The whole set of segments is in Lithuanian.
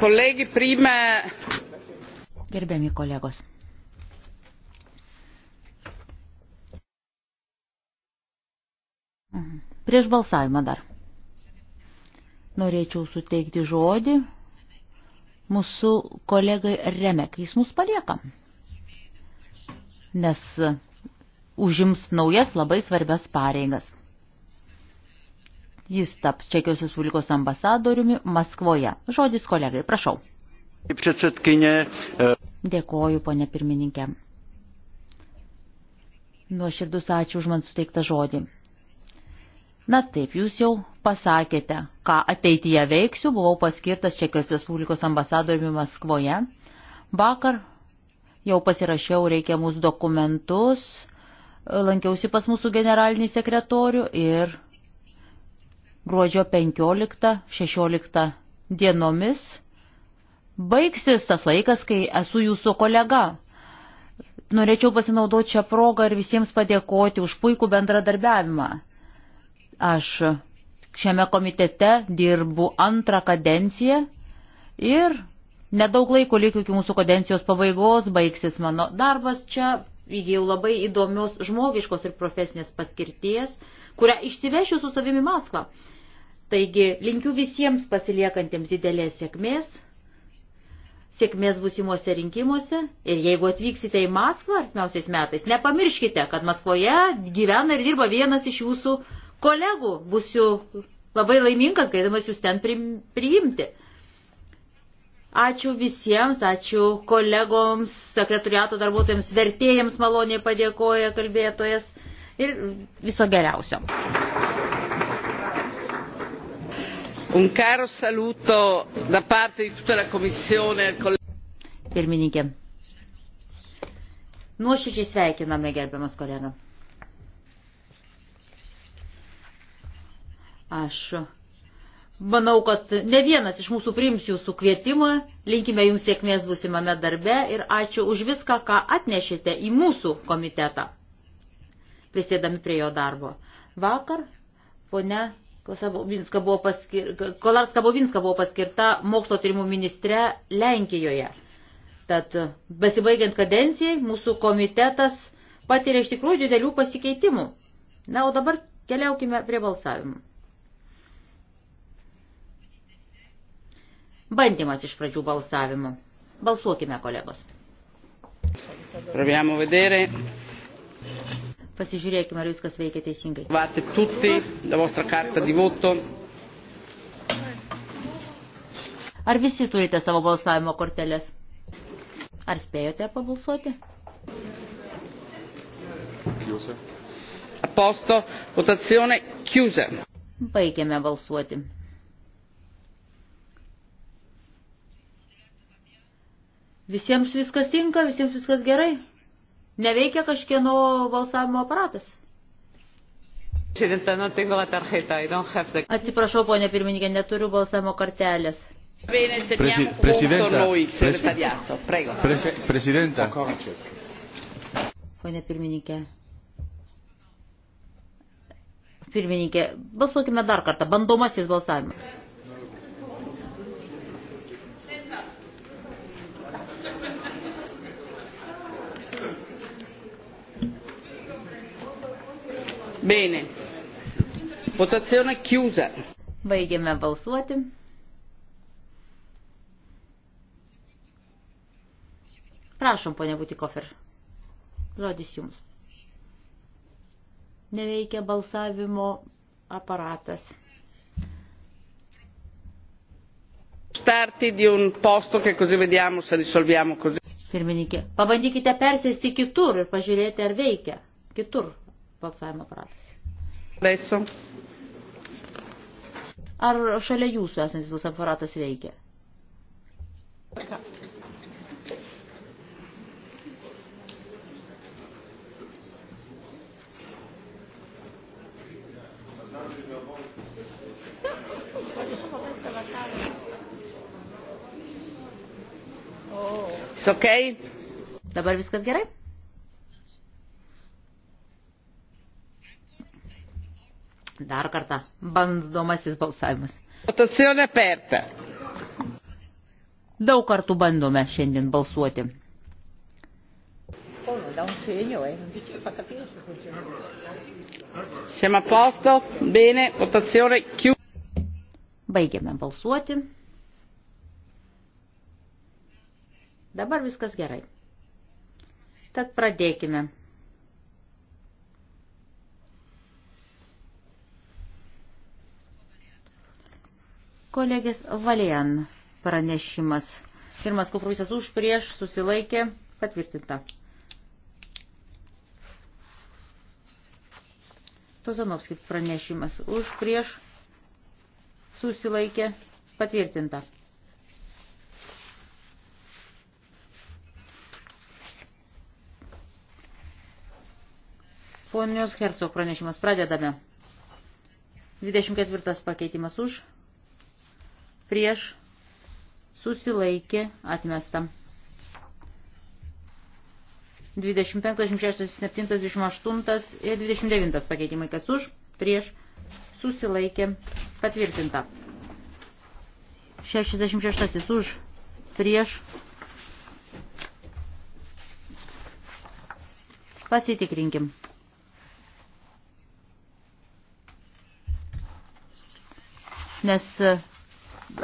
Kolegi, prime. Gerbiami kolegos. Prieš balsavimą dar. Norėčiau suteikti žodį mūsų kolegai Remek. Jis mus palieka, nes užims naujas labai svarbias pareigas. Jis taps Čekijos Respublikos ambasadoriumi Maskvoje. Žodis kolegai, prašau. E, Dėkoju, ponė pirmininkė. Nuoširdus ačiū už man suteiktą žodį. Na taip, jūs jau pasakėte, ką ateityje veiksiu, buvau paskirtas Čekijos Respublikos ambasadoriumi Maskvoje. Vakar jau pasirašiau reikiamus dokumentus, lankiausi pas mūsų generalinį sekretorių ir gruodžio 15-16 dienomis baigsis tas laikas, kai esu jūsų kolega. Norėčiau pasinaudoti šią progą ir visiems padėkoti už puikų bendradarbiavimą. Aš šiame komitete dirbu antrą kadenciją ir nedaug laiko likiu iki mūsų kadencijos pabaigos, baigsis mano darbas čia, įgyjau labai įdomios žmogiškos ir profesinės paskirties, kurią išsivešiu su savimi Maskvą. Taigi linkiu visiems pasiliekantiems didelės sėkmės, sėkmės būsimuose rinkimuose ir jeigu atvyksite į Maskvą artimiausiais metais, nepamirškite, kad Maskvoje gyvena ir dirba vienas iš jūsų kolegų. Būsiu labai laimingas, galėdamas jūs ten priimti. Ačiū visiems, ačiū kolegoms, sekretoriato darbuotojams, vertėjams maloniai padėkoja kalbėtojas ir viso geriausio. Un caro saluto da parte di tutta la Commissione al collega. Pirmininkė. Nuoširdžiai sveikiname, gerbiamas kolega. Aš manau, kad ne vienas iš mūsų priims jūsų kvietimą, linkime jums sėkmės busimame darbe ir ačiū už viską, ką atnešėte į mūsų komitetą, pristėdami prie jo darbo. Vakar ponia Kolarska buvo, paskir... Bobinska buvo paskirta mokslo tyrimų ministre Lenkijoje. Tad besibaigiant kadencijai mūsų komitetas patiria iš tikrųjų didelių pasikeitimų. Na, o dabar keliaukime prie balsavimų. Bandymas iš pradžių balsavimų. Balsuokime, kolegos. Proviamo vedere. Pasižiūrėkime, ar viskas veikia teisingai. Vate tutti, la vostra carta di voto. Ar visi turite savo balsavimo korteles? Ar spėjote pabalsuoti? Chiusa. A posto, votazione chiusa. Baigiame balsuoti. Visiems viskas tinka, visiems viskas gerai. Neveikia kažkieno balsavimo aparatas. Atsiprašau, ponė pirmininkė, neturiu balsavimo kartelės. Presi, presidenta, presi, presidenta. Pone pirmininkė. Pirmininkė, balsuokime dar kartą. Bandomasis balsavimas. Bene. Votazione chiusa. Baigiame balsuoti. Prašom, ponia Butikofer. Žodis jums. Neveikia balsavimo aparatas. Starti di un posto che così vediamo se risolviamo così. Pirmininkė, pabandykite persėsti kitur ir pažiūrėti, ar veikia. Kitur balsavimo aparatas. Adesso. Ar šalia jūsų esantis bus aparatas veikia? It's okay? Dabar viskas gerai? Dar kartą bandomasis balsavimas. Votazione aperta. Daug kartų bandome šiandien balsuoti. Oh, eh. Siamo a posto, bene, votazione chiusa. Baigiame balsuoti. Dabar viskas gerai. Tad pradėkime. Kolegės Valian pranešimas. Pirmas kompromisas už prieš susilaikė patvirtinta. Tozanovskis pranešimas už prieš susilaikė patvirtinta. Ponios Herco pranešimas pradedame. 24 pakeitimas už prieš susilaikė atmesta. 25, 26, 27, 28 ir 29 pakeitimai, kas už, prieš susilaikė patvirtinta. 66 už, prieš pasitikrinkim. Nes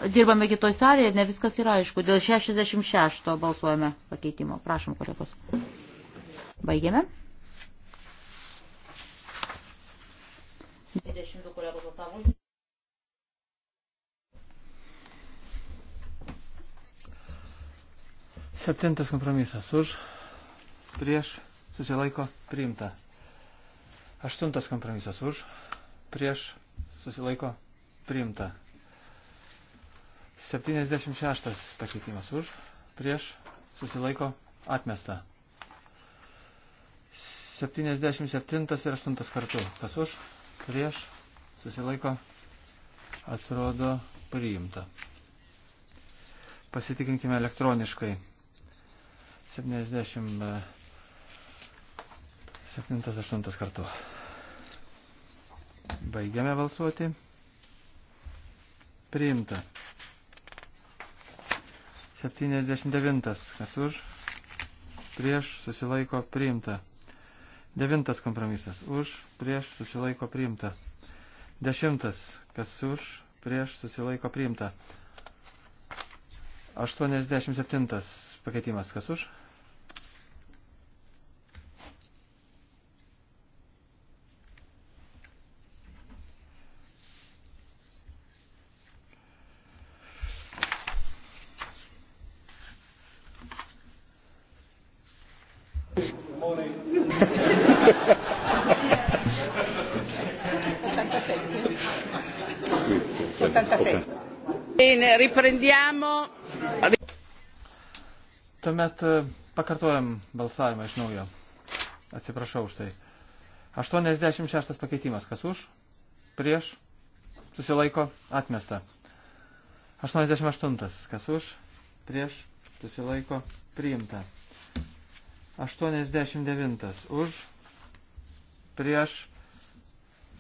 dirbame kitoj salėje, ne viskas yra aišku. Dėl 66 balsuojame pakeitimo. Prašom, kolegos. Baigiame. 22 kolegos balsavo. Septintas kompromisas už, prieš, susilaiko, priimta. Aštuntas kompromisas už, prieš, susilaiko, priimta. 76 pakeitimas už, prieš, susilaiko, atmesta. 77 ir 8 kartu. Kas už, prieš, susilaiko, atrodo priimta. Pasitikrinkime elektroniškai. 77-8 kartu. Baigiame balsuoti. Priimta. 79. Kas už? Prieš susilaiko priimta. 9. Kompromisas. Už, prieš susilaiko priimta. 10. Kas už, prieš susilaiko priimta. 87. Pakeitimas. Kas už? Tuomet e, pakartojam balsavimą iš naujo. Atsiprašau už tai. 86 pakeitimas. Kas už? Prieš? Susilaiko? Atmesta. 88. Kas už? Prieš? Susilaiko? Priimta. 89. Už? Prieš?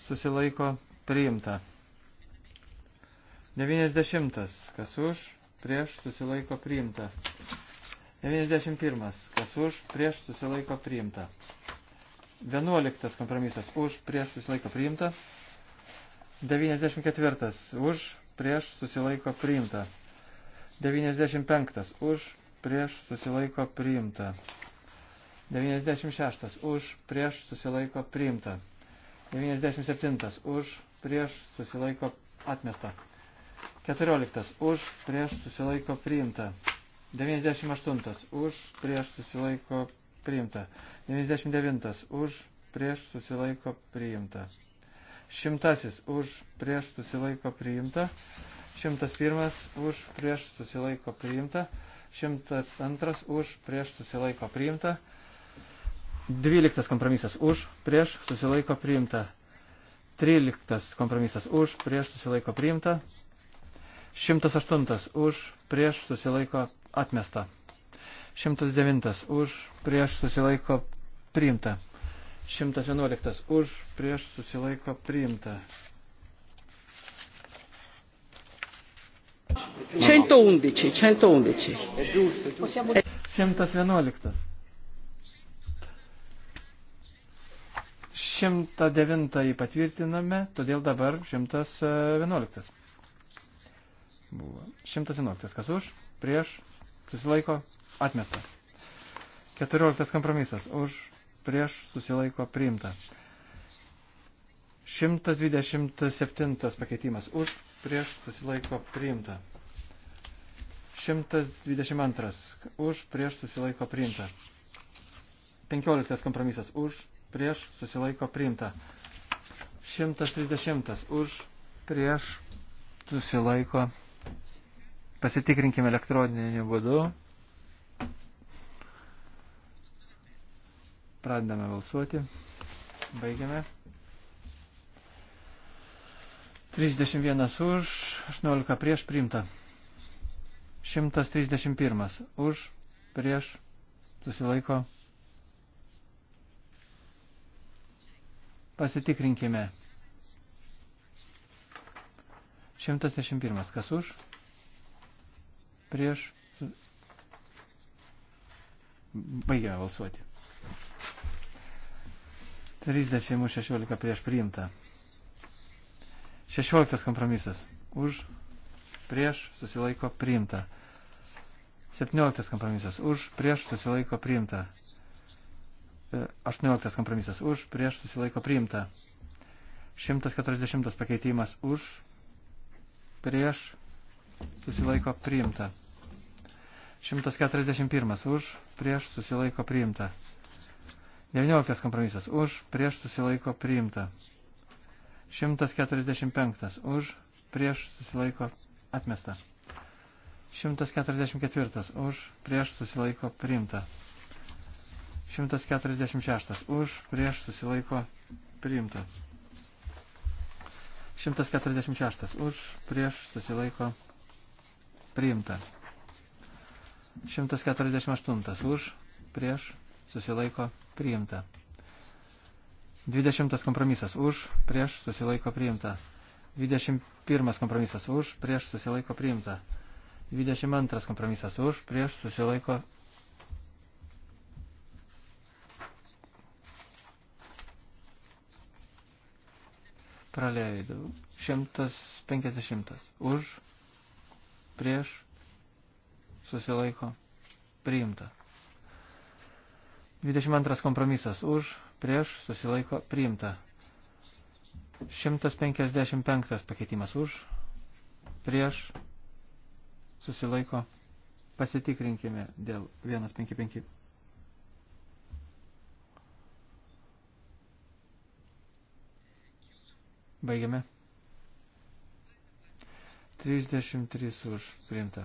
Susilaiko? Priimta. 90. Kas už? Prieš? Susilaiko? Priimta. 91. Kas už, prieš susilaiko priimta. 11. Kompromisas už, prieš susilaiko priimta. 94. Už, prieš susilaiko priimta. 95. Už, prieš susilaiko priimta. 96. Už, prieš susilaiko priimta. 97. Už, prieš susilaiko atmesta. 14. Už, prieš susilaiko priimta. 98 už prieš susilaiko priimta. 99 už prieš susilaiko priimta. Šimtasis už prieš susilaiko priimta. Šimtas pirmas už prieš susilaiko priimta. Šimtas antras už prieš susilaiko priimta. Dvyliktas kompromisas už prieš susilaiko priimta. Tryliktas kompromisas už prieš susilaiko priimta. 108 už prieš susilaiko atmesta. 109 už prieš susilaiko priimta. 111 už prieš susilaiko priimta. 111, 111. 111. Šimtą devintąjį patvirtiname, todėl dabar šimtas vienuoliktas. Buvo šimtas vienuoliktas. Kas už? Prieš susilaiko atmesta. 14 kompromisas už prieš susilaiko priimta. 127 pakeitimas už prieš susilaiko priimta. 122 už prieš susilaiko priimta. 15 kompromisas už prieš susilaiko priimta. 130 už prieš susilaiko priimta. Pasitikrinkime elektroniniu būdu. Pradedame balsuoti. Baigiame. 31 už, 18 prieš priimta. 131 už, prieš, susilaiko. Pasitikrinkime. 131. Kas už? prieš. Baigėme balsuoti. 30 už 16 prieš priimta. 16 kompromisas. Už, prieš, susilaiko priimta. 17 kompromisas. Už, prieš, susilaiko priimta. 18 kompromisas. Už, prieš, susilaiko priimta. 140 pakeitimas. Už, prieš, susilaiko priimta. 141 už, prieš susilaiko priimta. 19 kompromisas už, prieš susilaiko priimta. 145 už, prieš susilaiko atmesta. 144 už, prieš susilaiko priimta. 146 už, prieš susilaiko priimta. 146 už, prieš susilaiko priimta. 148 už, prieš, susilaiko, priimta. 20 kompromisas už, prieš, susilaiko, priimta. 21 kompromisas už, prieš, susilaiko, priimta. 22 kompromisas už, prieš, susilaiko, praleidau. 150 už, prieš, susilaiko priimta. 22 kompromisas už, prieš, susilaiko priimta. 155 pakeitimas už, prieš, susilaiko pasitikrinkime dėl 155. Baigiame. 33 už priimta.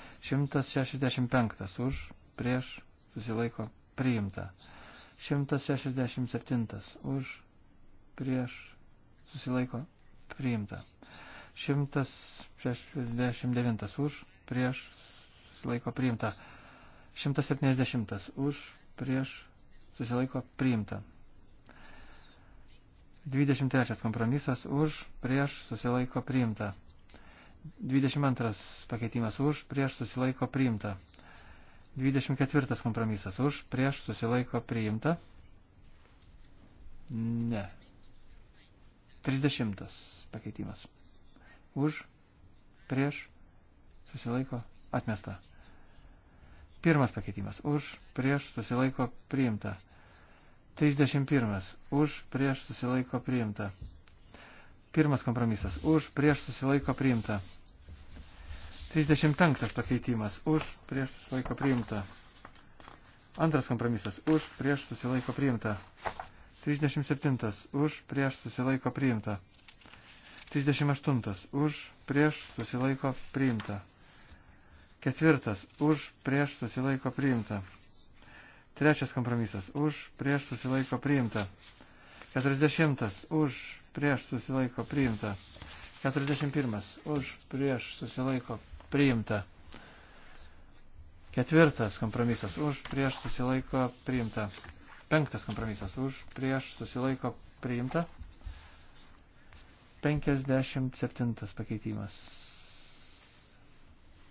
165 už, prieš, susilaiko, priimta. 167 už, prieš, susilaiko, priimta. 169 už, prieš, susilaiko, priimta. 170 už, prieš, susilaiko, priimta. 23 kompromisas už, prieš, susilaiko, priimta. 22 pakeitimas už, prieš susilaiko priimta. 24 kompromisas už, prieš susilaiko priimta. Ne. 30 pakeitimas. Už, prieš susilaiko atmesta. Pirmas pakeitimas. Už, prieš susilaiko priimta. 31. Už, prieš susilaiko priimta. Pirmas kompromisas. Už prieš susilaiko priimta. 35 pakeitimas. Už prieš susilaiko priimta. Antras kompromisas. Už prieš susilaiko priimta. 37. Už prieš susilaiko priimta. 38. Už prieš susilaiko priimta. Ketvirtas. Už prieš susilaiko priimta. Trečias kompromisas. Už prieš susilaiko priimta. 40 už prieš susilaiko priimta. 41 už prieš susilaiko priimta. Ketvirtas kompromisas už prieš susilaiko priimta. Penktas kompromisas už prieš susilaiko priimta. 57 pakeitimas.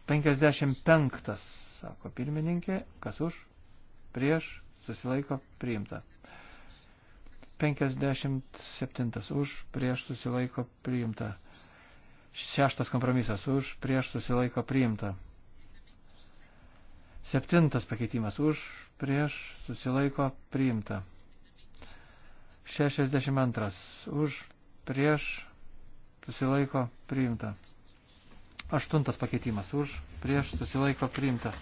55, sako pirmininkė, kas už prieš susilaiko priimta. 57 už, prieš susilaiko priimta. Šeštas kompromisas už, prieš susilaiko priimta. Septintas pakeitimas už, prieš susilaiko priimta. 62 už, prieš susilaiko priimta. Aštuntas pakeitimas už, prieš susilaiko priimta.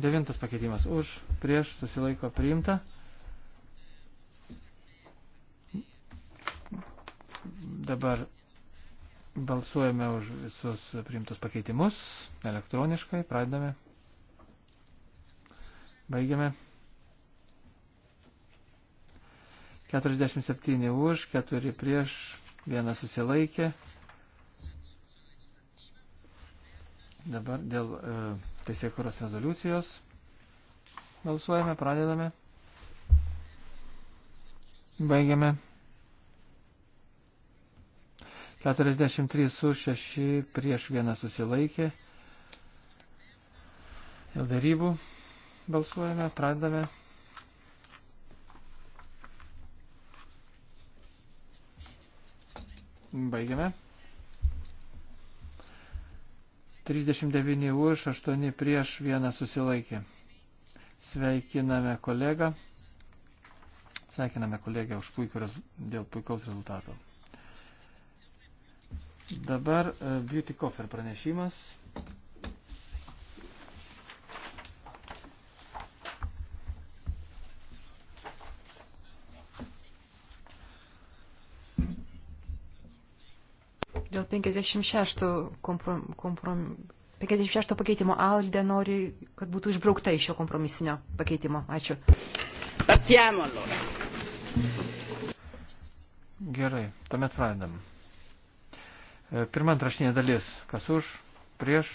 Devintas pakeitimas už, prieš susilaiko priimta. Dabar balsuojame už visus priimtus pakeitimus elektroniškai, pradedame. Baigiame. 47 už, 4 prieš, 1 susilaikė. Dabar dėl e, teisėkuros rezoliucijos balsuojame, pradedame. Baigiame. 43 už 6 prieš vieną susilaikė. Dėl darybų balsuojame, pradame. Baigiame. 39 už, 8 prieš, 1 susilaikė. Sveikiname kolegą. Sveikiname kolegę už puikų, dėl puikaus rezultato. Dabar e, Beauty Coffer pranešimas. Dėl 56, komprom, komprom, 56 pakeitimo Alde nori, kad būtų išbraukta iš šio kompromisinio pakeitimo. Ačiū. Partiamo allora. Gerai, tuomet pradedam. E, pirma antrašinė dalis. Kas už, prieš.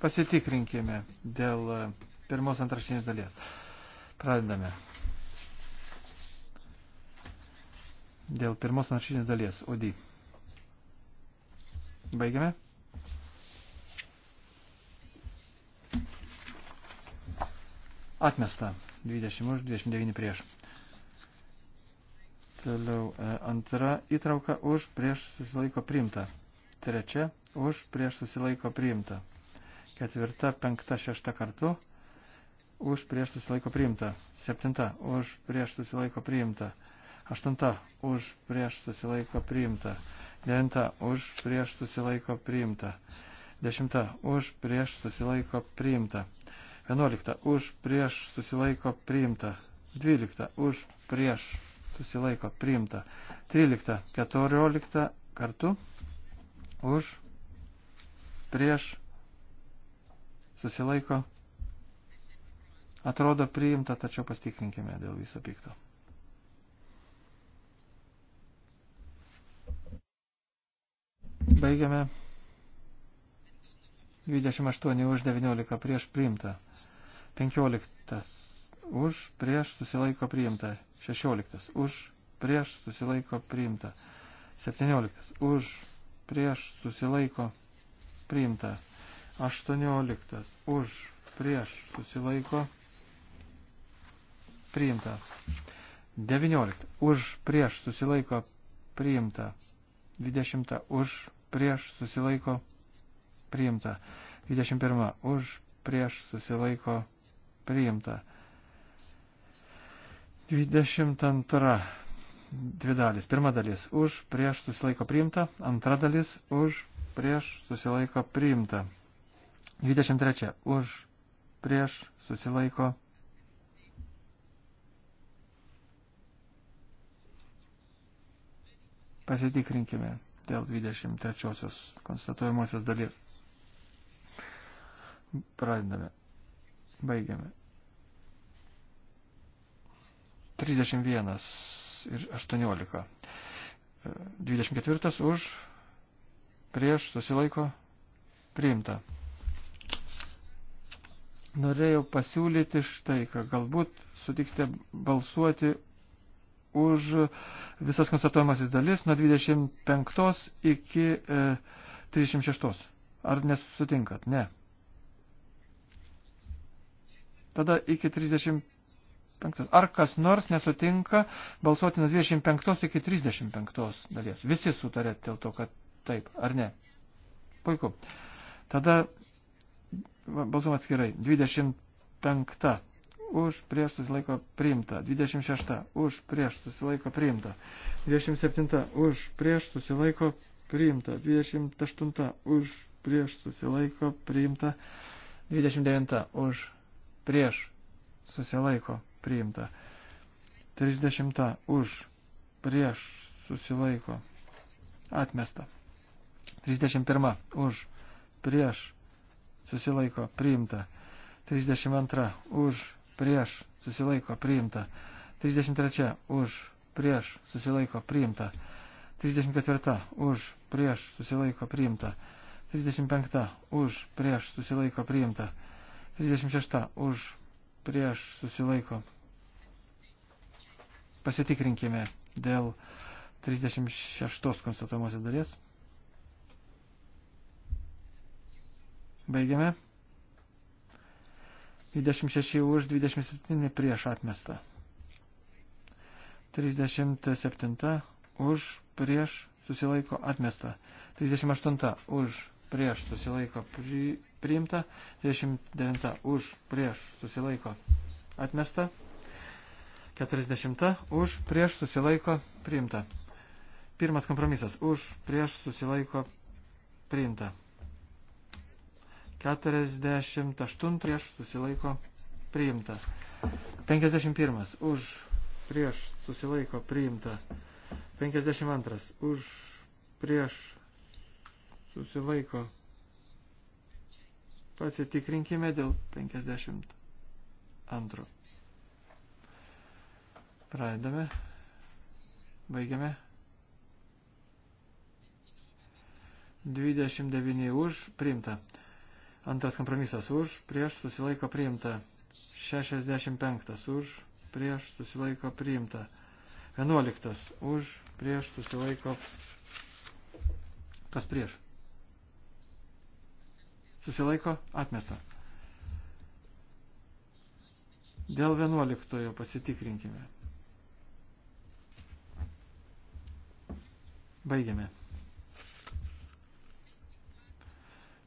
Pasitikrinkime dėl e, pirmos antrašinės dalies. Pradedame. Dėl pirmos antrašinės dalies. Odi. Baigiame. Atmesta. 20 už, 29 prieš. Toliau e, antra įtrauka už prieš susilaiko priimta. Trečia už prieš susilaiko priimta. Ketvirta, penkta, šešta kartu už prieš susilaiko priimta. Septinta už prieš susilaiko priimta. Aštunta už prieš susilaiko priimta. Devinta už prieš susilaiko priimta. Dešimta už prieš susilaiko priimta. Vienuolikta už prieš susilaiko priimta. Dvylikta už prieš susilaiko priimta. 13, 14 kartu už, prieš, susilaiko, atrodo priimta, tačiau pastikrinkime dėl viso pikto. Baigiame 28 už 19 prieš priimta, 15 už, prieš, susilaiko priimta, 16. Už, prieš, susilaiko, priimta. 17. Už, prieš, susilaiko, priimta. 18. Už, prieš, susilaiko, priimta. 19. Už, prieš, susilaiko, priimta. 20. Už, prieš, susilaiko, priimta. 21. Už, prieš, susilaiko, priimta. 22. Dvi dalis. Pirma dalis už, prieš susilaiko priimta. Antra dalis už, prieš susilaiko priimta. 23. Už, prieš susilaiko priimta. Pasitikrinkime dėl 23 konstatuojamosios dalies. Pradedame. Baigiame. 31 ir 18. 24 už, prieš, susilaiko, priimta. Norėjau pasiūlyti štai, kad galbūt sutiksite balsuoti už visas konstatuojamasis dalis nuo 25 iki e, 36. Ar nesutinkat? Ne. Tada iki 35 25. Ar kas nors nesutinka balsuoti nuo 25 iki 35 dalies? Visi sutarė dėl to, kad taip, ar ne? Puiku. Tada balsuom atskirai. 25 už prieš susilaiko priimta. 26 už prieš susilaiko priimta. 27 už prieš susilaiko priimta. 28 už prieš susilaiko priimta. 29 už prieš susilaiko priimta. 30 už, prieš, susilaiko, atmesta. 31 už, prieš, susilaiko, priimta. 32 už, prieš, susilaiko, priimta. 33 už, prieš, susilaiko, priimta. 34 už, prieš, susilaiko, priimta. 35 už, prieš, susilaiko, priimta. 36 už, prieš susilaiko. Pasitikrinkime dėl 36 konstatuojamosios dalies. Baigiame. 26 už, 27 prieš atmestą. 37 už, prieš susilaiko atmestą. 38 už, prieš susilaiko pri, priimta, 39 už, prieš, susilaiko, atmesta, 40 už, prieš, susilaiko, priimta. Pirmas kompromisas už, prieš, susilaiko, priimta. 48 prieš, susilaiko, priimta. 51 už, prieš, susilaiko, priimta. 52 už, prieš, susilaiko, priimta Pasitikrinkime dėl 52. Pradedame. Baigiame. 29 už priimta. Antras kompromisas už, prieš susilaiko priimta. 65 už, prieš susilaiko priimta. 11 už, prieš susilaiko. Kas prieš? susilaiko atmesta. Dėl 11 pasitikrinkime. Baigiame.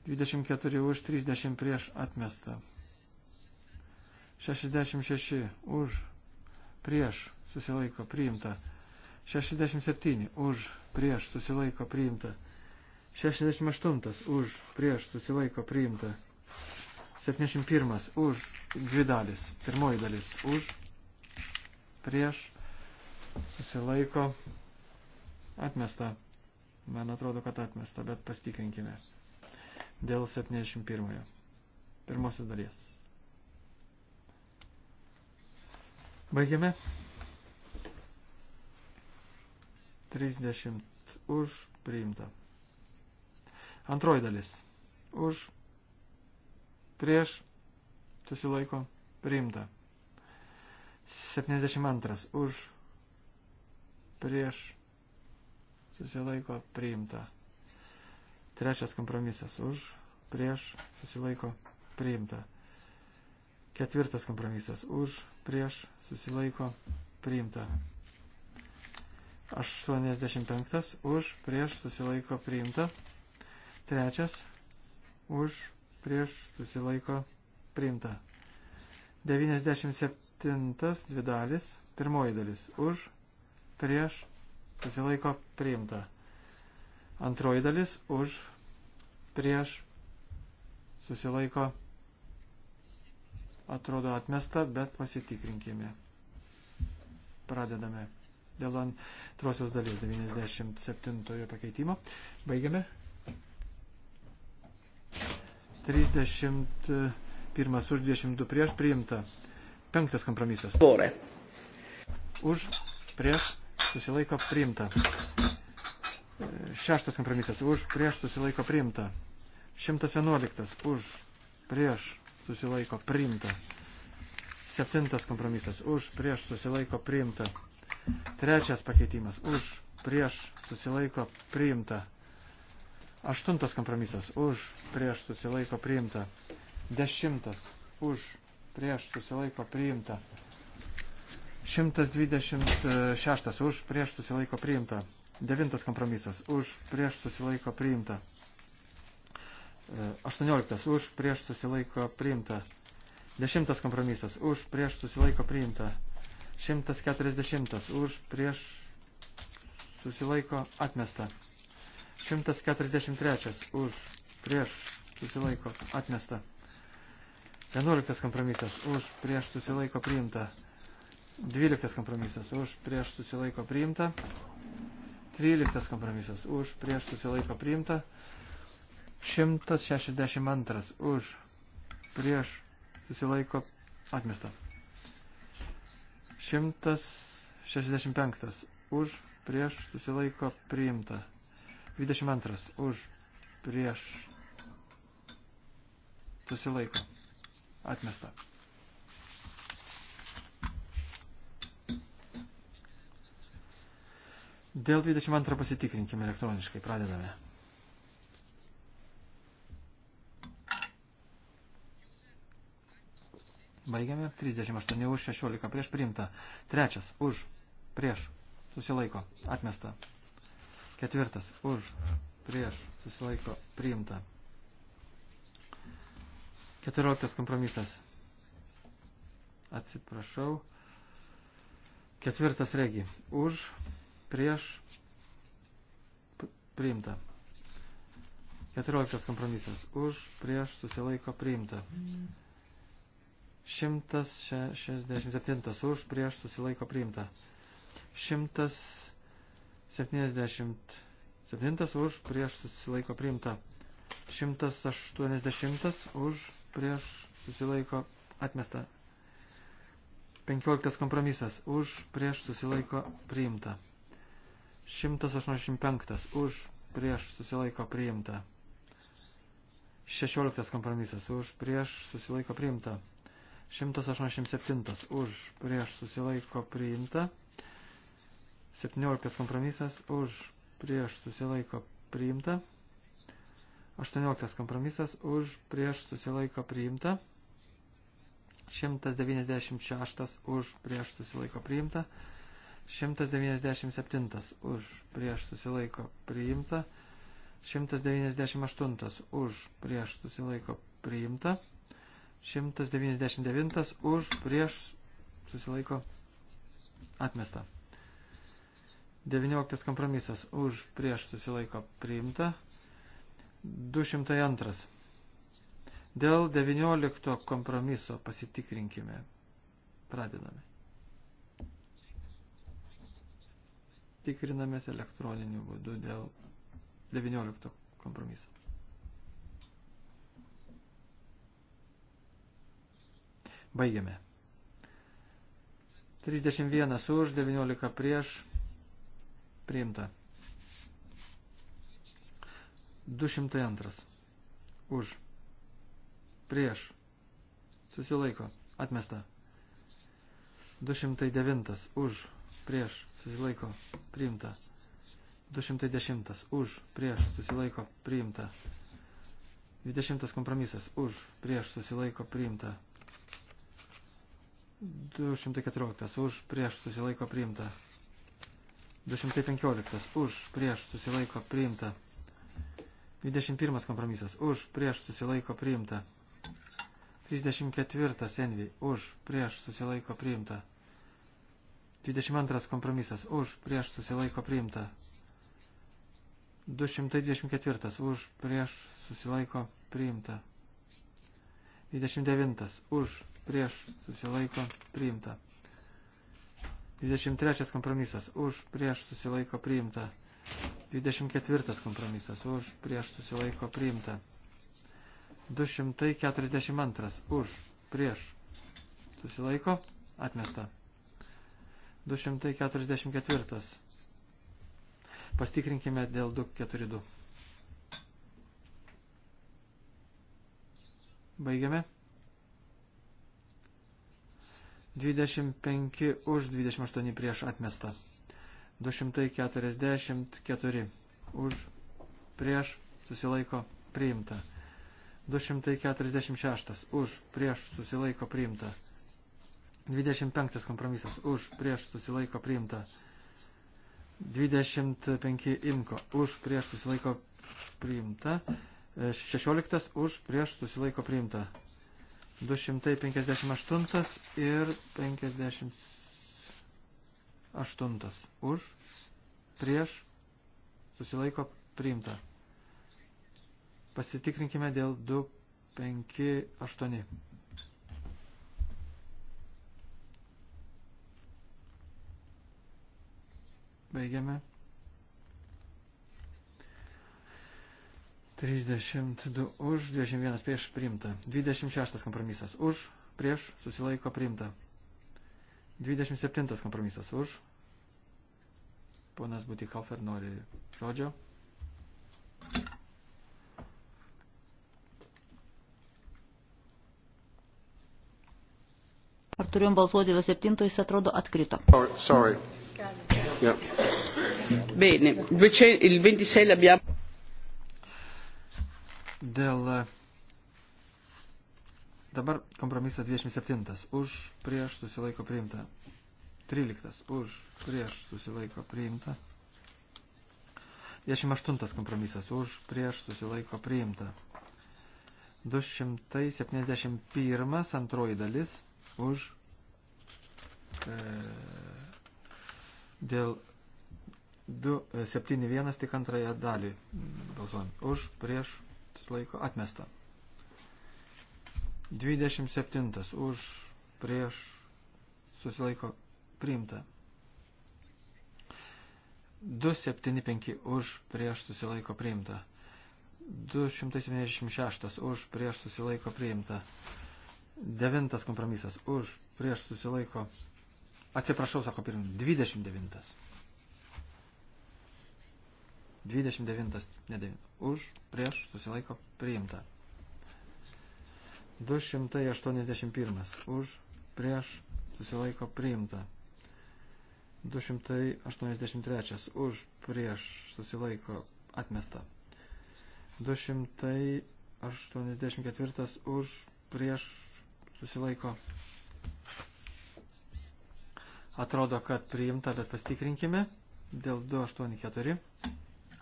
24 už, 30 prieš atmesta. 66 už, prieš susilaiko priimta. 67 už, prieš susilaiko priimta. 68 už, prieš, susilaiko priimta. 71 už, dvi dalis. Pirmoji dalis už, prieš, susilaiko, atmesta. Man atrodo, kad atmesta, bet pastikrinkime. Dėl 71. Pirmosios dalies. Baigiame. 30 už priimta. Antroji dalis. Už, prieš, susilaiko, priimta. 72. Už, prieš, susilaiko, priimta. Trečias kompromisas. Už, prieš, susilaiko, priimta. Ketvirtas kompromisas. Už, prieš, susilaiko, priimta. 85. Už, prieš, susilaiko, priimta. Trečias už prieš susilaiko priimta. 97 dvi dalis. Pirmoji dalis už prieš susilaiko priimta. Antroji dalis už prieš susilaiko priimta atrodo atmesta, bet pasitikrinkime. Pradedame dėl antrosios dalies 97 pakeitimo. Baigiame. 31 e, už 22 prieš priimta. Penktas kompromisas. Porė. Už, prieš, susilaiko priimta. E, šeštas kompromisas. Už, prieš, susilaiko priimta. 111. Už, prieš, susilaiko priimta. Septintas kompromisas. Už, prieš, susilaiko priimta. Trečias pakeitimas. Už, prieš, susilaiko priimta. Aštuntas kompromisas. Už, prieš susilaiko priimta. Dešimtas. Už, prieš susilaiko priimta. 126 e, už prieš susilaiko priimta. Devintas kompromisas už prieš susilaiko priimta. 18 e, už prieš susilaiko priimta. Dešimtas kompromisas už prieš susilaiko priimta. 140 už prieš susilaiko atmesta. 143 už prieš susilaiko atmesta. 11 kompromisas už prieš susilaiko priimta. 12 kompromisas už prieš susilaiko priimta. 13 kompromisas už prieš susilaiko priimta. 162 už prieš susilaiko atmesta. 165 už prieš susilaiko priimta. 22 už prieš susilaiko atmesta. Dėl 22 pasitikrinkime elektroniškai, pradedame. Baigiame. 38 už, 16 prieš priimta. Trečias už, prieš, susilaiko, atmesta. Ketvirtas. Už. Prieš. Susilaiko. Priimta. Keturioliktas kompromisas. Atsiprašau. Ketvirtas regi. Už. Prieš. Priimta. Keturioliktas kompromisas. Už. Prieš. Susilaiko. Priimta. Mm. 167 už prieš susilaiko priimta. 170 77 už prieš susilaiko priimta. 180 už prieš susilaiko atmesta. 15 kompromisas už prieš susilaiko priimta. 185 už prieš susilaiko priimta. 16 kompromisas už prieš susilaiko priimta. 187 už prieš susilaiko priimta. 17 kompromisas už prieš susilaiko priimta. 18 kompromisas už prieš susilaiko priimta. 196 už prieš susilaiko priimta. 197 už prieš susilaiko priimta. 198 už prieš susilaiko priimta. 199 už prieš susilaiko atmesta. 19 kompromisas už prieš susilaiko priimta. 202. Dėl 19 kompromiso pasitikrinkime. Pradedame. Tikrinamės elektroniniu būdu dėl 19 kompromiso. Baigiame. 31 už, 19 prieš Priimta. 202. Už. Prieš. Susilaiko. Atmesta. 209. Už. Prieš. Susilaiko. Priimta. 210. Už. Prieš. Susilaiko. Priimta. 20. Kompromisas. Už. Prieš. Susilaiko. Priimta. 214. Už. Prieš. Susilaiko. Priimta. 215 už prieš susilaiko priimta. 21 kompromisas už prieš susilaiko priimta. 34 envy už prieš susilaiko priimta. 22 kompromisas už prieš susilaiko priimta. 224 už prieš susilaiko priimta. 29 už prieš susilaiko priimta. 23 kompromisas už prieš susilaiko priimta. 24 kompromisas už prieš susilaiko priimta. 242 už prieš susilaiko atmesta. 244. Pastikrinkime dėl 242. Baigiame. 25 už 28 prieš atmestą. 244 už prieš susilaiko priimta. 246 už prieš susilaiko priimta. 25 kompromisas už prieš susilaiko priimta. 25 imko už prieš susilaiko priimta. 16 už prieš susilaiko priimta. 258 ir 58 už, prieš, susilaiko priimta. Pasitikrinkime dėl 258. Baigiame. 32 už, 21 prieš priimta. 26 kompromisas už, prieš susilaiko priimta. 27 kompromisas už. Ponas Butihofer nori žodžio. Ar turim balsuoti dėl 7, jis atrodo atkrito. Sorry. Sorry. Yeah. Bene, il 26 l'abbiamo. Dėl dabar kompromiso 27. Už prieš susilaiko priimta. 13. Už prieš susilaiko priimta. 28. kompromisas. Už prieš susilaiko priimta. 271. Antroji dalis. Už e, dėl 271 e, tik antrąją dalį balsuojant. Už prieš laiko atmesta. 27 už prieš susilaiko priimta. 275 už prieš susilaiko priimta. 276 už prieš susilaiko priimta. Devintas kompromisas už prieš susilaiko. Atsiprašau, sako pirmininkas. 29. 29 nedavė. Už, prieš, susilaiko, priimta. 281. Už, prieš, susilaiko, priimta. 283. Už, prieš, susilaiko, atmesta. 284. Už, prieš, susilaiko. Atrodo, kad priimta, bet pastikrinkime dėl 284.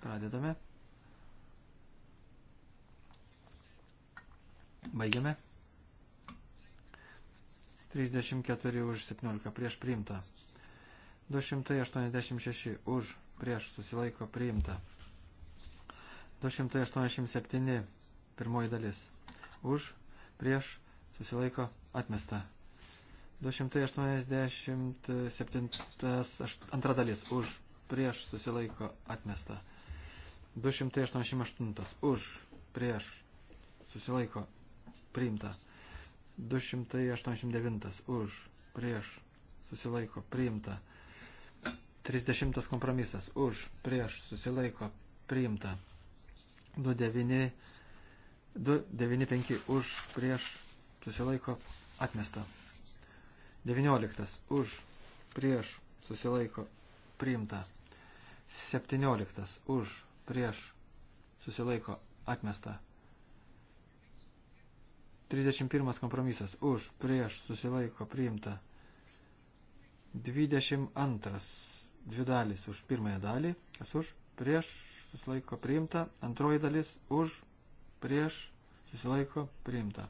Pradedame. Baigiame. 34 už 17 prieš priimta. 286 už prieš susilaiko priimta. 287 pirmoji dalis. Už prieš susilaiko atmesta. 287 antra dalis. Už prieš susilaiko atmesta. 288 už, prieš, susilaiko, priimta. 289 už, prieš, susilaiko, priimta. 30 kompromisas už, prieš, susilaiko, priimta. 29, 295 už, prieš, susilaiko, atmesta. 19 už, prieš, susilaiko, priimta. 17 už, prieš susilaiko atmesta. 31 kompromisas už prieš susilaiko priimta. 22 dvi dalis už pirmąją dalį, kas už prieš susilaiko priimta, antroji dalis už prieš susilaiko priimta.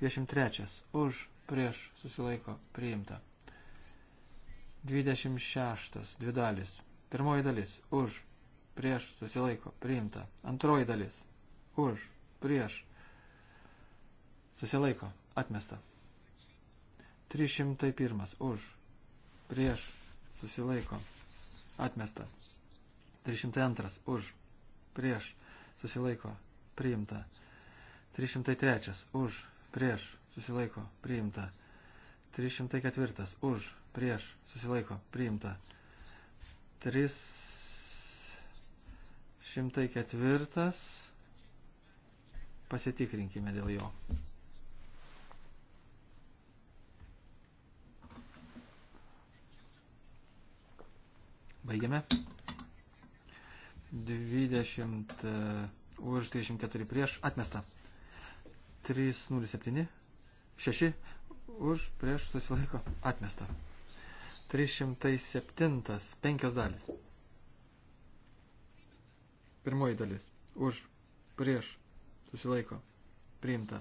23 už prieš susilaiko priimta. 26 dvi dalis. Pirmoji dalis už prieš, susilaiko, priimta. Antroji dalis, už, prieš, susilaiko, atmesta. 301, už, prieš, susilaiko, atmesta. 302, už, prieš, susilaiko, priimta. 303, už, prieš, susilaiko, priimta. 304, už, prieš, susilaiko, priimta. 3 104. Pasitikrinkime dėl jo. Baigiame. 20 e, už 34 prieš atmesta. 307. 6 už prieš susilaiko atmesta. 307. 5 dalis. Pirmoji dalis. Už, prieš, susilaiko, priimta.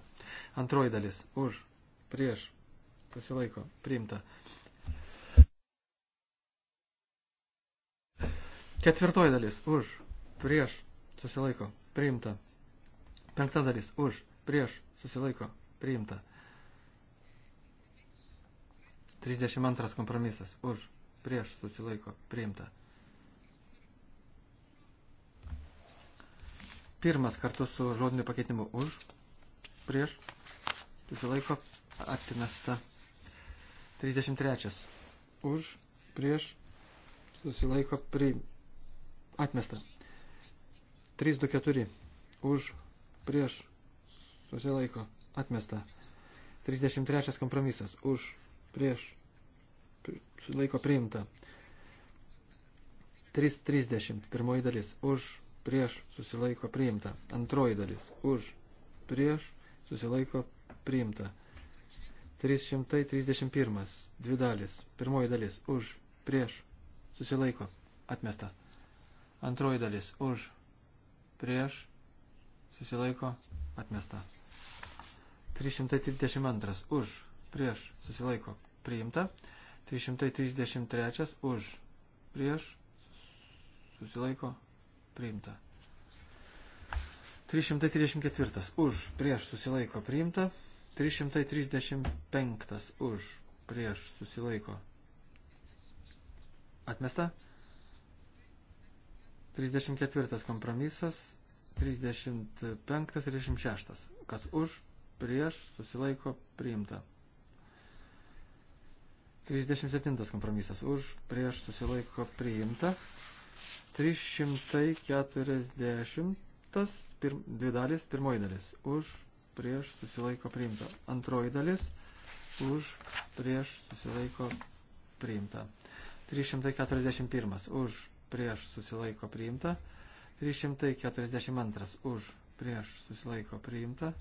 Antroji dalis. Už, prieš, susilaiko, priimta. Ketvirtoji dalis. Už, prieš, susilaiko, priimta. Penkta dalis. Už, prieš, susilaiko, priimta. 32 kompromisas. Už, prieš, susilaiko, priimta. Pirmas kartu su žodiniu pakeitimu už, prieš, susilaiko, atmesta. 33. Už, prieš, susilaiko, pri, atmesta. 3, 2, 4. Už, prieš, susilaiko, atmesta. 33 kompromisas. Už, prieš, susilaiko, priimta. 3.30. Pirmoji dalis. Už, prieš susilaiko priimta. Antroji dalis už prieš susilaiko priimta. 331. Dvi dalis. Pirmoji dalis už prieš susilaiko atmesta. Antroji dalis už prieš susilaiko atmesta. 332 už prieš susilaiko priimta. 333 už prieš susilaiko priimta. 334 už, prieš susilaiko priimta. 335 už, prieš susilaiko. Atmesta. 34 kompromisas, 35, 36. Kas už, prieš susilaiko priimta. 37 kompromisas už, prieš susilaiko priimta. 340, pir, dvi dalis, pirmoji dalis, už, prieš, susilaiko priimta. Antroji dalis, už, prieš, susilaiko priimta. 341, už, prieš, susilaiko priimta. 342, už, prieš, susilaiko priimta.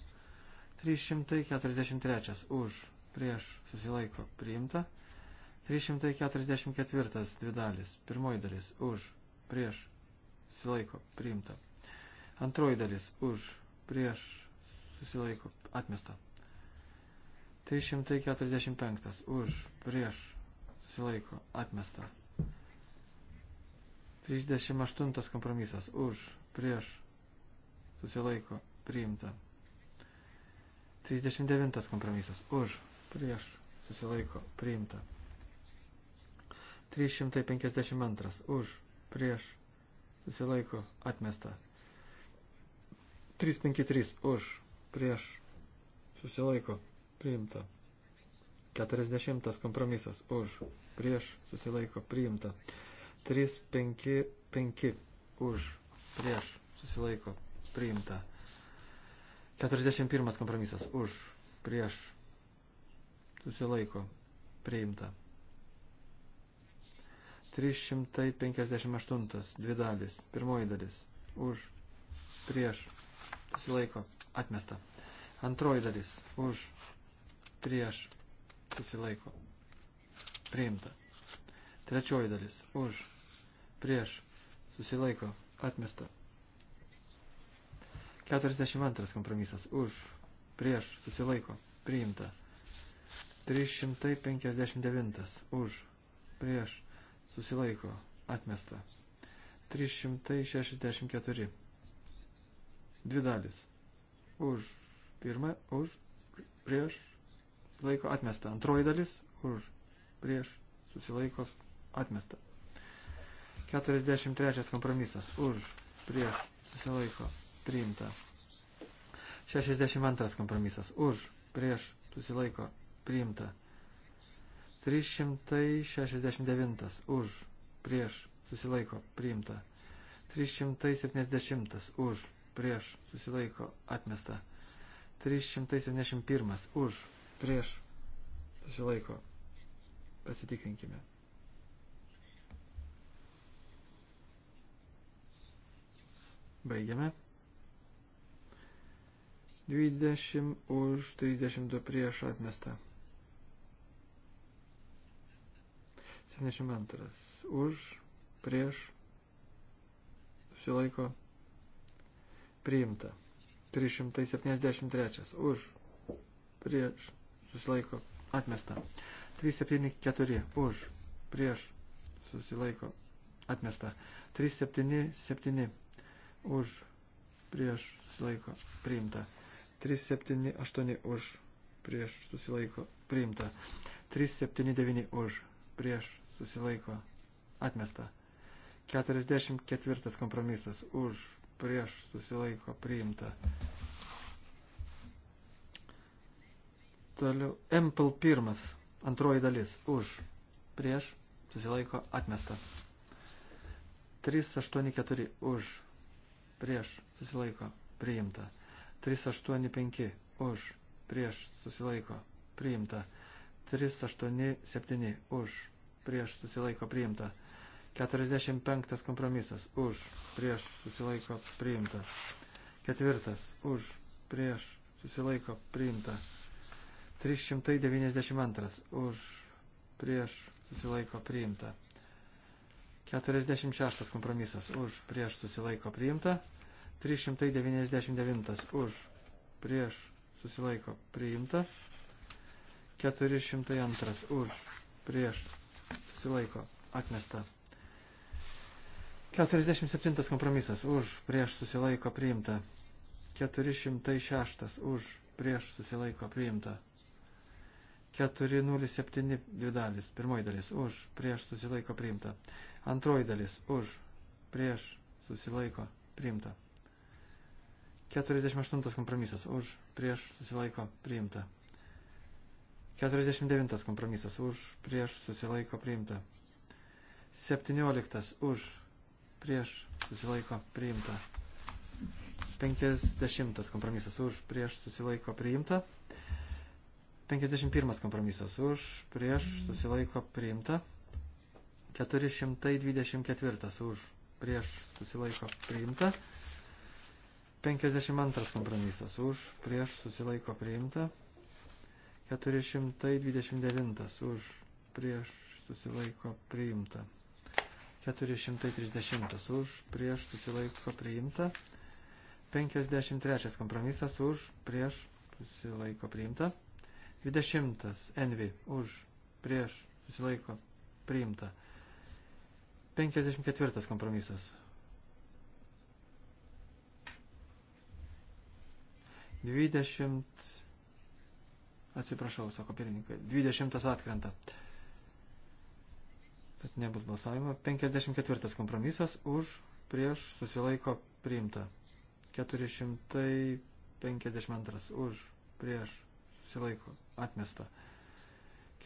343, už, prieš, susilaiko priimta. 344, dvi dalis, pirmoji dalis, už, prieš, susilaiko, priimta. Antroji dalis, už, prieš, susilaiko, atmesta. 345, už, prieš, susilaiko, atmesta. 38 kompromisas, už, prieš, susilaiko, priimta. 39 kompromisas, už, prieš, susilaiko, priimta. 352, už, prieš susilaiko atmesta. 353 už prieš susilaiko priimta. 40 kompromisas už prieš susilaiko priimta. 355 už prieš susilaiko priimta. 41 kompromisas už prieš susilaiko priimta. 358. Dvi dalis. Pirmoji dalis. Už. Prieš. Susilaiko. Atmesta. Antroji dalis. Už. Prieš. Susilaiko. Priimta. Trečioji dalis. Už. Prieš. Susilaiko. Atmesta. 42 kompromisas. Už. Prieš. Susilaiko. Priimta. 359. Už. Prieš susilaiko, atmesta. 364. Dvi dalis. Už pirmą, už, prieš, laiko atmesta. Antroji dalis, už, prieš, susilaiko, atmesta. 43 kompromisas, už, prieš, susilaiko, priimta. 62 kompromisas, už, prieš, susilaiko, priimta. 369 už, prieš, susilaiko, priimta. 370 už, prieš, susilaiko, atmesta. 371 už, prieš, susilaiko. Pasitikrinkime. Baigiame. 20 už 32 prieš atmestą. 72. Už, prieš, susilaiko, priimta. 373. Už, prieš, susilaiko, atmesta. 374. Už, prieš, susilaiko, atmesta. 377. Už, prieš, susilaiko, priimta. 378 už, prieš susilaiko, priimta. 379 už, prieš susilaiko atmesta. 44 kompromisas už prieš susilaiko priimta. Toliau Empel pirmas, antroji dalis už prieš susilaiko atmesta. 384 už prieš susilaiko priimta. 385 už prieš susilaiko priimta. 387 už prieš susilaiko priimta. 45 kompromisas už prieš susilaiko priimta. Ketvirtas už prieš susilaiko priimta. 392 už prieš susilaiko priimta. 46 kompromisas už prieš susilaiko priimta. 399 už prieš susilaiko priimta. 402 už prieš susilaiko atmesta. 47 kompromisas už prieš susilaiko priimta. 406 už prieš susilaiko priimta. 407 dvi dalis. Pirmoji dalis už prieš susilaiko priimta. Antroji dalis už prieš susilaiko priimta. 48 kompromisas už prieš susilaiko priimta. 49 kompromisas už prieš susilaiko priimta. 17 už prieš susilaiko priimta. 50 kompromisas už prieš susilaiko priimta. 51 kompromisas už prieš susilaiko priimta. 424 už prieš susilaiko priimta. 52 kompromisas už prieš susilaiko priimta. 429 už prieš susilaiko priimta. 430 už prieš susilaiko priimta. 53 kompromisas už prieš susilaiko priimta. 20 envi už prieš susilaiko priimta. 54 kompromisas dvidešimt Atsiprašau, sako pirmininkai. 20 atkrenta. Tad nebus balsavimo. 54 kompromisas už prieš susilaiko priimta. 452 už prieš susilaiko atmesta.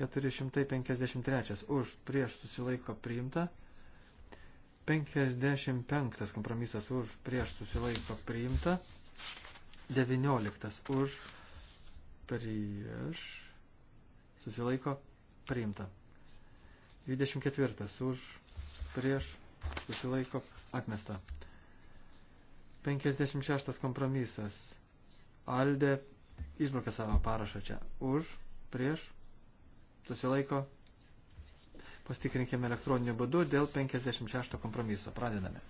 453 už prieš susilaiko priimta. 55 kompromisas už prieš susilaiko priimta. 19 už prieš, susilaiko, priimta. 24 už, prieš, susilaiko, atmesta. 56 kompromisas. Alde išbraukė savo parašą čia. Už, prieš, susilaiko. Pastikrinkime elektroniniu būdu dėl 56 kompromiso. Pradedame.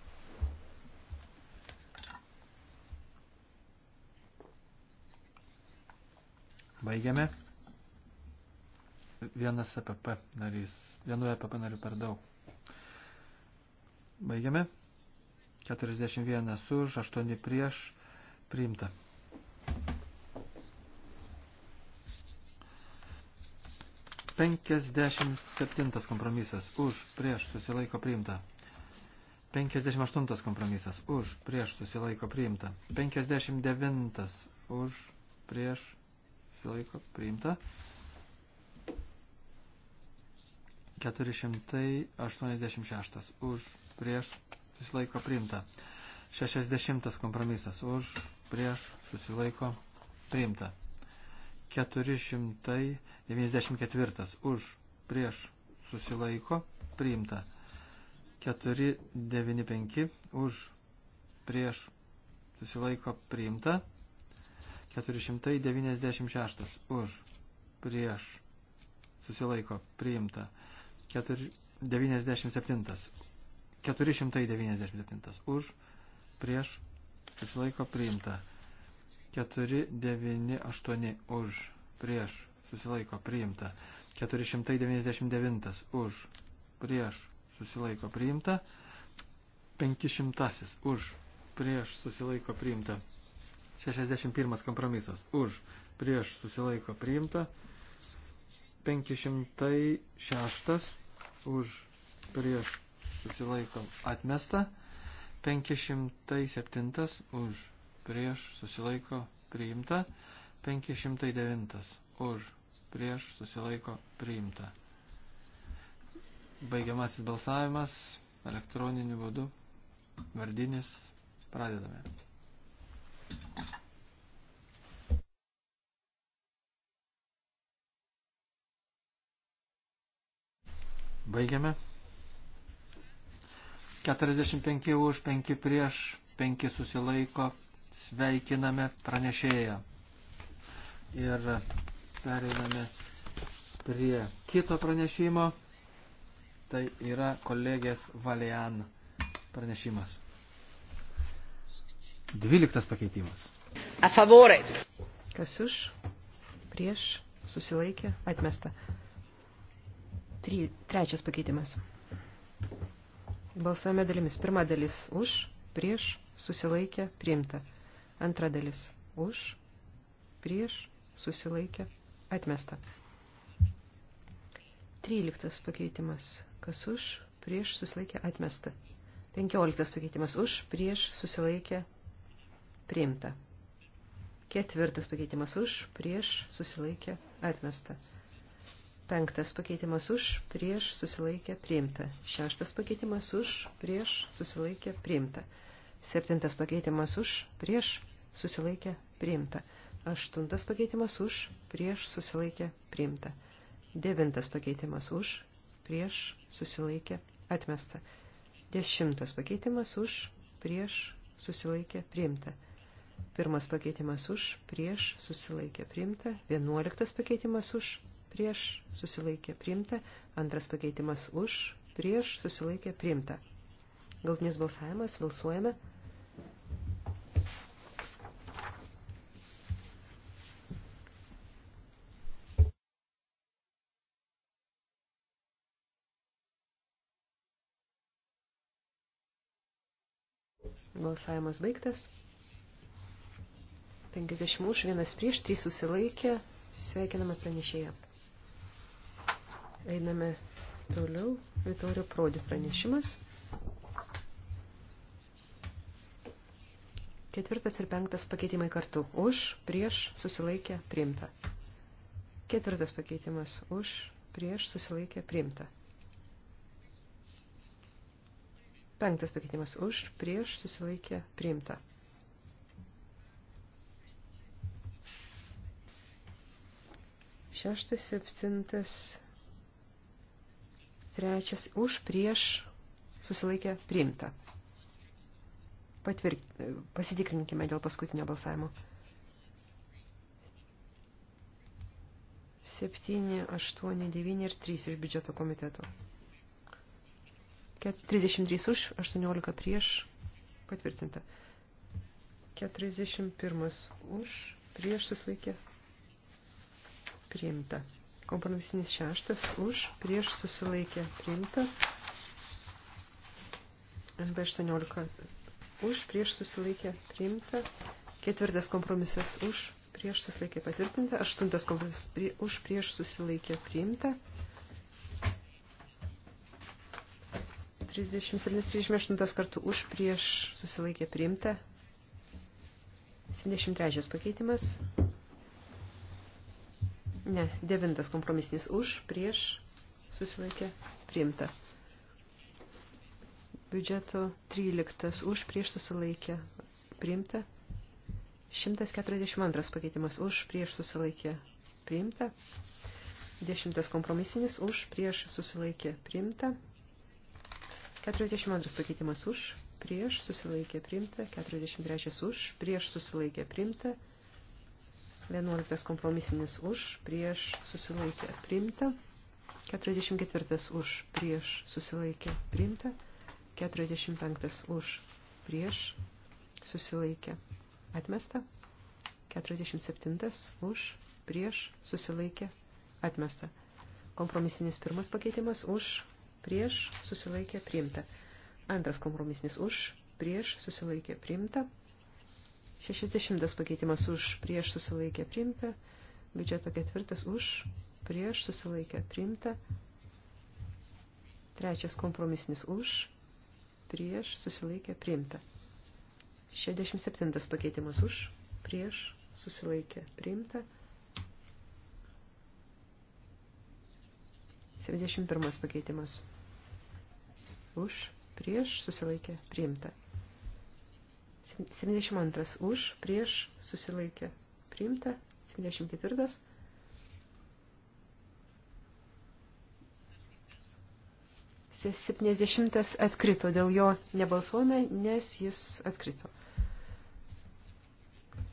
Baigiame. Vienas EPP narys. Vienu EPP nariu per daug. Baigiame. 41 už, 8 prieš. Priimta. Penkiasdešimt septintas kompromisas. Už, prieš, susilaiko priimta. 58 kompromisas. Už, prieš, susilaiko priimta. 59. Už, prieš, susilaiko priimta. 486 už prieš susilaiko priimta. 60 kompromisas už prieš susilaiko priimta. 494 už prieš susilaiko priimta. 495 už prieš susilaiko priimta. 496 už, prieš, susilaiko, priimta. 497, 497 už, prieš, susilaiko, priimta. 498 už, prieš, susilaiko, priimta. 499 už, prieš, susilaiko, priimta. 500 už, prieš, susilaiko, priimta. 61 kompromisas už, prieš susilaiko priimta, 506 už, prieš susilaiko atmesta, 507 už, prieš susilaiko priimta, 509 už, prieš susilaiko priimta. Baigiamasis balsavimas elektroniniu būdu, vardinis, pradedame. Baigiame. 45 už, 5 prieš, 5 susilaiko. Sveikiname pranešėją. Ir pereiname prie kito pranešimo. Tai yra kolegės Valian pranešimas. 12 pakeitimas. A favore. Kas už? Prieš? Susilaikė? Atmesta. Tri, trečias pakeitimas. Balsuojame dalimis. Pirma dalis už, prieš, susilaikė, priimta. Antra dalis už, prieš, susilaikė, atmesta. Tryliktas pakeitimas. Kas už, prieš, susilaikė, atmesta. Penkioliktas pakeitimas už, prieš, susilaikė, priimta. Ketvirtas pakeitimas už, prieš, susilaikė, atmesta. Penktas pakeitimas už, prieš, susilaikė, priimta. Šeštas pakeitimas už, prieš, susilaikė, priimta. Septintas pakeitimas už, prieš, susilaikė, priimta. Aštuntas pakeitimas už, prieš, susilaikė, priimta. Devintas pakeitimas už, prieš, susilaikė, atmesta. Dešimtas pakeitimas už, prieš, susilaikė, priimta. Pirmas pakeitimas už, prieš, susilaikė, priimta. Vienuoliktas pakeitimas už, prieš susilaikė priimta, antras pakeitimas už, prieš susilaikė priimta. Galtinis balsavimas, balsuojame. Balsavimas baigtas. 50 už, vienas prieš, trys susilaikė. Sveikiname pranešėją. Einame toliau. Vitorio Prodi pranešimas. Ketvirtas ir penktas pakeitimai kartu. Už, prieš, susilaikė, priimta. Ketvirtas pakeitimas. Už, prieš, susilaikė, priimta. Penktas pakeitimas. Už, prieš, susilaikė, priimta. Šeštas, septintas, Trečias už prieš susilaikė priimta. Patvirk, pasitikrinkime dėl paskutinio balsavimo. 7, 8, 9 ir 3 iš biudžeto komiteto. 33 už, 18 prieš, patvirtinta. 41 už, prieš susilaikė, priimta. Kompromisinis šeštas už, prieš susilaikė priimta. NB18 už, prieš susilaikė priimta. Ketvirtas kompromisas už, prieš susilaikė patvirtinta. Aštuntas kompromisas prie, už, prieš susilaikė priimta. 37-38 kartų už, prieš susilaikė priimta. 73 pakeitimas. Ne, devintas kompromisinis už, prieš, susilaikė, priimta. Biudžeto 13 už, prieš, susilaikė, priimta. 142 pakeitimas už, prieš, susilaikė, priimta. Dešimtas kompromisinis už, prieš, susilaikė, priimta. 42 pakeitimas už, prieš, susilaikė, priimta. 43 už, prieš, susilaikė, priimta. 11 kompromisinis už, prieš susilaikė priimta. 44 už, prieš susilaikė priimta. 45 už, prieš susilaikė atmesta. 47 už, prieš susilaikė atmesta. Kompromisinis pirmas pakeitimas už, prieš susilaikė priimta. Antras kompromisinis už, prieš susilaikė priimta. 60 pakeitimas už prieš susilaikę priimta. Biudžeto ketvirtas už prieš susilaikę priimta. Trečias kompromisnis už prieš susilaikę priimta. 67 pakeitimas už prieš susilaikę priimta. 71 pakeitimas už prieš susilaikę priimta. 72 už, prieš, susilaikė, priimta. 74. Septyniasdešimtas atkrito, dėl jo nebalsuojame, nes jis atkrito.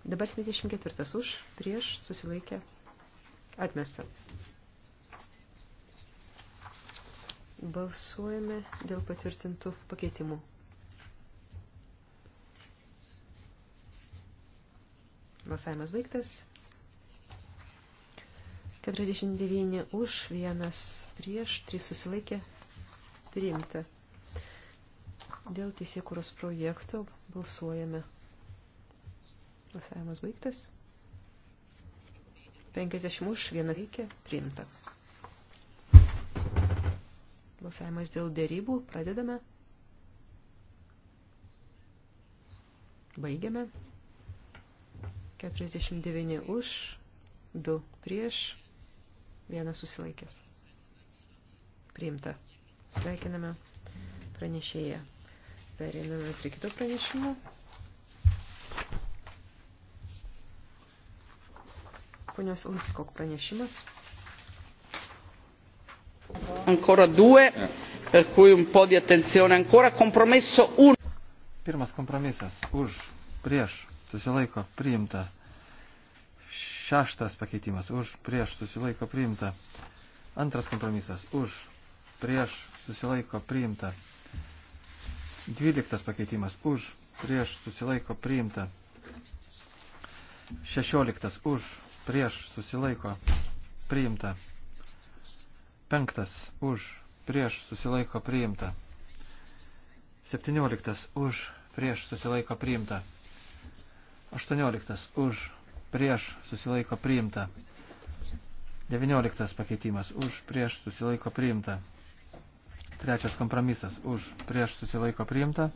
Dabar 74 už, prieš, susilaikė, atmesta. Balsuojame dėl patvirtintų pakeitimų. Balsavimas baigtas. 49 už, 1 prieš, 3 susilaikė, priimta. Dėl teisėkūros projekto balsuojame. Balsavimas baigtas. 50 už, 1 reikia, priimta. Balsavimas dėl dėrybų, pradedame. Baigiame. 49 už, 2 prieš, 1 susilaikęs. Priimta. Sveikiname pranešėją. Periname prie kito pranešimo. Ponios Ulfskok pranešimas. Ancora due, per cui un po' di attenzione ancora. Compromesso un. Pirmas kompromisas. Už, prieš, susilaiko priimta. Šeštas pakeitimas už prieš susilaiko priimta. Antras kompromisas už prieš susilaiko priimta. Dvyliktas pakeitimas už prieš susilaiko priimta. Šešioliktas už prieš susilaiko priimta. Penktas už prieš susilaiko priimta. Septynioliktas už prieš susilaiko priimta. 18 už prieš susilaiko priimta. 19 pakeitimas už prieš susilaiko priimta. Trečias kompromisas už prieš susilaiko priimta.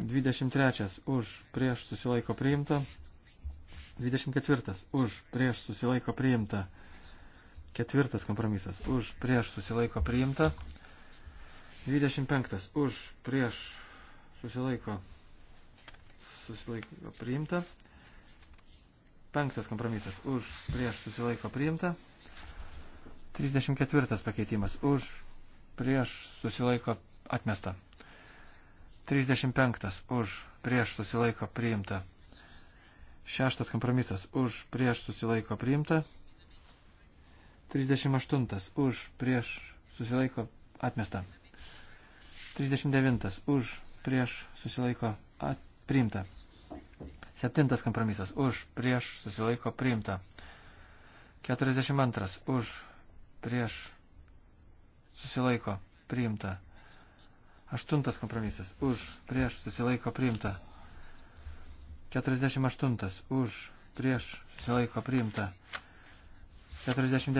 23 už prieš susilaiko priimta. 24 už prieš susilaiko priimta. Ketvirtas kompromisas už prieš susilaiko priimta. 25 už prieš susilaiko priimta susilaiko priimta. Penktas kompromisas už prieš susilaiko priimta. 34 pakeitimas už prieš susilaiko atmesta. 35 už prieš susilaiko priimta. Šeštas kompromisas už prieš susilaiko priimta. 38 už prieš susilaiko atmesta. 39 už prieš susilaiko atmesta priimta. Septintas kompromisas. Už, prieš, susilaiko, priimta. 42. Už, prieš, susilaiko, priimta. Aštuntas kompromisas. Už, prieš, susilaiko, priimta. 48. Už, prieš, susilaiko, priimta. 49.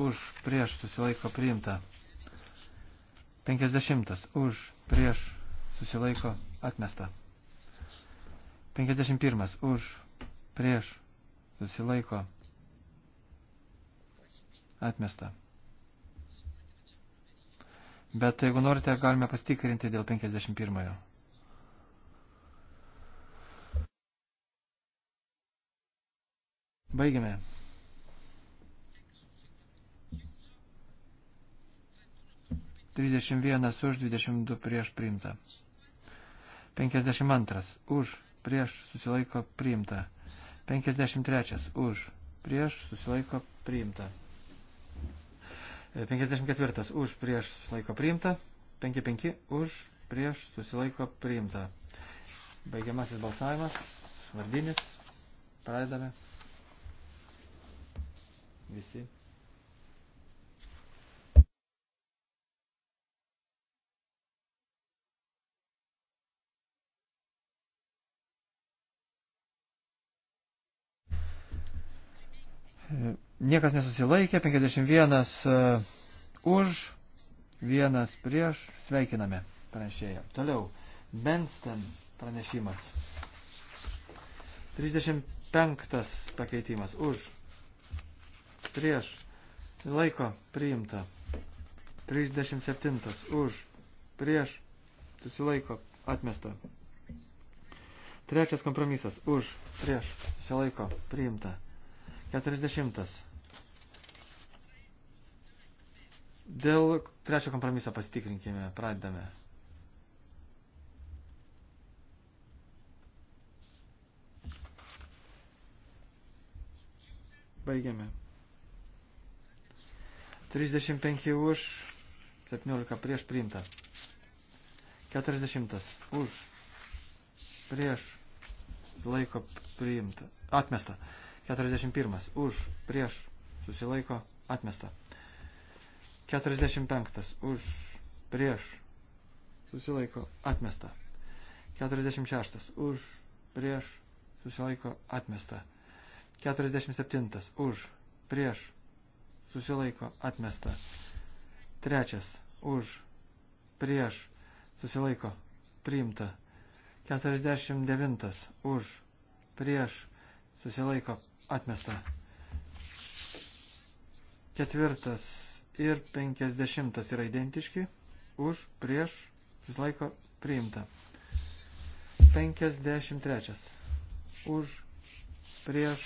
Už, prieš, susilaiko, priimta. 50. Už, prieš, susilaiko, atmesta. 51. Už, prieš, susilaiko, atmesta. Bet jeigu norite, galime pastikrinti dėl 51. Baigiame. Trisdešimt vienas už, dvidešimt du prieš primtą. Penkiasdešimt antras už, prieš susilaiko priimta. 53 už, prieš susilaiko priimta. 54 už, prieš susilaiko priimta. 55 už, prieš susilaiko priimta. Baigiamasis balsavimas, vardinis, pradedame. Visi. Niekas nesusilaikė, 51 e, už, vienas prieš, sveikiname pranešėją. Toliau, Benston pranešimas. 35 pakeitimas už, prieš, laiko priimta. 37 už, prieš, susilaiko atmesta. Trečias kompromisas už, prieš, susilaiko priimta. 40. Dėl trečio kompromiso pasitikrinkime, pradedame. Baigiame. 35 už, 17 prieš priimta. 40 už, prieš laiko priimta. Atmesta. 41. Už, prieš, susilaiko, atmesta. 45. Už, prieš, susilaiko, atmesta. 46. Už, prieš, susilaiko, atmesta. 47. Už, prieš, susilaiko, atmesta. 3. Už, prieš, susilaiko, priimta. 49. Už, prieš, susilaiko, atmesta. Ketvirtas ir penkisdešimtas yra identiški, už, prieš, vis laiko priimta. Penkisdešimt trečias, už, prieš,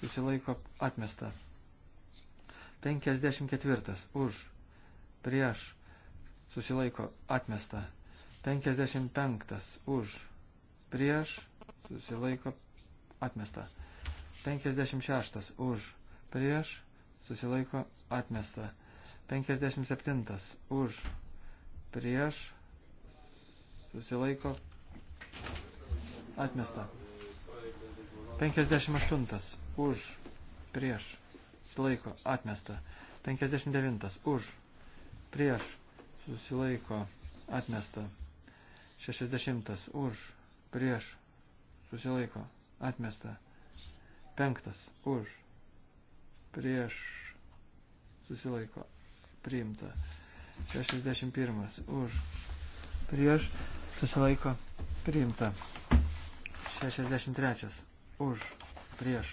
susilaiko atmesta. 54. Už. Prieš. Susilaiko atmesta. 55. Už. Prieš. Susilaiko atmesta. 56 už, prieš, susilaiko atmesta. 57 už, prieš, susilaiko atmesta. 58 už, prieš, susilaiko atmesta. 59 už, prieš, susilaiko atmesta. 60 už, prieš, susilaiko atmesta. Penktas. Už. Prieš. Susilaiko. Priimta. 61. Už. Prieš. Susilaiko. Priimta. 63. Už. Prieš.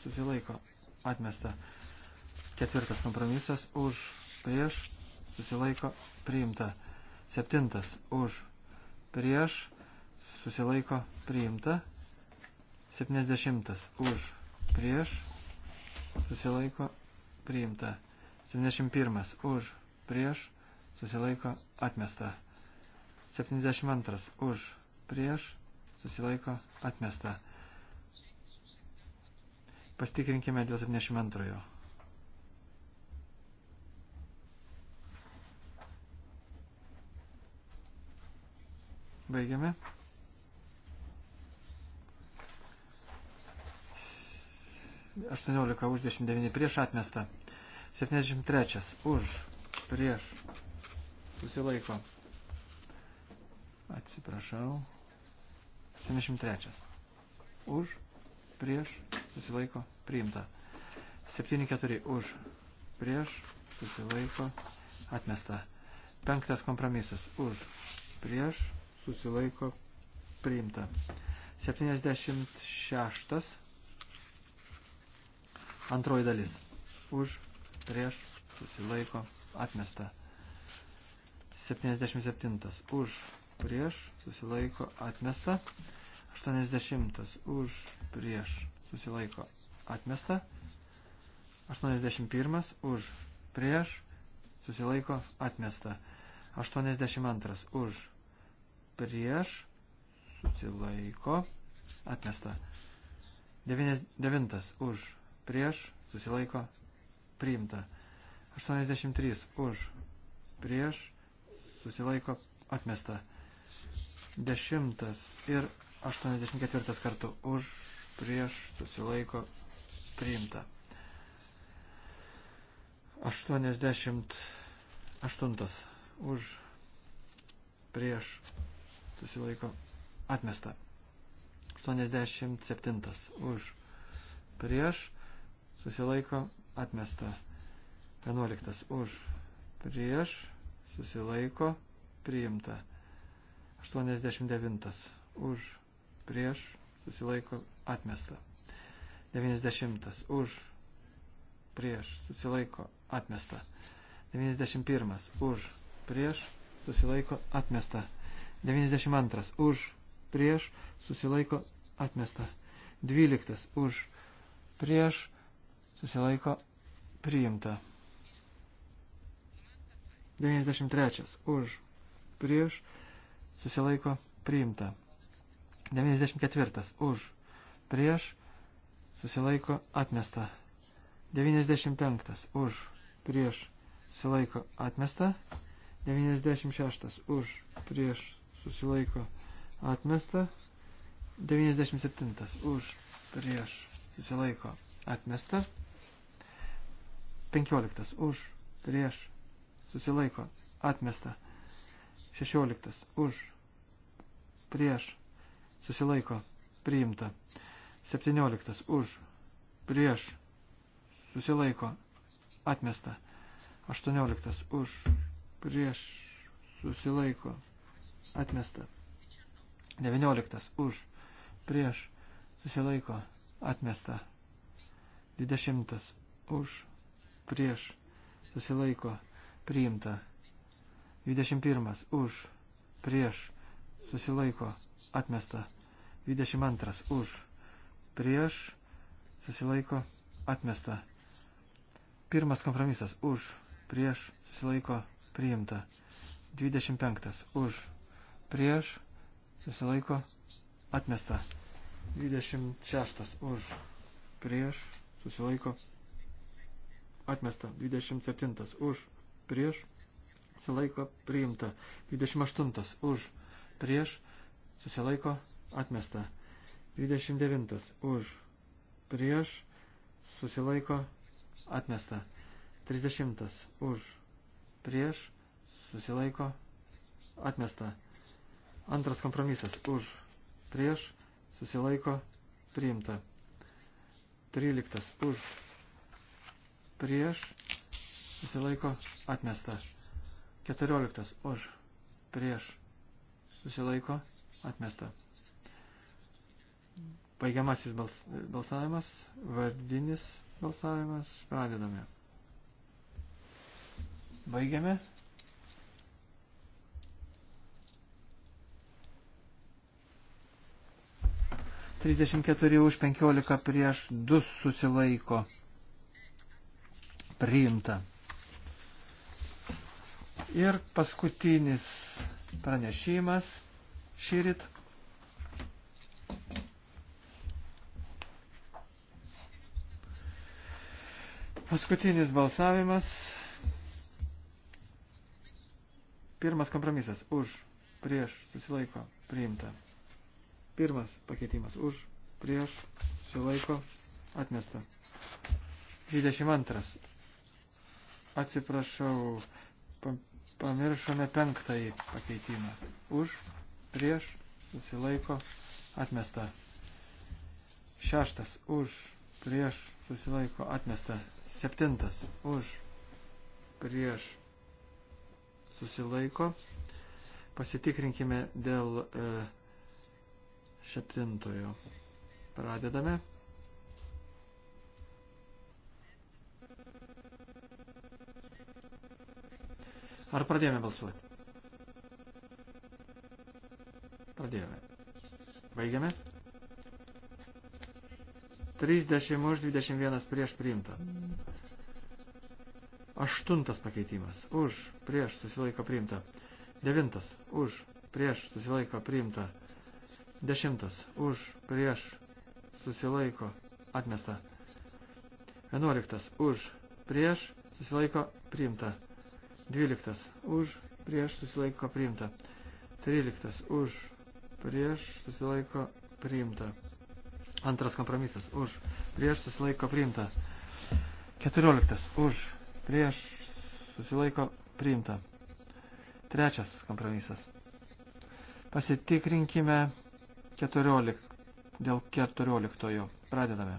Susilaiko. Atmesta. Ketvirtas kompromisas. Už. Prieš. Susilaiko. Priimta. Septintas. Už. Prieš. Susilaiko. Priimta. 70. Už prieš, susilaiko priimta. 71 už, prieš, susilaiko atmesta. 72 už, prieš, susilaiko atmesta. Pastikrinkime dėl 72. Baigiame. 18 už 29 prieš atmestą. 73 už prieš susilaiko. Atsiprašau. 73 už prieš susilaiko priimta. 74 už prieš susilaiko atmesta. Penktas kompromisas už prieš susilaiko priimta. 76 Antroji dalis. Už, prieš, susilaiko, atmesta. 77. Už, prieš, susilaiko, atmesta. 80. Už, prieš, susilaiko, atmesta. 81. Už, prieš, susilaiko, atmesta. 82. Už, prieš, susilaiko, atmesta. 9. Už, prieš, susilaiko, priimta. 83 už, prieš, susilaiko, atmesta. 10 ir 84 kartu už, prieš, susilaiko, priimta. 88 už, prieš, susilaiko, atmesta. 87 už, prieš, susilaiko atmesta. 11 už prieš susilaiko priimta. 89 už prieš susilaiko atmesta. 90 už prieš susilaiko atmesta. 91 už prieš susilaiko atmesta. 92 už prieš susilaiko atmesta. 12 už prieš susilaiko priimta. 93. Už, prieš, susilaiko priimta. 94. Už, prieš, susilaiko atmesta. 95. Už, prieš, susilaiko atmesta. 96. Už, prieš, susilaiko atmesta. 97. Už, prieš, susilaiko atmesta. 15. Už, prieš, susilaiko, atmesta. 16. Už, prieš, susilaiko, priimta. 17. Už, prieš, susilaiko, atmesta. 18. Už, prieš, susilaiko, atmesta. 19. Už, prieš, susilaiko, atmesta. 20. Už, prieš, susilaiko, priimta. 21 už, prieš, susilaiko, atmesta. 22 už, prieš, susilaiko, atmesta. Pirmas kompromisas už, prieš, susilaiko, priimta. 25 už, prieš, susilaiko, atmesta. 26 už, prieš, susilaiko, atmesta. 27 už, prieš, susilaiko, priimta. 28 už, prieš, susilaiko, atmesta. 29 už, prieš, susilaiko, atmesta. 30 už, prieš, susilaiko, atmesta. Antras kompromisas už, prieš, susilaiko, priimta. 13 už, prieš, susilaiko atmesta. 14 už, prieš, susilaiko atmesta. Baigiamasis bals, balsavimas, vardinis balsavimas, pradedame. Baigiame. Trisdešimt keturi už penkiolika prieš du susilaiko priimta. Ir paskutinis pranešimas šyrit. Paskutinis balsavimas. Pirmas kompromisas. Už, prieš, susilaiko, priimta. Pirmas pakeitimas. Už, prieš, susilaiko, atmesta. 22. Atsiprašau, pamiršome penktąjį pakeitimą. Už, prieš, susilaiko, atmesta. Šeštas, už, prieš, susilaiko, atmesta. Septintas, už, prieš, susilaiko. Pasitikrinkime dėl e, septintojo. Pradedame. Ar pradėjome balsuoti? Pradėjome. Baigiame. 30 už 21 prieš priimta. Aštuntas pakeitimas. Už, prieš, susilaiko priimta. Devintas. Už, prieš, susilaiko priimta. Dešimtas. Už, prieš, susilaiko atmesta. Vienuoliktas. Už, prieš, susilaiko priimta. 12 už, prieš susilaiko priimta. 13 už, prieš susilaiko priimta. Antras kompromisas už, prieš susilaiko priimta. 14 už, prieš susilaiko priimta. Trečias kompromisas. Pasitikrinkime 14 dėl 14. Pradedame.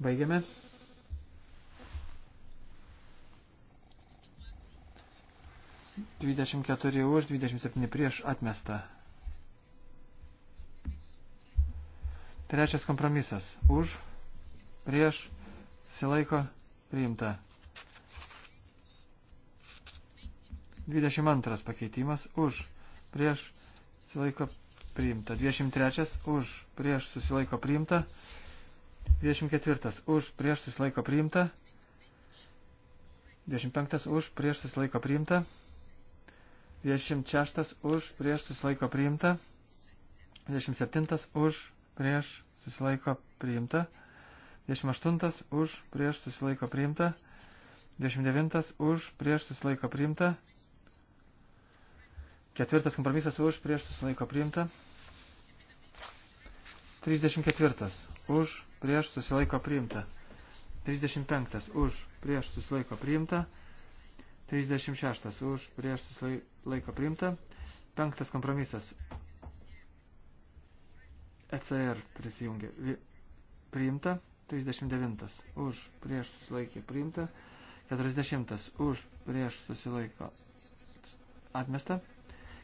Baigiame. Dvidešimt keturi už, dvidešimt septyni prieš atmesta. Trečias kompromisas. Už, prieš, silaiko, priimta. 22 pakeitimas. Už, prieš, silaiko, priimta. 23 už, prieš, susilaiko, priimta. 24 už prieš susilaiko priimta. 25 už prieš susilaiko priimta. 26 už prieš susilaiko priimta. 27 už prieš susilaiko priimta. 28 už prieš susilaiko priimta. 29 už prieš susilaiko priimta. Ketvirtas kompromisas už prieš susilaiko priimta. 34 už prieš susilaiko priimta. 35 už prieš susilaiko priimta. 36 už prieš susilaiko priimta. 5 kompromisas. ECR prisijungė. Priimta. 39 už prieš susilaikė priimta. 40 už prieš susilaiko atmesta.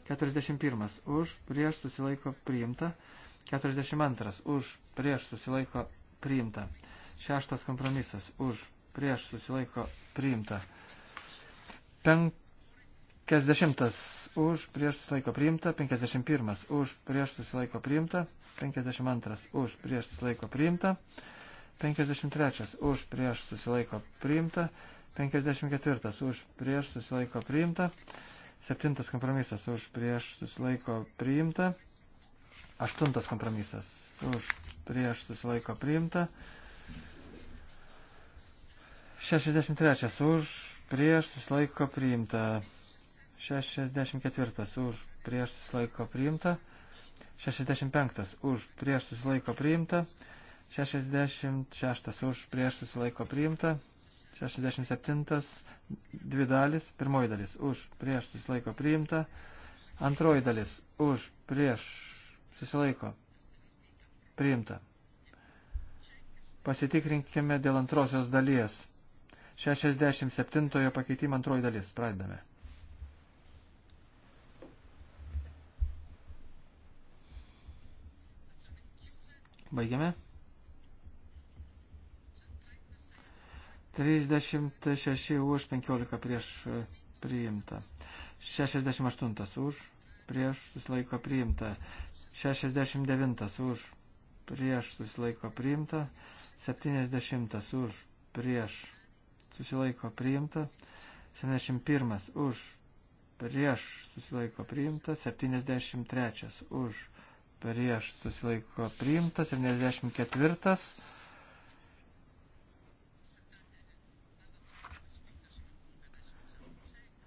41 už prieš susilaiko priimta. 42 už prieš susilaiko priimta. Šeštas kompromisas už prieš susilaiko priimta. Penkesdešimtas už prieš susilaiko priimta. Penkesdešimt pirmas už prieš susilaiko priimta. Penkesdešimt antras už prieš susilaiko priimta. Penkesdešimt trečias už prieš susilaiko priimta. Penkesdešimt ketvirtas už prieš susilaiko priimta. Septintas kompromisas už prieš susilaiko priimta. Aštuntas kompromisas už prieš susilaiko priimta. 63 už, prieš susilaiko priimta. 64 už, prieš susilaiko priimta. 65 už, prieš susilaiko priimta. 66 už, prieš susilaiko priimta. 67 dvi dalis, pirmoji dalis už, prieš susilaiko priimta. Antroji dalis už, prieš susilaiko priimta. Pasitikrinkime dėl antrosios dalies. 67 pakeitimą antroji dalis. Pradedame. Baigiame. 36 už 15 prieš e, priimta. 68 už prieš susilaiko priimta. 69 už prieš susilaiko priimta, 70 už prieš susilaiko priimta, 71 už prieš susilaiko priimta, 73 už prieš susilaiko priimta, 74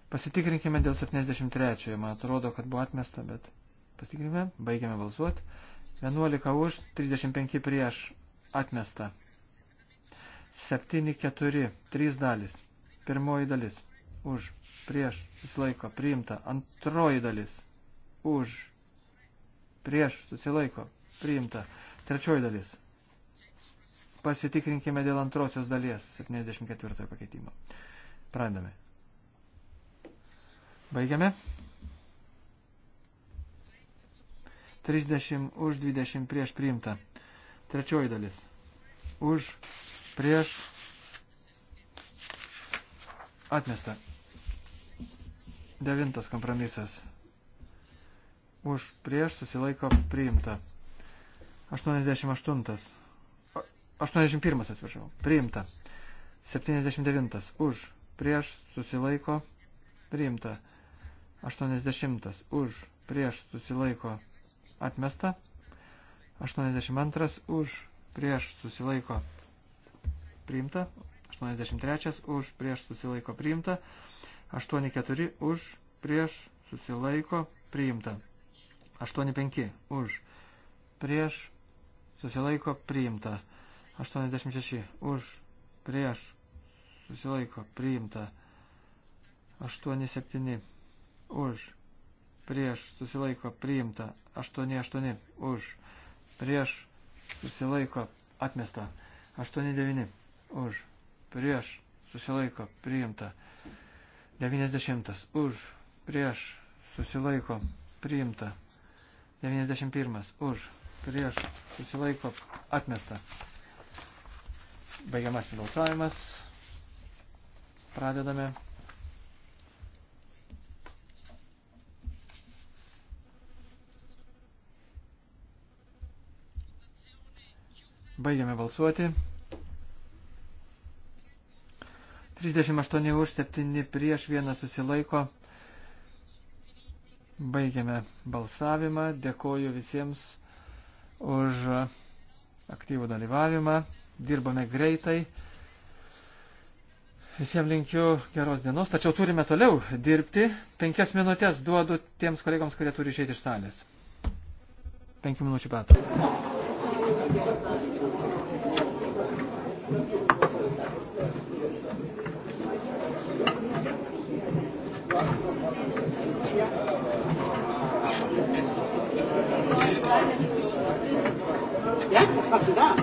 Pasitikrinkime dėl 73, man atrodo, kad buvo atmesta, bet pasitikrinkime, baigiame balsuoti. 11 už, 35 prieš atmesta. 7, 4, 3 dalis. Pirmoji dalis. Už, prieš, susilaiko, priimta. Antroji dalis. Už, prieš, susilaiko, priimta. Trečioji dalis. Pasitikrinkime dėl antrosios dalies 74 pakeitimo. Pradame. Baigiame. 30 už 20 prieš priimta. Trečioji dalis. Už prieš atmesta. Devintas kompromisas. Už prieš susilaiko priimta. 88. 81 atsiprašau. Priimta. 79. Už prieš susilaiko priimta. 80. Už prieš susilaiko priimta atmesta. 82 už prieš susilaiko priimta. 83 už prieš susilaiko priimta. 84 už prieš susilaiko priimta. 85 už prieš susilaiko priimta. 86 už prieš susilaiko priimta. 87 už prieš susilaiko priimta, 88 už, prieš susilaiko atmesta, 89 už, prieš susilaiko priimta, 90 už, prieš susilaiko priimta, 91 už, prieš susilaiko atmesta. Baigiamasis balsavimas. Pradedame. Baigiame balsuoti. 38 už 7 prieš 1 susilaiko. Baigiame balsavimą. Dėkoju visiems už aktyvų dalyvavimą. Dirbame greitai. Visiems linkiu geros dienos, tačiau turime toliau dirbti. Penkias minutės duodu tiems kolegams, kurie turi išeiti iš salės. Penkių minučių petro. Ja, was machst du da?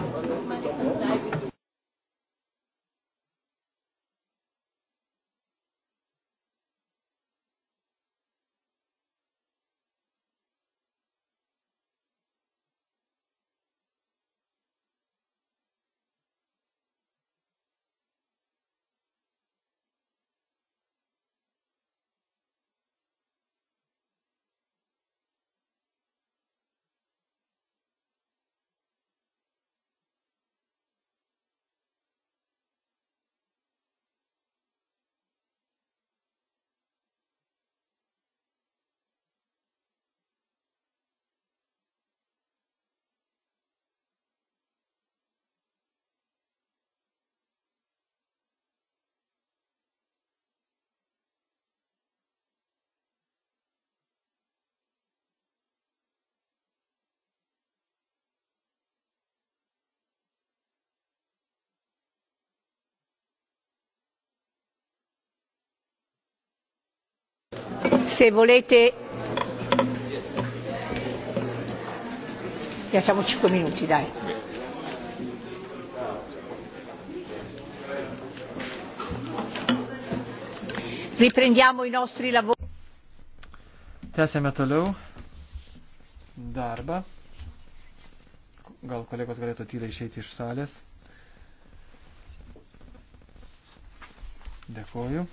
se volete lasciamo cinque minuti dai riprendiamo i nostri lavori tęsiame toliau darbą gal kolegos galėtų tyliai išeiti iš salės dėkoju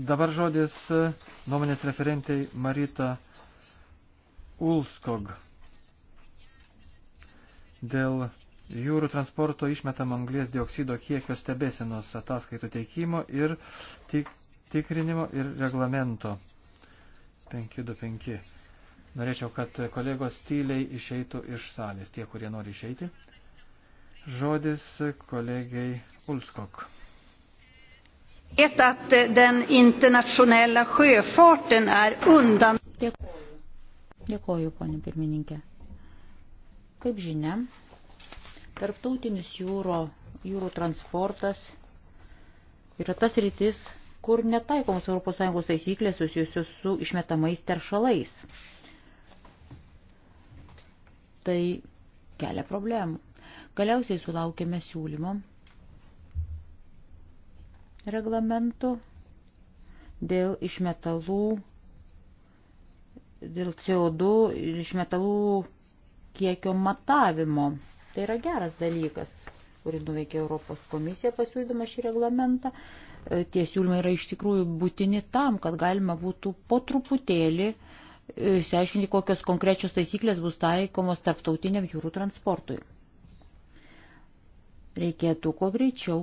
Dabar žodis e, nuomonės referentai Marita Ulskog dėl jūrų transporto išmetam anglės dioksido kiekio stebėsenos ataskaitų teikimo ir tik, tikrinimo ir reglamento 525. Norėčiau, kad kolegos tyliai išeitų iš salės, tie, kurie nori išeiti. Žodis kolegiai Ulskok vet att den internationella sjöfarten är undan. Dėkoju. Dėkoju, ponė pirmininkė. Kaip žinia, tarptautinis jūro, jūrų transportas yra tas rytis, kur netaikomos ES taisyklės susijusios su išmetamais teršalais. Tai kelia problemų. Galiausiai sulaukėme siūlymo reglamentu dėl išmetalų, dėl CO2 ir išmetalų kiekio matavimo. Tai yra geras dalykas, kurį nuveikė Europos komisija pasiūlydama šį reglamentą. E, tie siūlymai yra iš tikrųjų būtini tam, kad galima būtų po truputėlį e, išsiaiškinti, kokios konkrečios taisyklės bus taikomos tarptautiniam jūrų transportui. Reikėtų kuo greičiau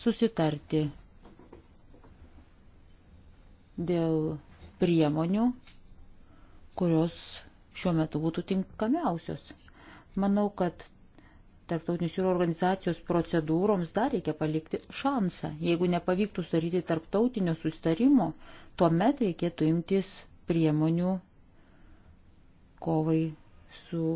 susitarti dėl priemonių, kurios šiuo metu būtų tinkamiausios. Manau, kad tarptautinių jūrų organizacijos procedūroms dar reikia palikti šansą. Jeigu nepavyktų sudaryti tarptautinio sustarimo, tuomet reikėtų imtis priemonių kovai su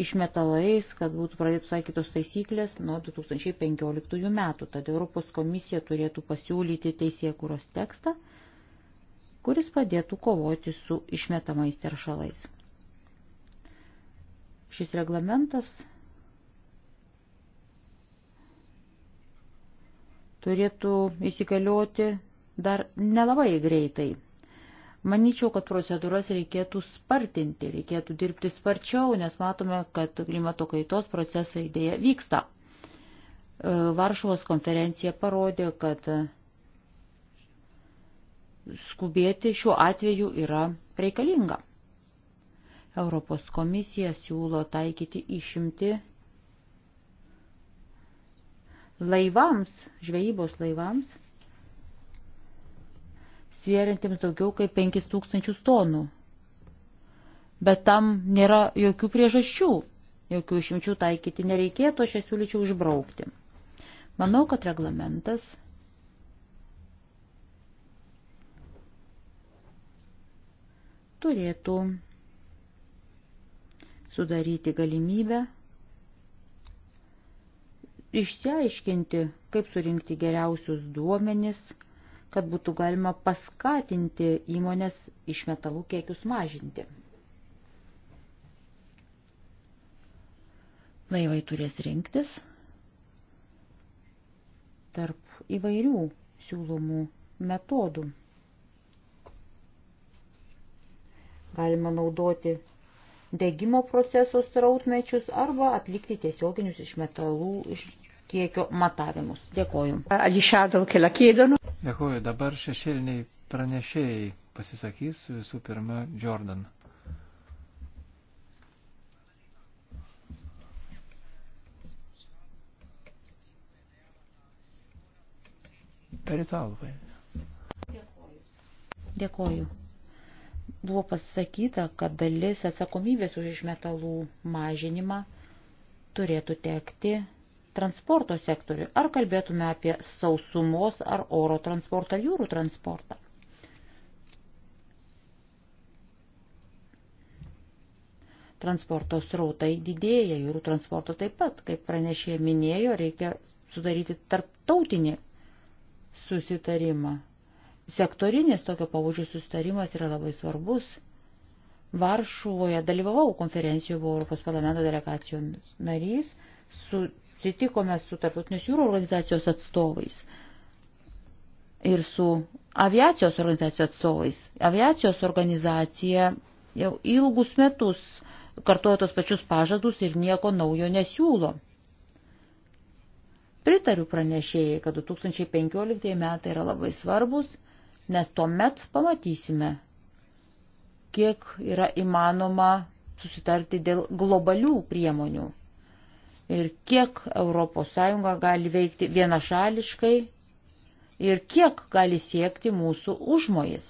išmetalais, kad būtų pradėtos taikytos taisyklės nuo 2015 metų. Tad Europos komisija turėtų pasiūlyti teisėkūros tekstą, kuris padėtų kovoti su išmetamais teršalais. Šis reglamentas turėtų įsigalioti dar nelabai greitai Maničiau, kad procedūras reikėtų spartinti, reikėtų dirbti sparčiau, nes matome, kad klimato kaitos procesai dėja vyksta. E, Varšuvos konferencija parodė, kad skubėti šiuo atveju yra reikalinga. Europos komisija siūlo taikyti išimti laivams, žvejybos laivams svėrintiems daugiau kaip 5000 tonų. Bet tam nėra jokių priežasčių, jokių išimčių taikyti nereikėtų, aš jas siūlyčiau išbraukti. Manau, kad reglamentas turėtų sudaryti galimybę išsiaiškinti, kaip surinkti geriausius duomenis kad būtų galima paskatinti įmonės išmetalų kiekius mažinti. Laivai turės rinktis tarp įvairių siūlomų metodų. Galima naudoti degimo procesus rautmečius arba atlikti tiesioginius iš metalų, iš kiekio matavimus. Dėkoju. Dėkoju. Dabar šešėliniai pranešėjai pasisakys visų pirma Jordan. Per italvai. Dėkoju. Dėkoju buvo pasakyta, kad dalis atsakomybės už išmetalų mažinimą turėtų tekti transporto sektoriui, ar kalbėtume apie sausumos ar oro transportą, ar jūrų transportą. Transporto srautai didėja, jūrų transporto taip pat, kaip pranešė minėjo, reikia sudaryti tarptautinį susitarimą. Sektorinis tokio pavūdžio susitarimas yra labai svarbus. Varšuvoje dalyvavau konferencijoje, buvau Europos parlamento delegacijos narys, su susitikome su tarptautinės jūrų organizacijos atstovais ir su aviacijos organizacijos atstovais. Aviacijos organizacija jau ilgus metus kartuoja tos pačius pažadus ir nieko naujo nesiūlo. Pritariu pranešėjai, kad 2015 metai yra labai svarbus, nes tuomet pamatysime, kiek yra įmanoma susitarti dėl globalių priemonių ir kiek ES gali veikti vienašališkai ir kiek gali siekti mūsų užmojas.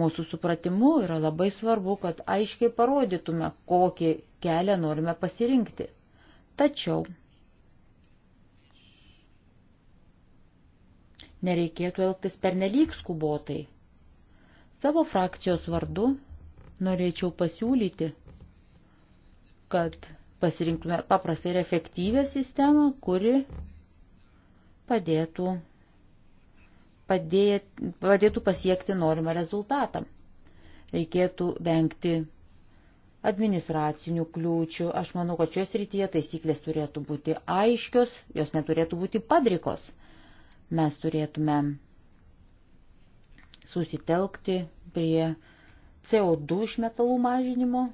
Mūsų supratimu yra labai svarbu, kad aiškiai parodytume, kokį kelią norime pasirinkti. Tačiau nereikėtų elgtis pernelyg skubotai. Savo frakcijos vardu norėčiau pasiūlyti, kad pasirinktume paprastą ir efektyvę sistemą, kuri padėtų, padėt, padėtų pasiekti norimą rezultatą. Reikėtų vengti administracinių kliūčių. Aš manau, kad šios rytyje taisyklės turėtų būti aiškios, jos neturėtų būti padrikos. Mes turėtume susitelkti prie CO2 išmetalų mažinimo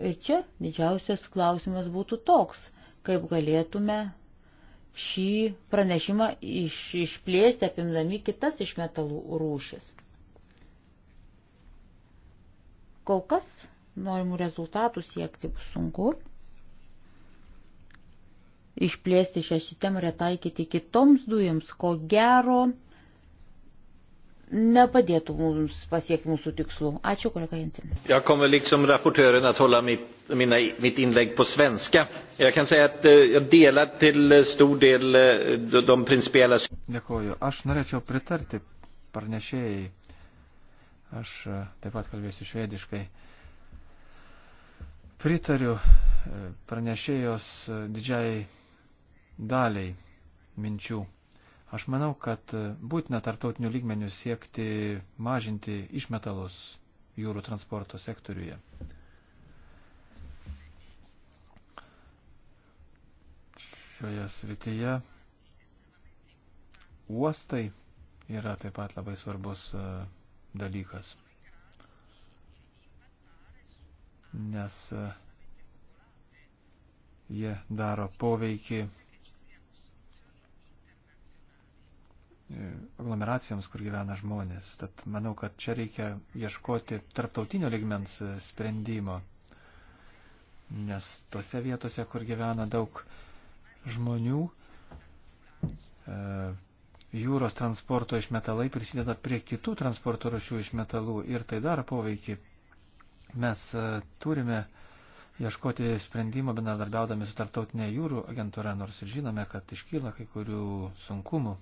Ir čia didžiausias klausimas būtų toks, kaip galėtume šį pranešimą iš, išplėsti apimdami kitas iš metalų rūšis. Kol kas norimų rezultatų siekti bus sunku. Išplėsti šią sistemą ir taikyti kitoms dujams, ko gero, nepadėtų mums pasiekti mūsų tikslų. Ačiū, kolega Jensen. Jag kommer liksom rapportören att hålla mitt, mina, mitt inlägg på svenska. Jag kan säga att eh, jag delar till stor del eh, de principiella... Dėkuoju. Aš norėčiau pritarti parnešėjai. Aš eh, taip pat kalbėsiu švediškai. Pritariu pranešėjos didžiai daliai minčių. Aš manau, kad būtina tartautinių lygmenių siekti mažinti išmetalus jūrų transporto sektoriuje. Šioje srityje uostai yra taip pat labai svarbus e, dalykas, nes e, jie daro poveikį aglomeracijoms, kur gyvena žmonės. Tad manau, kad čia reikia ieškoti tarptautinio ligmens sprendimo, nes tose vietose, kur gyvena daug žmonių, e, jūros transporto išmetalai prisideda prie kitų transporto rušių išmetalų ir tai dar poveikį. Mes e, turime ieškoti sprendimo bendradarbiaudami su tarptautinė jūrų agentūra, nors ir žinome, kad iškyla kai kurių sunkumų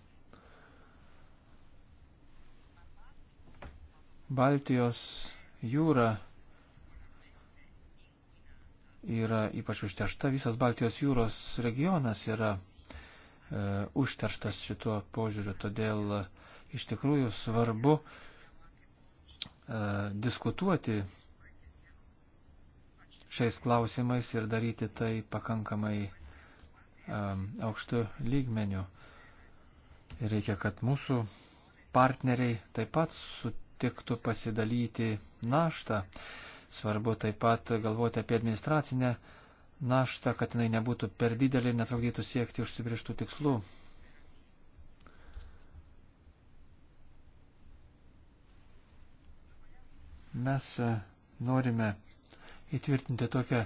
Baltijos jūra yra ypač užteršta, visas Baltijos jūros regionas yra e, užterštas šituo požiūriu, todėl e, iš tikrųjų svarbu e, diskutuoti šiais klausimais ir daryti tai pakankamai e, aukštų lygmenių. Reikia, kad mūsų partneriai taip pat sutiktų tiktų pasidalyti naštą. Svarbu taip pat galvoti apie administracinę naštą, kad jinai nebūtų per didelė ir netrukdytų siekti užsibrieštų tikslų. Mes e, norime įtvirtinti tokią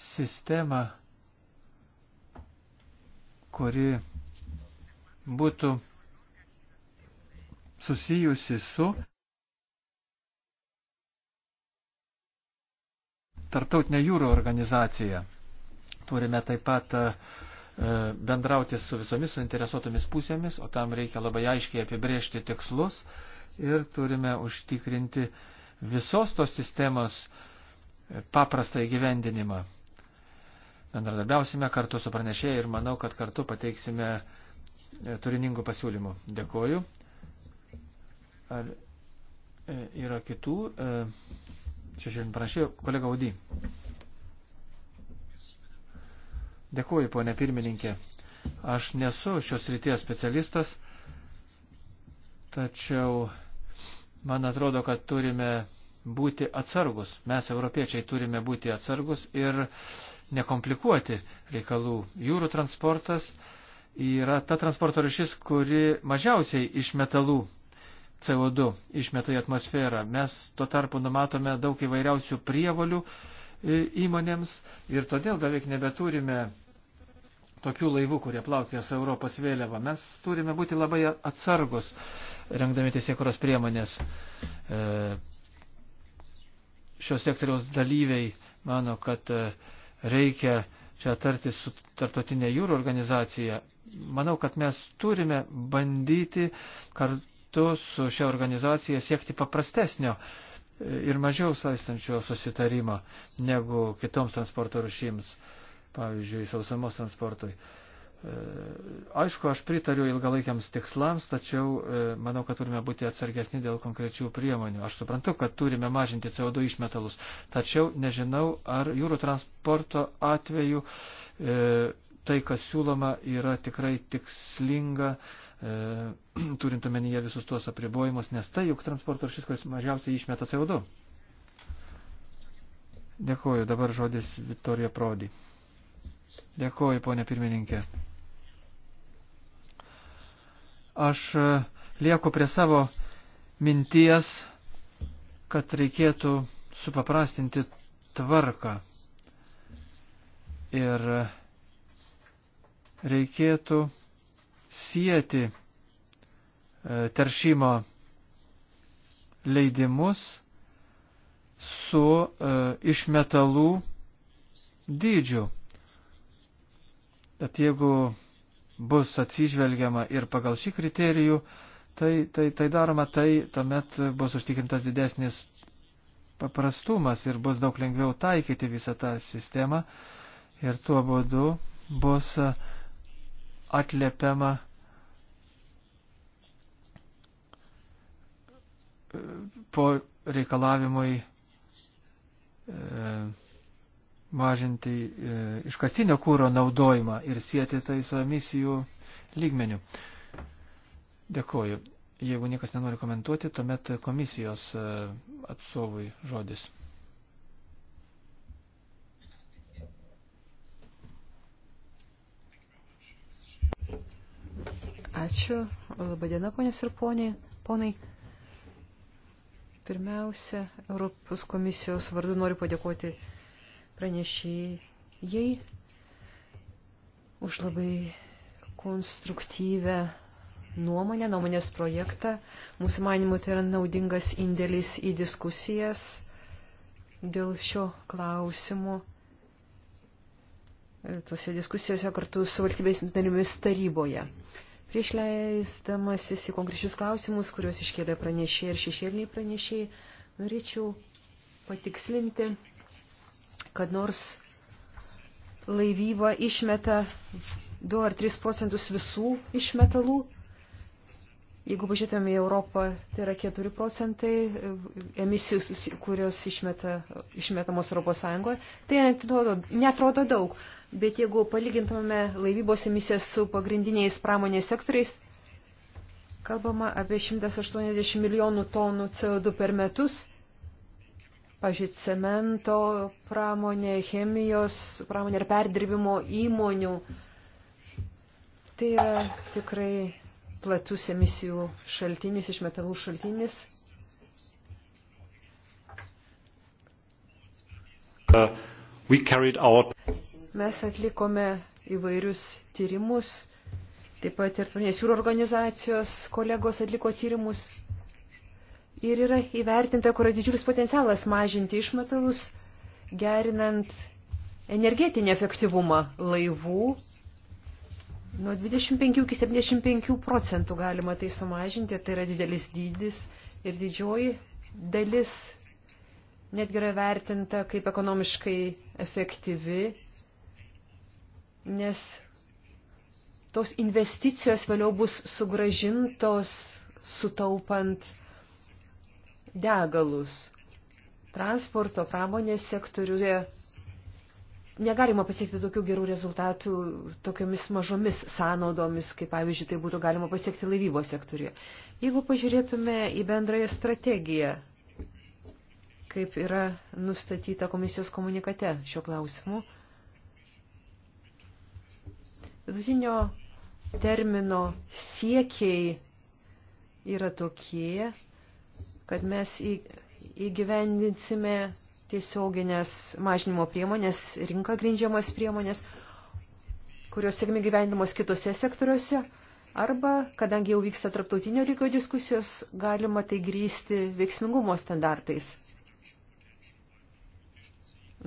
sistemą, kuri būtų susijusi su tarptautinę jūrų organizaciją. Turime taip pat e, bendrauti su visomis suinteresuotomis pusėmis, o tam reikia labai aiškiai apibrėžti tikslus ir turime užtikrinti visos tos sistemos e, paprastą įgyvendinimą. Bendradarbiausime kartu su pranešėjai ir manau, kad kartu pateiksime e, turiningų pasiūlymų. Dėkoju. Ar yra kitų? E, Šešėlin prašė, kolega Audy. Dėkuoju, ponė pirmininkė. Aš nesu šios ryties specialistas, tačiau man atrodo, kad turime būti atsargus. Mes, europiečiai, turime būti atsargus ir nekomplikuoti reikalų. Jūrų transportas yra ta transporto rušis, kuri mažiausiai iš metalų CO2 išmeta į atmosferą. Mes tuo tarpu numatome daug įvairiausių prievalių e, įmonėms ir todėl beveik nebeturime tokių laivų, kurie plaukia su Europos vėliava. Mes turime būti labai atsargus, rengdami tiesiekuros priemonės. E, Šios sektoriaus dalyviai mano, kad e, reikia čia tarti su tartotinė jūrų organizacija. Manau, kad mes turime bandyti kartu kartu su šia organizacija siekti paprastesnio ir mažiau saistančio susitarimo negu kitoms transporto rušims, pavyzdžiui, sausumos transportui. E, aišku, aš pritariu ilgalaikiams tikslams, tačiau e, manau, kad turime būti atsargesni dėl konkrečių priemonių. Aš suprantu, kad turime mažinti CO2 išmetalus, tačiau nežinau, ar jūrų transporto atveju e, tai, kas siūloma, yra tikrai tikslinga. E, E, turint omenyje visus tuos apribojimus, nes tai juk transporto šis, kuris mažiausiai išmeta CO2. Dėkuoju, dabar žodis Vittorio Prodi. Dėkuoju, ponė pirmininkė. Aš e, lieku prie savo minties, kad reikėtų supaprastinti tvarką. Ir reikėtų sieti e, teršimo leidimus su e, išmetalų dydžiu. Bet jeigu bus atsižvelgiama ir pagal šį kriterijų, tai, tai, tai daroma, tai tuomet bus užtikrintas didesnis paprastumas ir bus daug lengviau taikyti visą tą sistemą ir tuo būdu bus uh, atliepiama po reikalavimui e, mažinti e, iškastinio kūro naudojimą ir sieti tai su emisijų lygmeniu. Dėkoju. Jeigu niekas nenori komentuoti, tuomet komisijos e, atstovui žodis. Ačiū. Labadiena, ponės ir poniai. ponai. Pirmiausia, Europos komisijos vardu noriu padėkoti pranešėjai už labai konstruktyvę nuomonę, nuomonės projektą. Mūsų manimu tai yra naudingas indėlis į diskusijas dėl šio klausimo. E, Tuose diskusijose kartu su valstybės narimis taryboje. Prieš leisdamasis į konkrečius klausimus, kuriuos iškėlė pranešėjai ir šešėliniai pranešėjai, norėčiau patikslinti, kad nors laivyba išmeta 2 ar 3 procentus visų išmetalų, Jeigu pažiūrėtume į Europą, tai yra 4 procentai e, emisijų, kurios išmeta, išmetamos Europos Sąjungoje, tai netrodo, netrodo daug. Bet jeigu palygintume laivybos emisijas su pagrindiniais pramonės sektoriais, kalbama apie 180 milijonų tonų CO2 per metus pažiūrėt, cemento pramonė, chemijos pramonė ir perdirbimo įmonių. Tai yra tikrai platus emisijų šaltinis, iš metalų šaltinis. Uh, Mes atlikome įvairius tyrimus, taip pat ir Tunės jūrų organizacijos kolegos atliko tyrimus. Ir yra įvertinta, kur yra didžiulis potencialas mažinti išmetalus, gerinant energetinį efektyvumą laivų Nuo 25 iki 75 procentų galima tai sumažinti, tai yra didelis dydis ir didžioji dalis netgi yra vertinta kaip ekonomiškai efektyvi, nes tos investicijos vėliau bus sugražintos sutaupant degalus. Transporto pramonės sektoriuje negalima pasiekti tokių gerų rezultatų tokiomis mažomis sąnaudomis, kaip pavyzdžiui, tai būtų galima pasiekti laivybos sektoriuje. Jeigu pažiūrėtume į bendrąją strategiją, kaip yra nustatyta komisijos komunikate šio klausimu, vidutinio termino siekiai yra tokie, kad mes į įgyvendinsime tiesioginės mažinimo priemonės, rinką grindžiamas priemonės, kurios sėkmė gyvendamos kitose sektoriuose, arba, kadangi jau vyksta tarptautinio lygio diskusijos, galima tai grįsti veiksmingumo standartais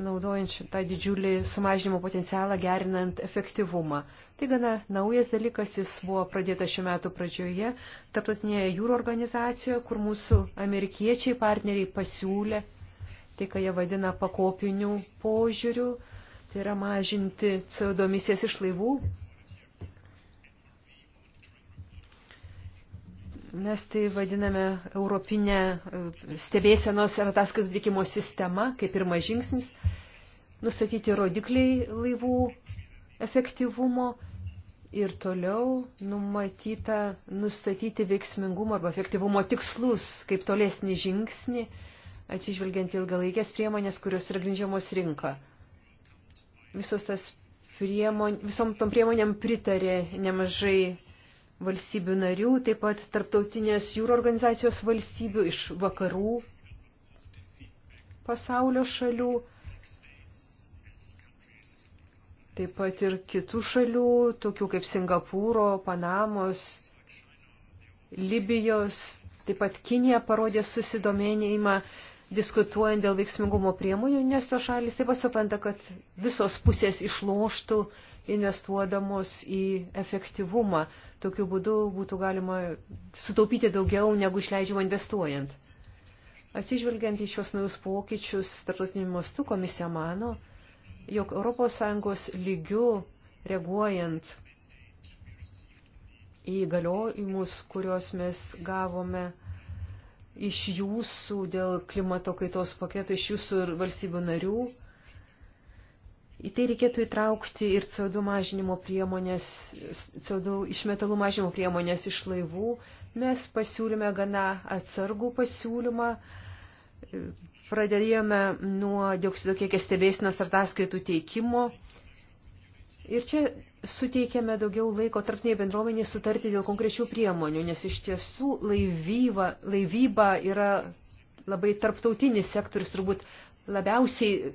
naudojant šitą didžiulį sumažinimo potencialą, gerinant efektyvumą. Tai gana naujas dalykas, jis buvo pradėtas šiuo metu pradžioje, tarptautinėje jūro organizacijoje, kur mūsų amerikiečiai partneriai pasiūlė tai, ką jie vadina pakopinių požiūrių, tai yra mažinti CO2 emisijas iš laivų Mes tai vadiname Europinę e, stebėsenos ir ataskaitos dikimo sistema, kaip ir mažingsnis, nustatyti rodikliai laivų efektyvumo ir toliau numatyta nustatyti veiksmingumo arba efektyvumo tikslus kaip tolesnį žingsnį, atsižvelgiant ilgalaikės priemonės, kurios yra grindžiamos rinka. Visos tas priemon, visom tom priemonėm pritarė nemažai valstybių narių, taip pat tarptautinės jūro organizacijos valstybių iš vakarų pasaulio šalių, taip pat ir kitų šalių, tokių kaip Singapūro, Panamos, Libijos, taip pat Kinija parodė susidomėjimą diskutuojant dėl veiksmingumo priemonių, nes to šalis taip pat supranta, kad visos pusės išloštų investuodamos į efektyvumą Tokiu būdu būtų galima sutaupyti daugiau negu išleidžiama investuojant. Atsižvelgiant į šios naujus pokyčius, tarptautiniu mastu komisija mano, jog ES lygių reaguojant į galiojimus, kuriuos mes gavome iš jūsų dėl klimato kaitos paketo, iš jūsų ir valstybių narių, Į tai reikėtų įtraukti ir CO2 mažinimo priemonės, CO2 išmetalų mažinimo priemonės iš laivų. Mes pasiūlėme gana atsargų pasiūlymą. Pradėjome nuo dioksido kiekio stebėsinos ataskaitų teikimo. Ir čia suteikėme daugiau laiko tarptiniai bendruomeniai sutarti dėl konkrečių priemonių, nes iš tiesų laivyba, laivyba yra labai tarptautinis sektorius, turbūt labiausiai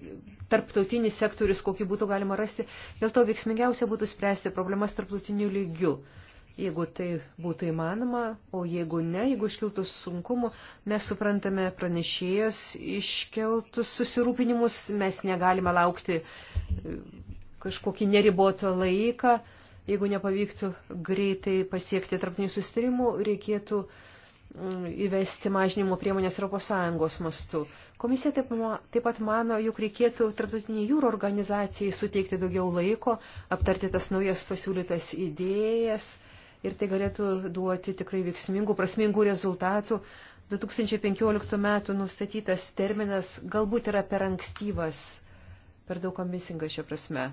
tarptautinis sektorius, kokį būtų galima rasti. Dėl to veiksmingiausia būtų spręsti problemas tarptautiniu lygiu. Jeigu tai būtų įmanoma, o jeigu ne, jeigu iškiltų sunkumų, mes suprantame pranešėjos iškeltus susirūpinimus, mes negalime laukti e, kažkokį neribotą laiką. Jeigu nepavyktų greitai pasiekti tarptautinių sustarimų, reikėtų mm, įvesti mažinimo priemonės ES mastu. Komisija taip, taip pat mano, jog reikėtų tarptautiniai jūrų organizacijai suteikti daugiau laiko, aptarti tas naujas pasiūlytas idėjas ir tai galėtų duoti tikrai veiksmingų, prasmingų rezultatų. 2015 metų nustatytas terminas galbūt yra per ankstyvas, per daug ambisingas šią prasme.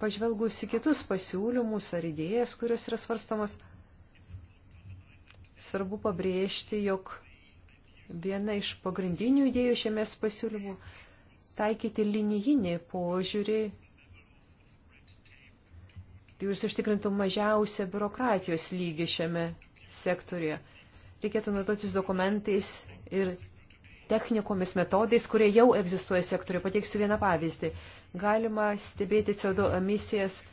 Pažvelgus į kitus pasiūlymus ar idėjas, kurios yra svarstamos, svarbu pabrėžti, jog viena iš pagrindinių idėjų šiame pasiūlymu taikyti linijinį požiūrį, tai jūs užtikrintų mažiausią biurokratijos lygį šiame sektorėje. Reikėtų naudotis dokumentais ir technikomis, metodais, kurie jau egzistuoja sektoriuje. Pateiksiu vieną pavyzdį. Galima stebėti CO2 emisijas –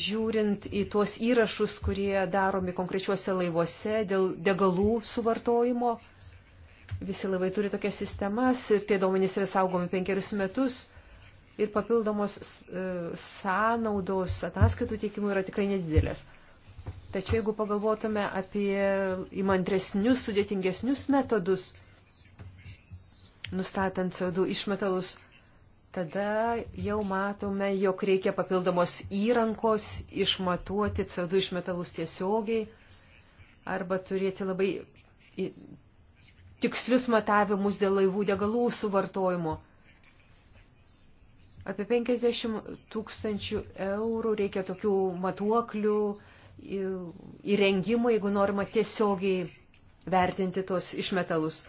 žiūrint į tuos įrašus, kurie daromi konkrečiuose laivuose dėl degalų suvartojimo. Visi laivai turi tokias sistemas ir tie duomenys yra saugomi penkerius metus ir papildomos e, sąnaudos ataskaitų teikimų yra tikrai nedidelės. Tačiau jeigu pagalvotume apie įmantresnius, sudėtingesnius metodus, nustatant CO2 išmetalus, tada jau matome, jog reikia papildomos įrankos išmatuoti CO2 išmetalus tiesiogiai arba turėti labai tikslius matavimus dėl laivų degalų suvartojimo. Apie 50 tūkstančių eurų reikia tokių matuoklių įrengimų, jeigu norima tiesiogiai vertinti tuos išmetalus.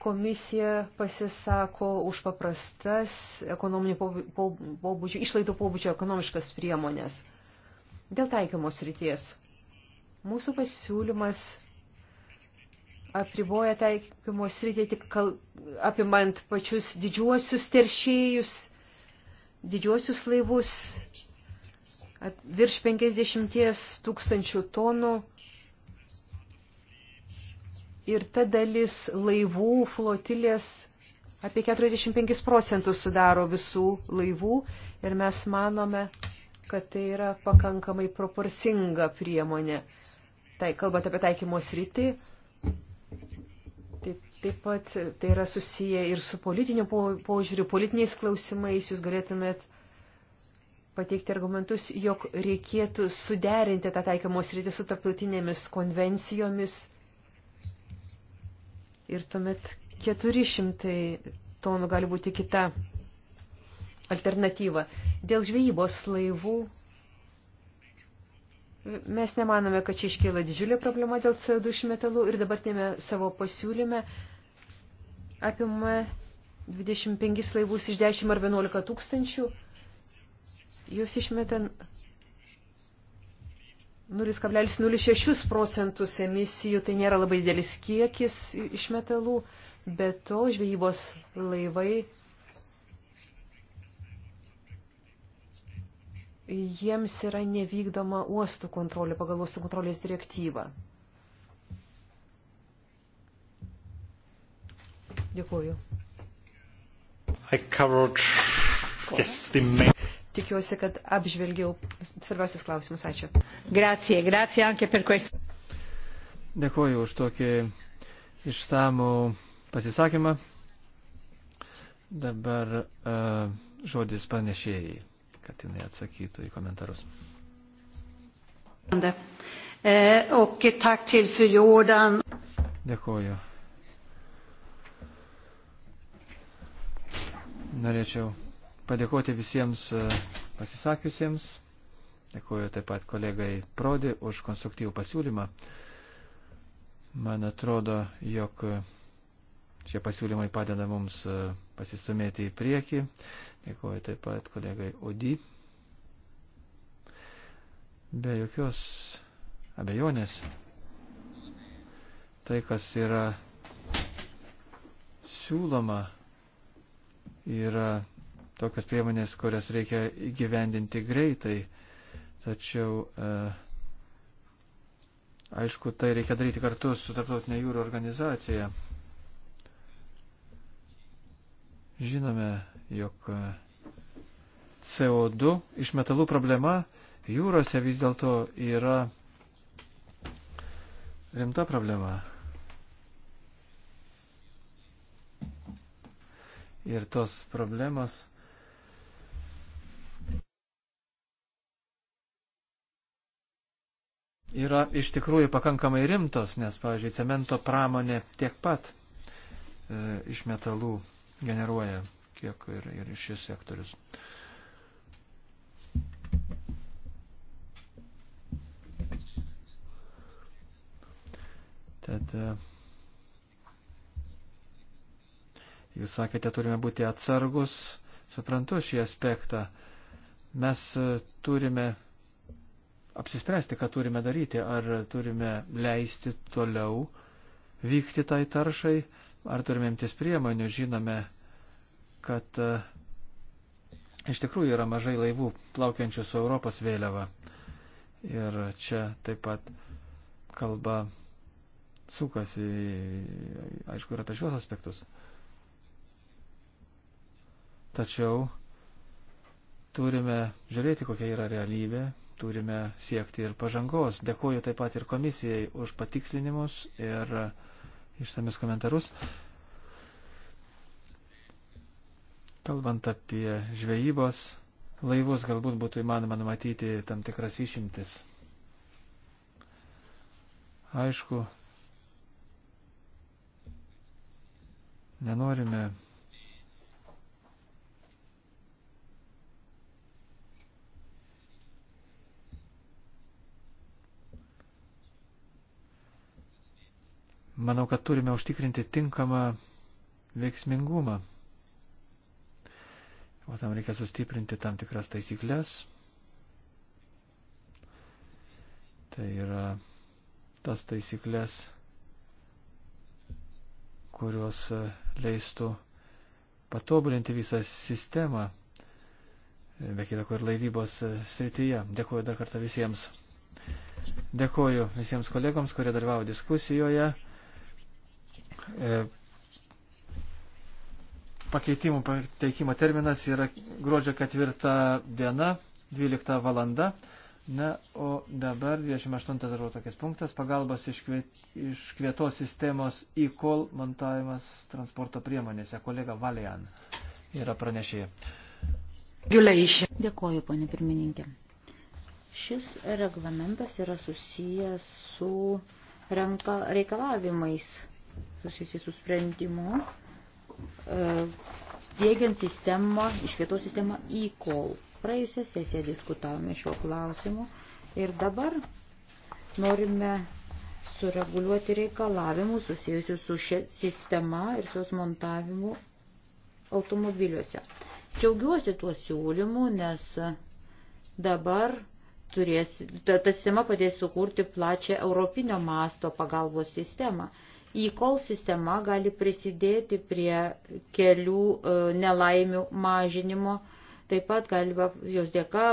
Komisija pasisako už paprastas ekonominio pobūdžio, išlaidų pobūdžio ekonomiškas priemonės. Dėl taikymos ryties. Mūsų pasiūlymas apriboja taikymo sritį tik kal, apimant pačius didžiuosius teršėjus, didžiuosius laivus, ap, virš 50 tūkstančių tonų ir ta dalis laivų flotilės apie 45 procentus sudaro visų laivų ir mes manome, kad tai yra pakankamai proporcinga priemonė. Tai kalbant apie taikymo sritį, taip, taip pat tai yra susiję ir su politiniu požiūriu, politiniais klausimais jūs galėtumėt pateikti argumentus, jog reikėtų suderinti tą taikymo sritį su tarptautinėmis konvencijomis ir tuomet 400 tonų gali būti kita alternatyva. Dėl žvejybos laivų mes nemanome, kad čia iškyla didžiulė problema dėl CO2 išmetalų ir dabartinėme savo pasiūlyme apima 25 laivus iš 10 ar 11 tūkstančių. Jūs išmeta 0,06 procentus emisijų, tai nėra labai didelis kiekis iš metalų, bet to žvejybos laivai, jiems yra nevykdoma uostų kontrolė pagal uostų kontrolės direktyvą. Dėkuoju. I covered, yes, the main tikiuosi, kad apžvelgiau svarbiausius klausimus. Ačiū. Grazie, grazie anche per questo. Dėkuoju už tokį išsamų pasisakymą. Dabar uh, žodis panešėjai, kad jinai atsakytų į komentarus. E, Dėkuoju. Norėčiau padėkoti visiems e, pasisakiusiems. Dėkuoju taip pat kolegai Prodi už konstruktyvų pasiūlymą. Man atrodo, jog šie pasiūlymai padeda mums e, pasistumėti į priekį. Dėkuoju taip pat kolegai Odi. Be jokios abejonės, tai, kas yra siūloma, yra tokios priemonės, kurias reikia įgyvendinti greitai. Tačiau, e, aišku, tai reikia daryti kartu su Tarptautinė jūrų organizacija. Žinome, jog e, CO2 iš metalų problema jūrose vis dėlto yra rimta problema. Ir tos problemos yra iš tikrųjų pakankamai rimtos, nes, pavyzdžiui, cemento pramonė tiek pat e, iš metalų generuoja, kiek ir, ir šis sektorius. Tad e, jūs sakėte, turime būti atsargus, suprantu šį aspektą. Mes e, turime apsispręsti, ką turime daryti. Ar turime leisti toliau vykti tai taršai, ar turime imtis priemonių. Žinome, kad e, iš tikrųjų yra mažai laivų plaukiančių su Europos vėliava. Ir čia taip pat kalba sukasi, aišku, ir apie šios aspektus. Tačiau turime žiūrėti, kokia yra realybė turime siekti ir pažangos. Dėkuoju taip pat ir komisijai už patikslinimus ir išsamius komentarus. Kalbant apie žvejybos laivus, galbūt būtų įmanoma numatyti tam tikras išimtis. Aišku, nenorime Manau, kad turime užtikrinti tinkamą veiksmingumą. O tam reikia sustiprinti tam tikras taisyklės. Tai yra tas taisyklės, kurios leistų patobulinti visą sistemą, be kitako ir laivybos srityje. Dėkuoju dar kartą visiems. Dėkuoju visiems kolegoms, kurie dalyvavo diskusijoje. E, pakeitimų pateikimo terminas yra gruodžio 4 diena, 12 valanda. Na, o dabar 28 darbo tokias punktas - pagalbos iš, kviet, iš kvietos sistemos e-call montavimas transporto priemonėse. Kolega Valian yra pranešėja. Dėkoju, ponė pirmininkė. Šis reglamentas yra susijęs su renka, reikalavimais susijusi su sprendimu, e, dėgiant sistemą, iš kitos sistemą e-call. Praėjusią sesiją diskutavome šiuo klausimu ir dabar norime sureguliuoti reikalavimus susijusius su šia sistema ir jos montavimu automobiliuose. Džiaugiuosi tuo siūlymu, nes dabar turės, ta, ta sistema padės sukurti plačią europinio masto pagalbos sistemą. E-call sistema gali prisidėti prie kelių e, nelaimių mažinimo, taip pat galima jos dėka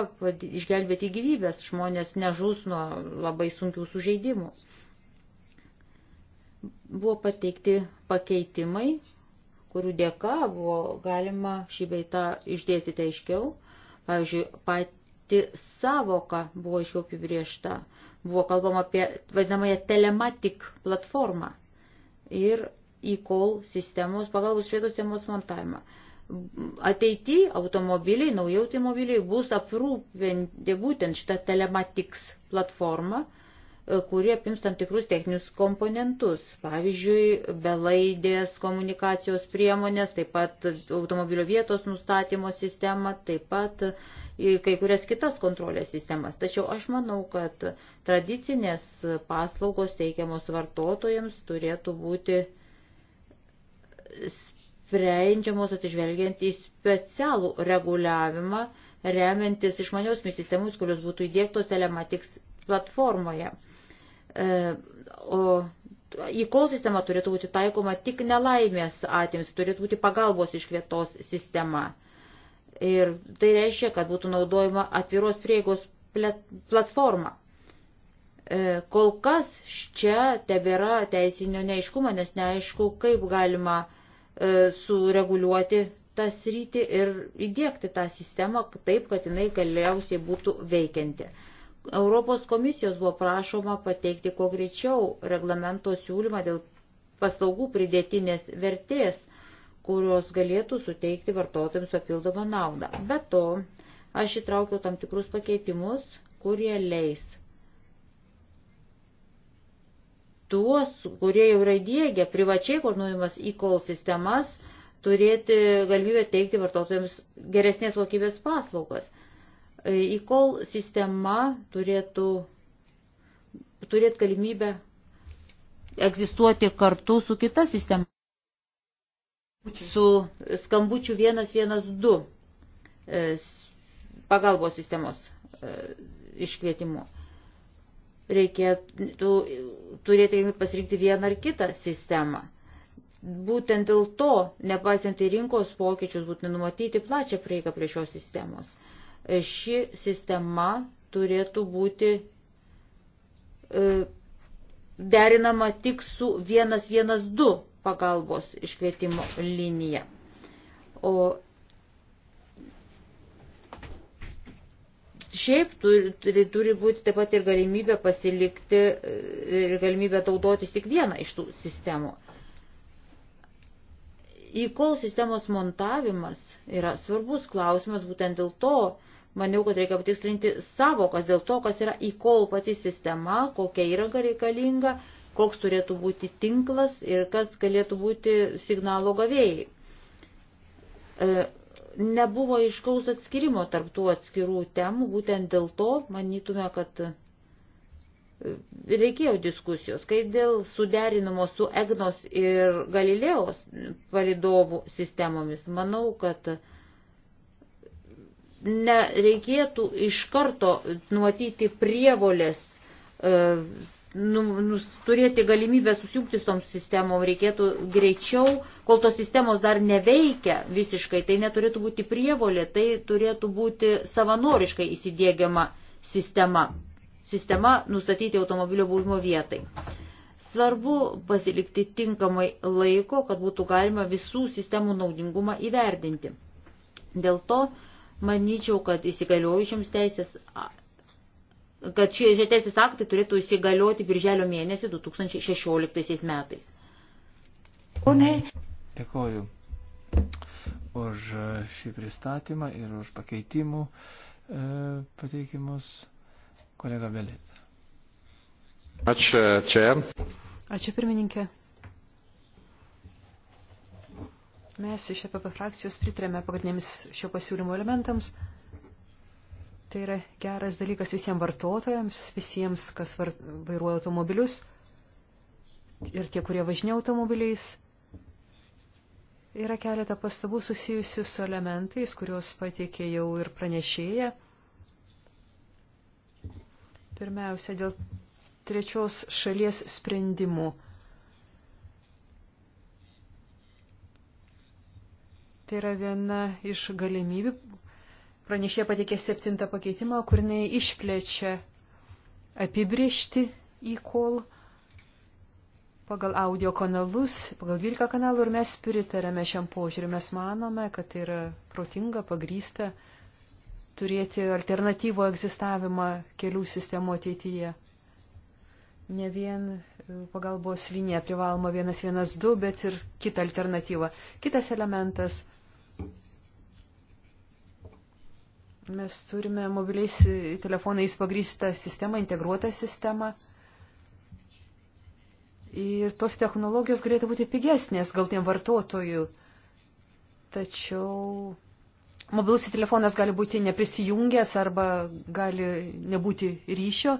išgelbėti gyvybės, žmonės nežus nuo labai sunkių sužeidimų. Buvo pateikti pakeitimai, kurių dėka buvo galima šį beitą išdėstyti aiškiau. Pavyzdžiui, pati savoka buvo aiškiau apibriešta. Buvo kalbama apie vadinamąją telematik platformą ir į kol sistemos, pagalbos švietos sistemos montavimą. Ateity automobiliai, nauji automobiliai bus aprūpinti būtent šitą telematics platformą, e, kurie apims tam tikrus techninius komponentus, pavyzdžiui, belaidės komunikacijos priemonės, taip pat automobilio vietos nustatymo sistema, taip pat uh, į kai kurias kitas kontrolės sistemas. Tačiau aš manau, kad tradicinės paslaugos teikiamos vartotojams turėtų būti sprendžiamos atižvelgiant į specialų reguliavimą, remiantis išmaniosmis sistemus, kurios būtų įdėktos telematiks platformoje. E, o įkol sistema turėtų būti taikoma tik nelaimės atėms, turėtų būti pagalbos iškvietos sistema. E, Ir tai reiškia, kad būtų naudojama atviros prieigos platforma. E, kol kas čia tebėra teisinio neiškumo, nes neaišku, kaip galima e, sureguliuoti tą sritį ir įdėkti tą sistemą taip, kad jinai galiausiai būtų veikianti. Europos komisijos buvo prašoma pateikti kuo greičiau reglamento siūlymą dėl paslaugų pridėtinės vertės kurios galėtų suteikti vartotojams papildomą naudą. Be to, aš įtraukiau tam tikrus pakeitimus, kurie leis tuos, kurie jau yra įdėgę privačiai koordinuojamas e-call sistemas, turėti galimybę teikti vartotojams geresnės kokybės paslaugas. E-call sistema turėtų turėti galimybę egzistuoti kartu su kita sistema su skambučiu 112 e, pagalbos sistemos e, iškvietimu. Reikėtų turėti pasirinkti vieną ar kitą sistemą. Būtent dėl to, nepaisant į rinkos pokyčius, būtina numatyti plačią prieigą prie šios sistemos. E, ši sistema turėtų būti derinama tik su 112 pagalbos iškvietimo liniją. O Šiaip turi, tai turi būti taip pat ir galimybė pasilikti e, ir galimybė taudotis tik vieną iš tų sistemų. Įkol sistemos montavimas yra svarbus klausimas, būtent dėl to maniau, kad reikia patikslinti savokas, dėl to, kas yra įkol pati sistema, kokia įranga reikalinga koks turėtų būti tinklas ir kas galėtų būti signalo gavėjai. E, nebuvo iškaus atskirimo tarp tų atskirų temų, būtent dėl to manytume, kad e, reikėjo diskusijos, kai dėl suderinimo su EGNOS ir Galilėjos palidovų sistemomis, manau, kad nereikėtų iš karto numatyti prievolės e, nu, nu, turėti galimybę susijungti su tom sistemom reikėtų greičiau, kol tos sistemos dar neveikia visiškai, tai neturėtų būti prievolė, tai turėtų būti savanoriškai įsidėgiama sistema. Sistema nustatyti automobilio buvimo vietai. Svarbu pasilikti tinkamai laiko, kad būtų galima visų sistemų naudingumą įvertinti. Dėl to manyčiau, kad įsigaliojušiams teisės kad šie, šie teisės aktai turėtų įsigalioti birželio mėnesį 2016 metais. Pone. Dėkoju už šį pristatymą ir už pakeitimų e, pateikimus kolega Belit. Ačiū e, čia. Ačiū pirmininkė. Mes iš EPP frakcijos pritarėme pagrindinėmis šio pasiūlymo elementams. Tai yra geras dalykas visiems vartotojams, visiems, kas vairuoja automobilius ir tie, kurie važinė automobiliais. Yra keletą pastabų susijusių su elementais, kuriuos pateikė jau ir pranešėja. Pirmiausia, dėl trečios šalies sprendimų. Tai yra viena iš galimybių Pranešė pateikė septintą pakeitimą, kur jinai išplečia apibriežti į kol pagal audio kanalus, pagal 12 kanalų ir mes pritarėme šiam požiūriu. Mes manome, kad tai yra protinga, pagrysta turėti alternatyvo egzistavimą kelių sistemų ateityje. Ne vien e, pagalbos linija privaloma 112, bet ir kita alternatyva. Kitas elementas Mes turime mobiliais e, telefonais pagrįstą sistemą, integruotą sistemą. Ir tos technologijos galėtų būti pigesnės gal tiem vartotojų. Tačiau mobilusis telefonas gali būti neprisijungęs arba gali nebūti ryšio.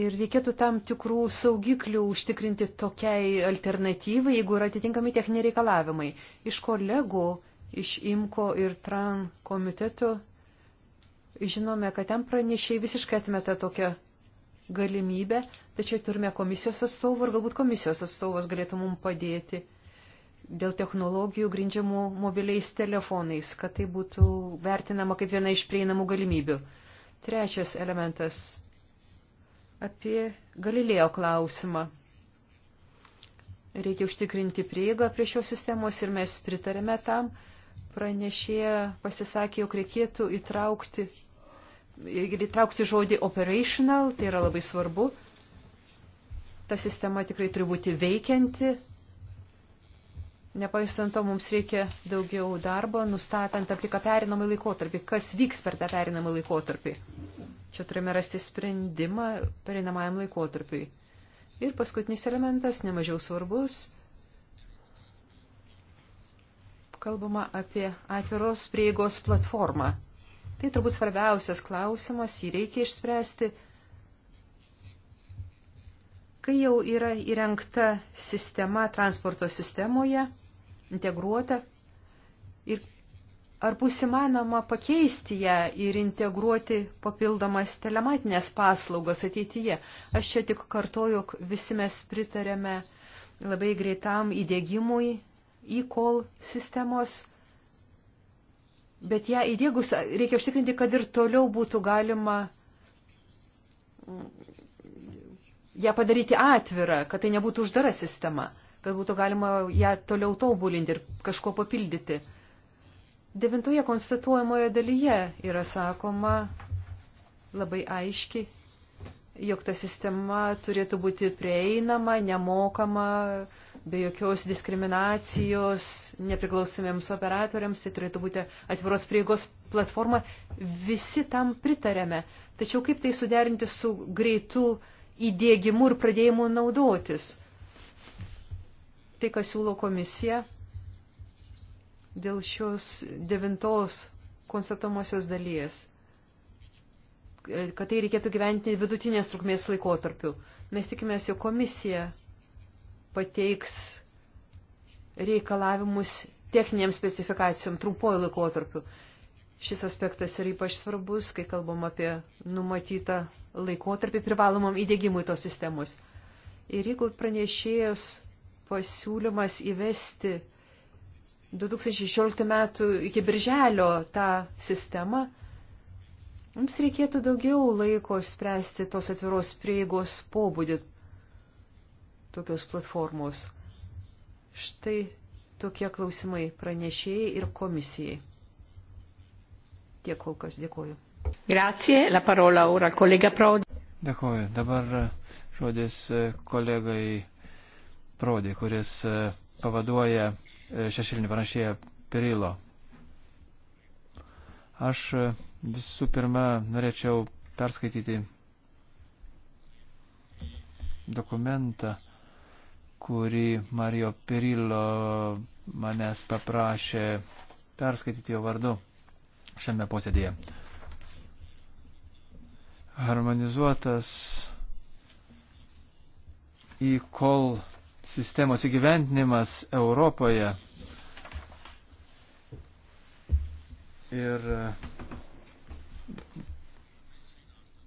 Ir reikėtų tam tikrų saugiklių užtikrinti tokiai alternatyvai, jeigu yra atitinkami techniniai reikalavimai. Iš kolegų iš IMKO ir TRAN komiteto žinome, kad ten pranešiai visiškai atmeta tokią galimybę, tačiau turime komisijos atstovų ir galbūt komisijos atstovas galėtų mums padėti dėl technologijų grindžiamų mobiliais telefonais, kad tai būtų vertinama kaip viena iš prieinamų galimybių. Trečias elementas apie Galilėjo klausimą. Reikia užtikrinti prieigą prie šios sistemos ir mes pritarėme tam, pranešėja pasisakė, jog reikėtų įtraukti, įtraukti žodį operational, tai yra labai svarbu. Ta sistema tikrai turi būti veikianti. Nepaisant to, mums reikia daugiau darbo, nustatant apliką perinamą laikotarpį. Kas vyks per tą perinamą laikotarpį? Čia turime rasti sprendimą perinamajam laikotarpiui. Ir paskutinis elementas, nemažiau svarbus, kalbama apie atviros prieigos platformą. Tai turbūt svarbiausias klausimas, jį reikia išspręsti. Kai jau yra įrengta sistema transporto sistemoje, integruota, ir ar bus įmanoma pakeisti ją ir integruoti papildomas telematinės paslaugas ateityje? Aš čia tik kartoju, visi mes pritarėme labai greitam įdėgymui e-call sistemos, bet ją įdėgus reikia užtikrinti, kad ir toliau būtų galima mm, ją padaryti atvirą, kad tai nebūtų uždara sistema, kad būtų galima ją toliau tobulinti ir kažko papildyti. Devintoje konstatuojamoje dalyje yra sakoma labai aiški, jog ta sistema turėtų būti prieinama, nemokama, be jokios diskriminacijos nepriklausomiems operatoriams, tai turėtų būti atviros prieigos platforma. Visi tam pritarėme. Tačiau kaip tai suderinti su greitu įdėgimu ir pradėjimu naudotis? Tai, ką siūlo komisija dėl šios devintos konstatomosios dalies kad tai reikėtų gyventi vidutinės trukmės laikotarpiu. Mes tikimės, jog komisija pateiks reikalavimus techniniams specifikacijom trumpuoju laikotarpiu. Šis aspektas yra ypač svarbus, kai kalbam apie numatytą laikotarpį privalomam įdėgymui tos sistemos. Ir jeigu pranešėjos pasiūlymas įvesti 2016 metų iki birželio tą sistemą, mums reikėtų daugiau laiko spręsti tos atviros prieigos pobūdį, tokios platformos. Štai tokie klausimai pranešėjai ir komisijai. Tiek kol kas dėkoju. Grazie, la parola ora kolega Prodi. Dėkoju. Dabar žodis e, kolegai Prodi, kuris e, pavaduoja e, šešilinį panašėją Pirilo. Aš visų pirma norėčiau perskaityti dokumentą, kurį Mario Pirillo manęs paprašė perskaityti jo vardu šiame posėdėje. Harmonizuotas į kol sistemos įgyvendinimas Europoje ir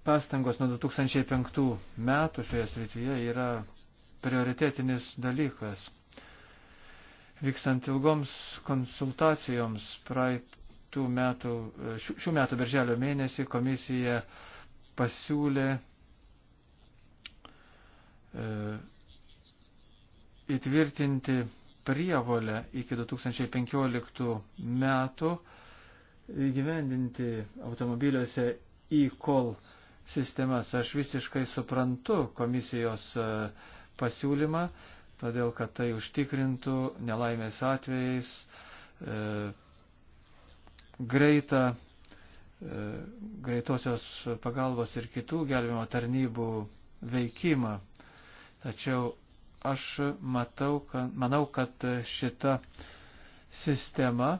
pastangos nuo 2005 metų šioje srityje yra prioritėtinis dalykas. Vykstant ilgoms konsultacijoms praeitų metų, e, šių, šių metų birželio mėnesį komisija pasiūlė e, įtvirtinti prievolę iki 2015 metų įgyvendinti automobiliuose e-call sistemas. Aš visiškai suprantu komisijos e, pasiūlymą, todėl kad tai užtikrintų nelaimės atvejais e, greitą, e, greitosios pagalbos ir kitų gelbimo tarnybų veikimą. Tačiau aš matau, kad, manau, kad šita sistema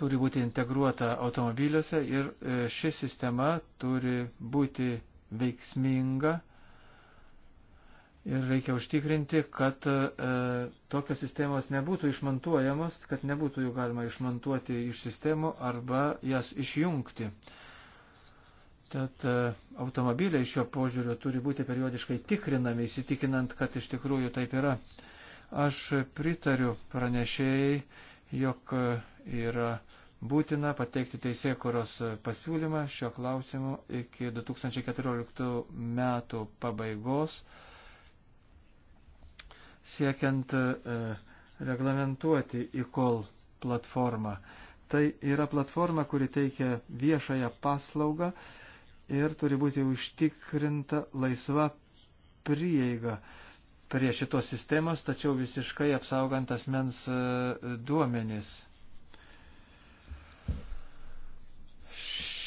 turi būti integruota automobiliuose ir e, ši sistema turi būti veiksminga Ir reikia užtikrinti, kad e, tokios sistemos nebūtų išmontuojamos, kad nebūtų jų galima išmontuoti iš sistemų arba jas išjungti. Tad e, automobiliai šio požiūrio turi būti periodiškai tikrinami, įsitikinant, kad iš tikrųjų taip yra. Aš pritariu pranešėjai, jog e, yra būtina pateikti teisėkuros pasiūlymą šio klausimu iki 2014 metų pabaigos. E, siekiant e, reglamentuoti e-call platformą. Tai yra platforma, kuri teikia viešąją paslaugą ir turi būti užtikrinta laisva prieiga prie šitos sistemos, tačiau visiškai apsaugant asmens e, duomenis.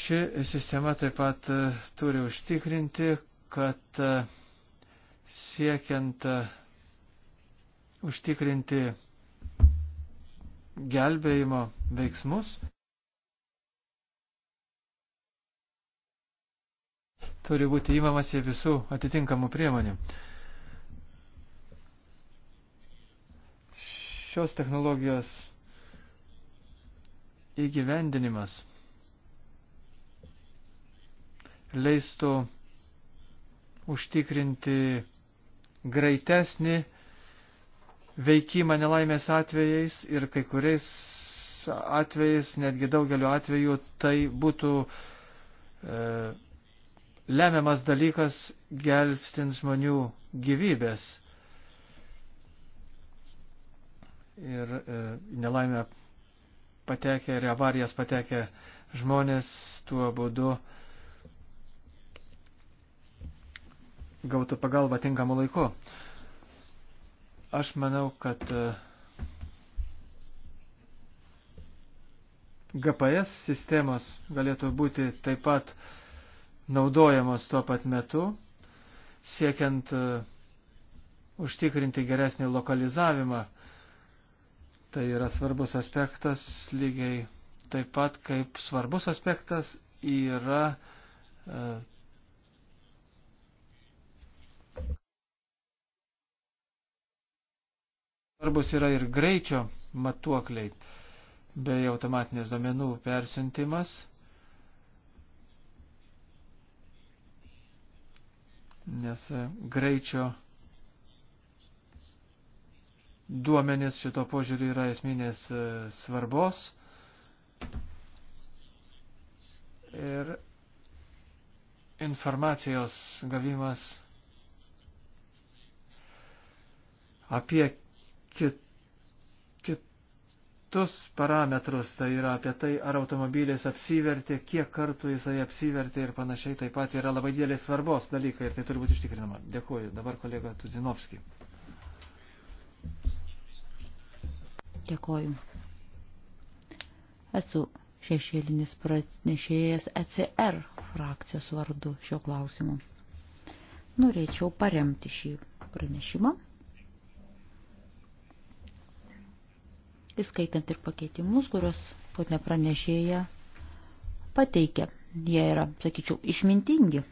Ši sistema taip pat e, turi užtikrinti, kad siekiant užtikrinti gelbėjimo veiksmus. Turi būti įmamasi visų atitinkamų priemonių. Šios technologijos įgyvendinimas leistų užtikrinti greitesnį veikimą nelaimės atvejais ir kai kuriais atvejais, netgi daugeliu atveju, tai būtų e, lemiamas dalykas gelbstint žmonių gyvybės. Ir e, nelaimę patekę ir avarijas patekę žmonės tuo būdu gautų pagalbą tinkamu laiku. E, Aš manau, kad e, GPS sistemos galėtų būti taip pat naudojamos tuo pat metu, siekiant e, užtikrinti geresnį lokalizavimą. Tai yra svarbus aspektas, lygiai taip pat kaip svarbus aspektas yra e, Svarbus yra ir greičio matuokliai bei automatinės domenų persintimas. Nes e, greičio duomenis šito požiūrį yra esminės e, svarbos. Ir informacijos gavimas apie kit, kitus parametrus, tai yra apie tai, ar automobilis apsivertė, kiek kartų jisai apsivertė ir panašiai, taip pat yra labai didelės svarbos dalykai ir tai turi būti ištikrinama. Dėkuoju. Dabar kolega Tudinovski. Dėkuoju. Esu šešėlinis pranešėjas ECR frakcijos vardu šio klausimu. Norėčiau paremti šį pranešimą. įskaitant ir pakeitimus, kuriuos ponė pranešėja pateikia. Jie yra, sakyčiau, išmintingi.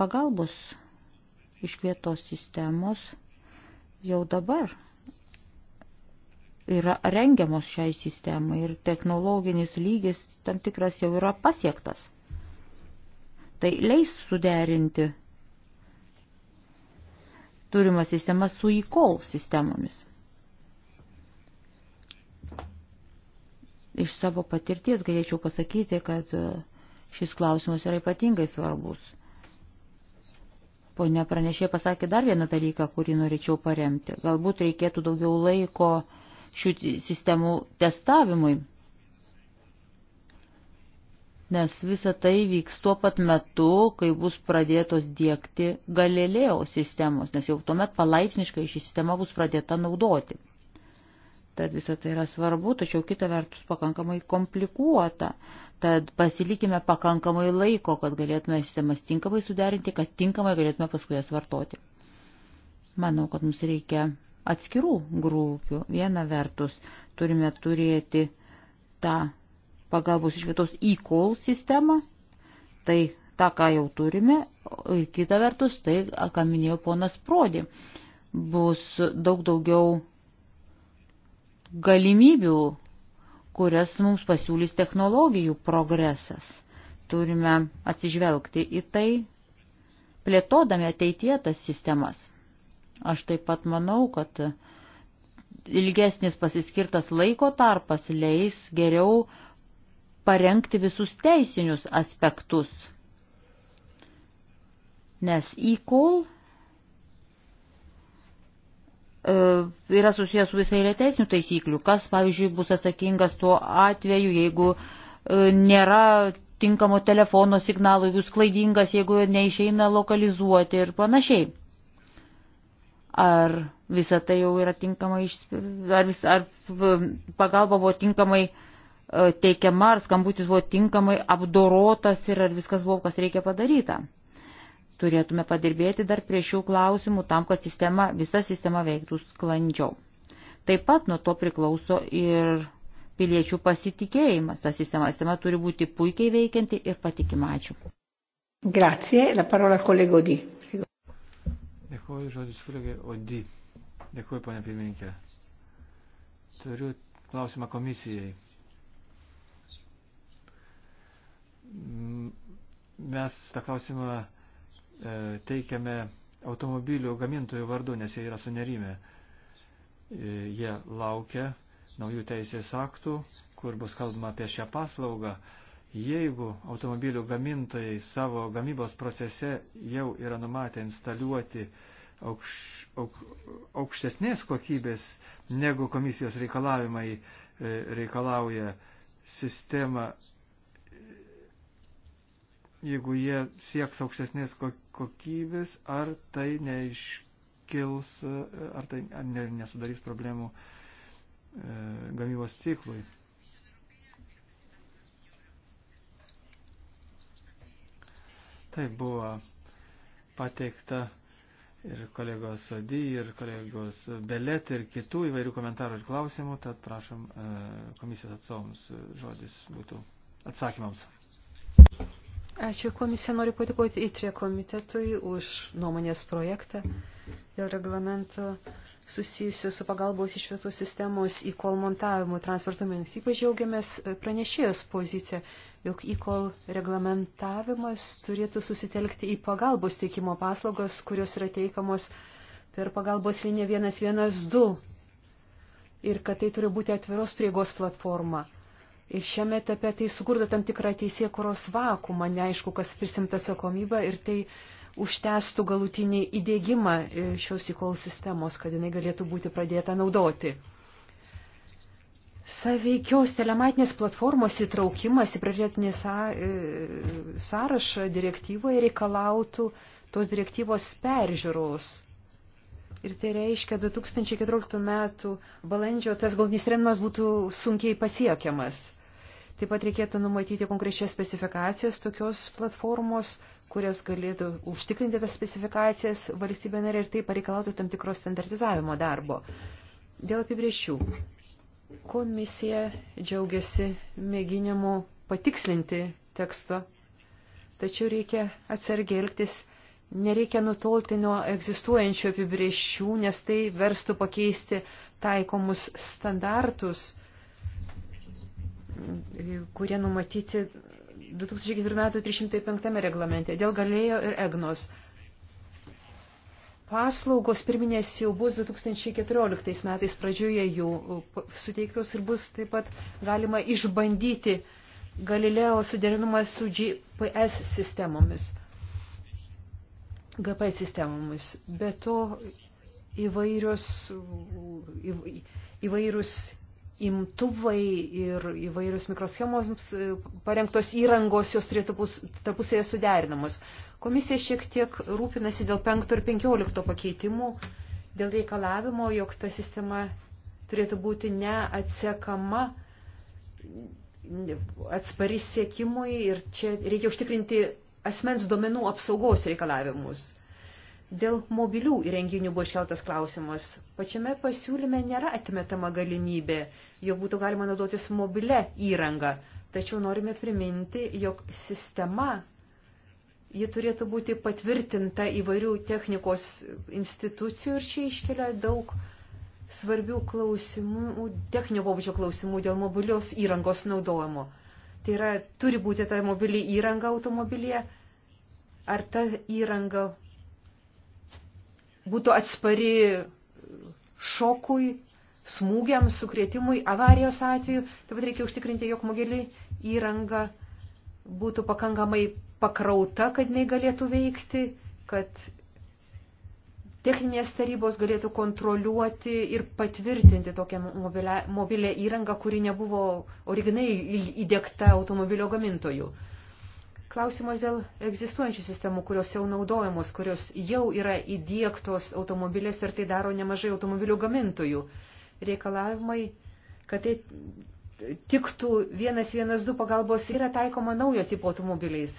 Pagalbos iškvietos sistemos jau dabar yra rengiamos šiai sistemai ir technologinis lygis tam tikras jau yra pasiektas. Tai leis suderinti turima sistema su įkol sistemomis. Iš savo patirties galėčiau pasakyti, kad e, šis klausimas yra ypatingai svarbus. Pone pranešė pasakė dar vieną dalyką, kurį norėčiau paremti. Galbūt reikėtų daugiau laiko šių sistemų testavimui nes visa tai vyks tuo pat metu, kai bus pradėtos dėkti Galilėjo sistemos, nes jau tuomet palaipsniškai ši sistema bus pradėta naudoti. Tad visa tai yra svarbu, tačiau kita vertus pakankamai komplikuota. Tad pasilikime pakankamai laiko, kad galėtume sistemas tinkamai suderinti, kad tinkamai galėtume paskui jas vartoti. Manau, kad mums reikia atskirų grupių. Viena vertus turime turėti tą pagalbos iš vietos e-call sistemą, tai tą, ką jau turime, ir kita vertus, tai, ką minėjo ponas Prodi, bus daug daugiau galimybių, kurias mums pasiūlys technologijų progresas. Turime atsižvelgti į tai, plėtodami ateitie tas sistemas. Aš taip pat manau, kad ilgesnis pasiskirtas laiko tarpas leis geriau parengti visus teisinius aspektus. Nes įkol e, yra susijęs su visai reteisinių taisyklių, kas, pavyzdžiui, bus atsakingas tuo atveju, jeigu e, nėra tinkamo telefono signalo, jeigu klaidingas, jeigu neišeina lokalizuoti ir panašiai. Ar visa tai jau yra tinkamai, ar, vis, ar e, pagalba buvo tinkamai uh, E, teikiama, ar skambutis buvo tinkamai apdorotas ir ar viskas buvo, kas reikia padaryta. Turėtume padirbėti dar prie šių klausimų tam, kad sistema, visa sistema veiktų sklandžiau. Taip pat nuo to priklauso ir piliečių pasitikėjimas. Ta sistema, sistema turi būti puikiai veikianti ir patikima. Ačiū. Grazie, la parola kolego Di. Dėkuoju žodis kolegai Odi. Dėkuoju, ponia pirmininkė. Turiu klausimą komisijai. Mm, mes tą klausimą e, teikiame automobilių gamintojų vardu, nes jie yra sunerime. Jie laukia naujų teisės aktų, kur bus kalbama apie šią paslaugą. Jeigu automobilių gamintojai savo gamybos procese jau yra numatę instaliuoti aukš, auk, aukštesnės kokybės negu komisijos reikalavimai e, reikalauja sistemą jeigu jie sieks aukštesnės kokybės, ar tai neiškils, ar tai ar nesudarys problemų e, gamybos ciklui. Tai buvo pateikta ir kolegos Sodį, ir kolegos Belet, ir kitų įvairių komentarų ir klausimų, tad prašom e, komisijos atstovams žodis būtų atsakymams. Ačiū komisija, noriu patikoti įtrė komitetui už nuomonės projektą dėl reglamento susijusio su pagalbos išvietų sistemos įkol montavimu transporto mėnesiais. Ypač džiaugiamės pranešėjos poziciją, jog įkol reglamentavimas turėtų susitelkti į pagalbos teikimo paslaugas, kurios yra teikamos per pagalbos liniją 112 ir kad tai turi būti atviros priegos platforma. Ir šiame etape tai sukurdo tam tikrą teisėkuros vakumą, neaišku, kas prisimta atsakomybę ir tai užtestų galutinį įdėgymą e, šios įkol sistemos, kad jinai galėtų būti pradėta naudoti. Saveikios telematinės platformos įtraukimas į prioritetinį e, sąrašą direktyvoje reikalautų tos direktyvos peržiūros. Ir tai reiškia, 2014 metų balandžio tas galtinis terminas būtų sunkiai pasiekiamas. Taip pat reikėtų numatyti konkrečias specifikacijas tokios platformos, kurias galėtų užtikrinti tas specifikacijas valstybė narė ir tai pareikalautų tam tikros standartizavimo darbo. Dėl apibriešių. Komisija džiaugiasi mėginimu patikslinti teksto, tačiau reikia atsargiai elgtis nereikia nutolti nuo egzistuojančių apibrėžčių, nes tai verstų pakeisti taikomus standartus kurie numatyti 2004 metų 305 reglamente dėl galėjo ir egnos. Paslaugos pirminės jau bus 2014 metais pradžioje jų suteiktos ir bus taip pat galima išbandyti Galileo suderinumą su GPS sistemomis, GPS sistemomis. Be to įvairios, įvairūs imtuvai ir įvairius mikroschemos e, parengtos įrangos, jos turėtų tarpusėje suderinamos. Komisija šiek tiek rūpinasi dėl 5 ir 15 pakeitimų, dėl reikalavimo, jog ta sistema turėtų būti neatsekama, atspari siekimui ir čia reikia užtikrinti asmens duomenų apsaugos reikalavimus. Dėl mobilių įrenginių buvo iškeltas klausimas. Pačiame pasiūlyme nėra atmetama galimybė, jog būtų galima naudotis mobilę įrangą. Tačiau norime priminti, jog sistema, ji turėtų būti patvirtinta įvairių technikos institucijų ir čia iškelia daug svarbių klausimų, techninio pobūdžio klausimų dėl mobilios įrangos naudojimo. Tai yra, turi būti ta mobili įranga automobilyje, ar ta įranga būtų atspari šokui, smūgiams, sukretimui, avarijos atveju. Taip pat reikia užtikrinti, jog mogeli įranga būtų pakankamai pakrauta, kad jinai galėtų veikti, kad techninės tarybos galėtų kontroliuoti ir patvirtinti tokią mobilę, mobilę įrangą, kuri nebuvo originai įdėkta automobilio gamintojų. Klausimas dėl egzistuojančių sistemų, kurios jau naudojamos, kurios jau yra įdėktos automobilės ir tai daro nemažai automobilių gamintojų. Reikalavimai, kad tai tiktų 112 pagalbos yra taikoma naujo tipo automobiliais.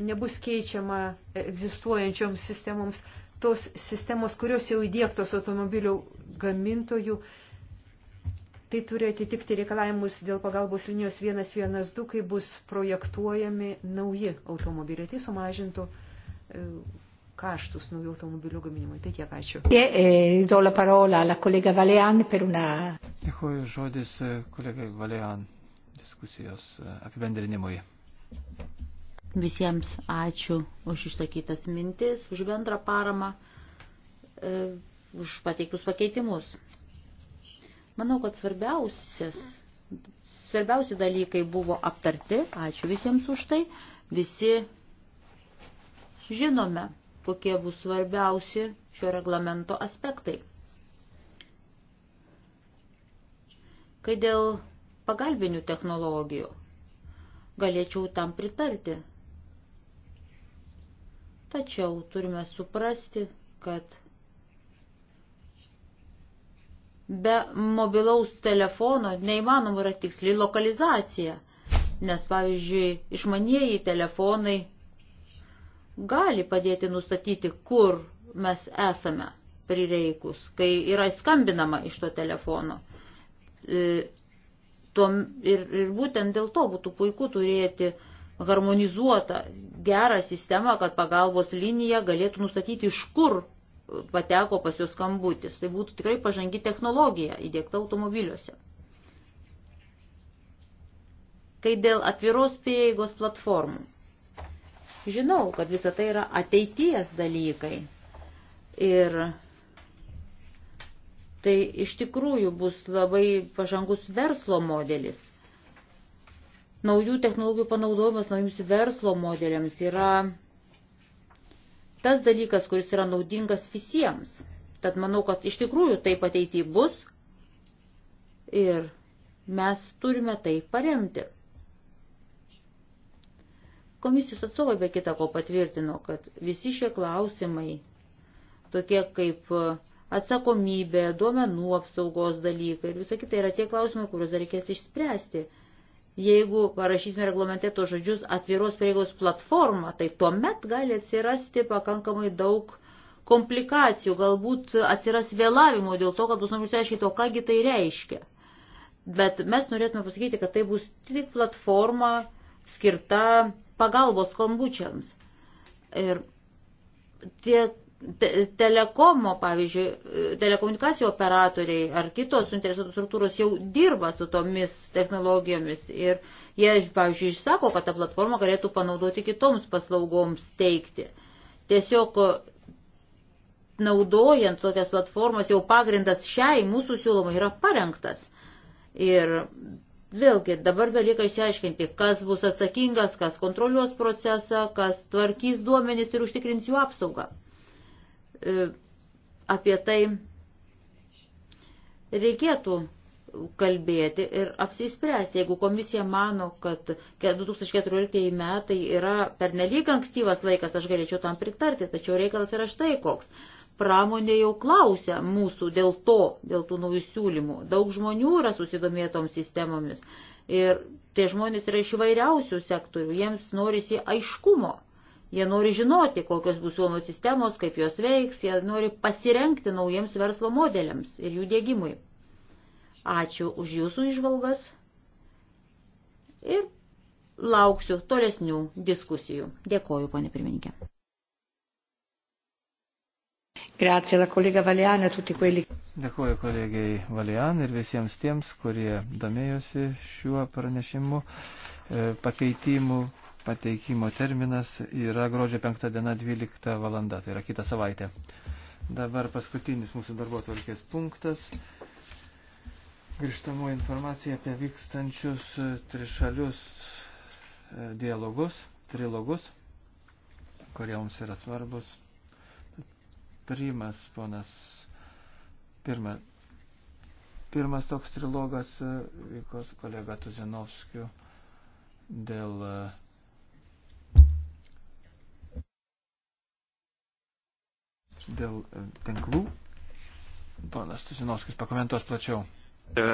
Nebus keičiama egzistuojančioms sistemoms tos sistemos, kurios jau įdėktos automobilių gamintojų Tai turi atitikti reikalavimus dėl pagalbos linijos 112, kai bus projektuojami nauji automobiliai. Tai sumažintų e, kaštus naujų automobilių gaminimui. Tai tiek ačiū. E, e, Dėkuoju žodis kolegai Valian diskusijos apibendrinimui. Visiems ačiū už išsakytas mintis, už bendrą paramą, už pateiktus pakeitimus. Manau, kad svarbiausias, svarbiausi dalykai buvo aptarti. Ačiū visiems už tai. Visi žinome, kokie bus svarbiausi šio reglamento aspektai. Kai dėl pagalbinių technologijų galėčiau tam pritarti. Tačiau turime suprasti, kad Be mobilaus telefono neįmanoma yra tiksliai lokalizacija, nes, pavyzdžiui, išmanieji telefonai gali padėti nustatyti, kur mes esame prireikus, kai yra skambinama iš to telefono. E, ir, ir būtent dėl to būtų puiku turėti harmonizuotą gerą sistemą, kad pagalbos linija galėtų nustatyti, iš kur pateko pas jos skambutis. Tai būtų tikrai pažangi technologija įdėkta automobiliuose. Kai dėl atviros prieigos platformų. Žinau, kad visa tai yra ateities dalykai. Ir tai iš tikrųjų bus labai pažangus verslo modelis. Naujų technologijų panaudojimas naujus verslo modeliams yra tas dalykas, kuris yra naudingas visiems. Tad manau, kad iš tikrųjų taip ateityje bus ir mes turime tai paremti. Komisijos atstovai be kita ko patvirtino, kad visi šie klausimai, tokie kaip atsakomybė, duomenų apsaugos dalykai ir visa kita yra tie klausimai, kuriuos reikės išspręsti Jeigu parašysime reglamente tuos žodžius atviros prieigos platformą, tai tuomet gali atsirasti pakankamai daug komplikacijų, galbūt atsiras vėlavimo dėl to, kad bus norima išsiaiškinti, o kągi tai reiškia. Bet mes norėtume pasakyti, kad tai bus tik platforma skirta pagalbos skambučiams. Ir tiek te telekomo, pavyzdžiui, telekomunikacijų operatoriai ar kitos suinteresuotos struktūros jau dirba su tomis technologijomis ir jie, pavyzdžiui, išsako, kad tą platformą galėtų panaudoti kitoms paslaugoms teikti. Tiesiog naudojant tokias platformas jau pagrindas šiai mūsų siūlomai yra parengtas. Ir vėlgi dabar belieka išsiaiškinti, kas bus atsakingas, kas kontroliuos procesą, kas tvarkys duomenys ir užtikrins jų apsaugą. E, apie tai reikėtų kalbėti ir apsispręsti. Jeigu komisija mano, kad 2014 metai yra pernelyg ankstyvas laikas, aš galėčiau tam pritarti, tačiau reikalas yra štai koks. Pramonė jau klausia mūsų dėl to, dėl tų naujų siūlymų. Daug žmonių yra susidomėtom sistemomis ir tie žmonės yra iš įvairiausių sektorių, jiems norisi aiškumo. Jie nori žinoti, kokios bus siūlomos sistemos, kaip jos veiks, jie nori pasirenkti naujiems verslo modeliams ir jų dėgymui. Ačiū už jūsų išvalgas ir lauksiu tolesnių diskusijų. Dėkoju, ponė pirmininkė. Grazie alla collega Valiana e tutti quelli. Dėkuoju kolegai Valian ir visiems tiems, kurie domėjosi šiuo pranešimu. E, Pakeitimų pateikimo terminas yra gruodžio 5 diena 12 valanda, tai yra kita savaitė. Dabar paskutinis mūsų darbo tvarkės punktas. Grįžtamo informacija apie vykstančius trišalius e, dialogus, trilogus, kurie mums yra svarbus. Primas, ponas, pirma, pirmas toks trilogas e, vyko su kolega Tuzinovskiu dėl uh, dėl e, tinklų. Ponas Tusinovskis pakomentuos plačiau. E,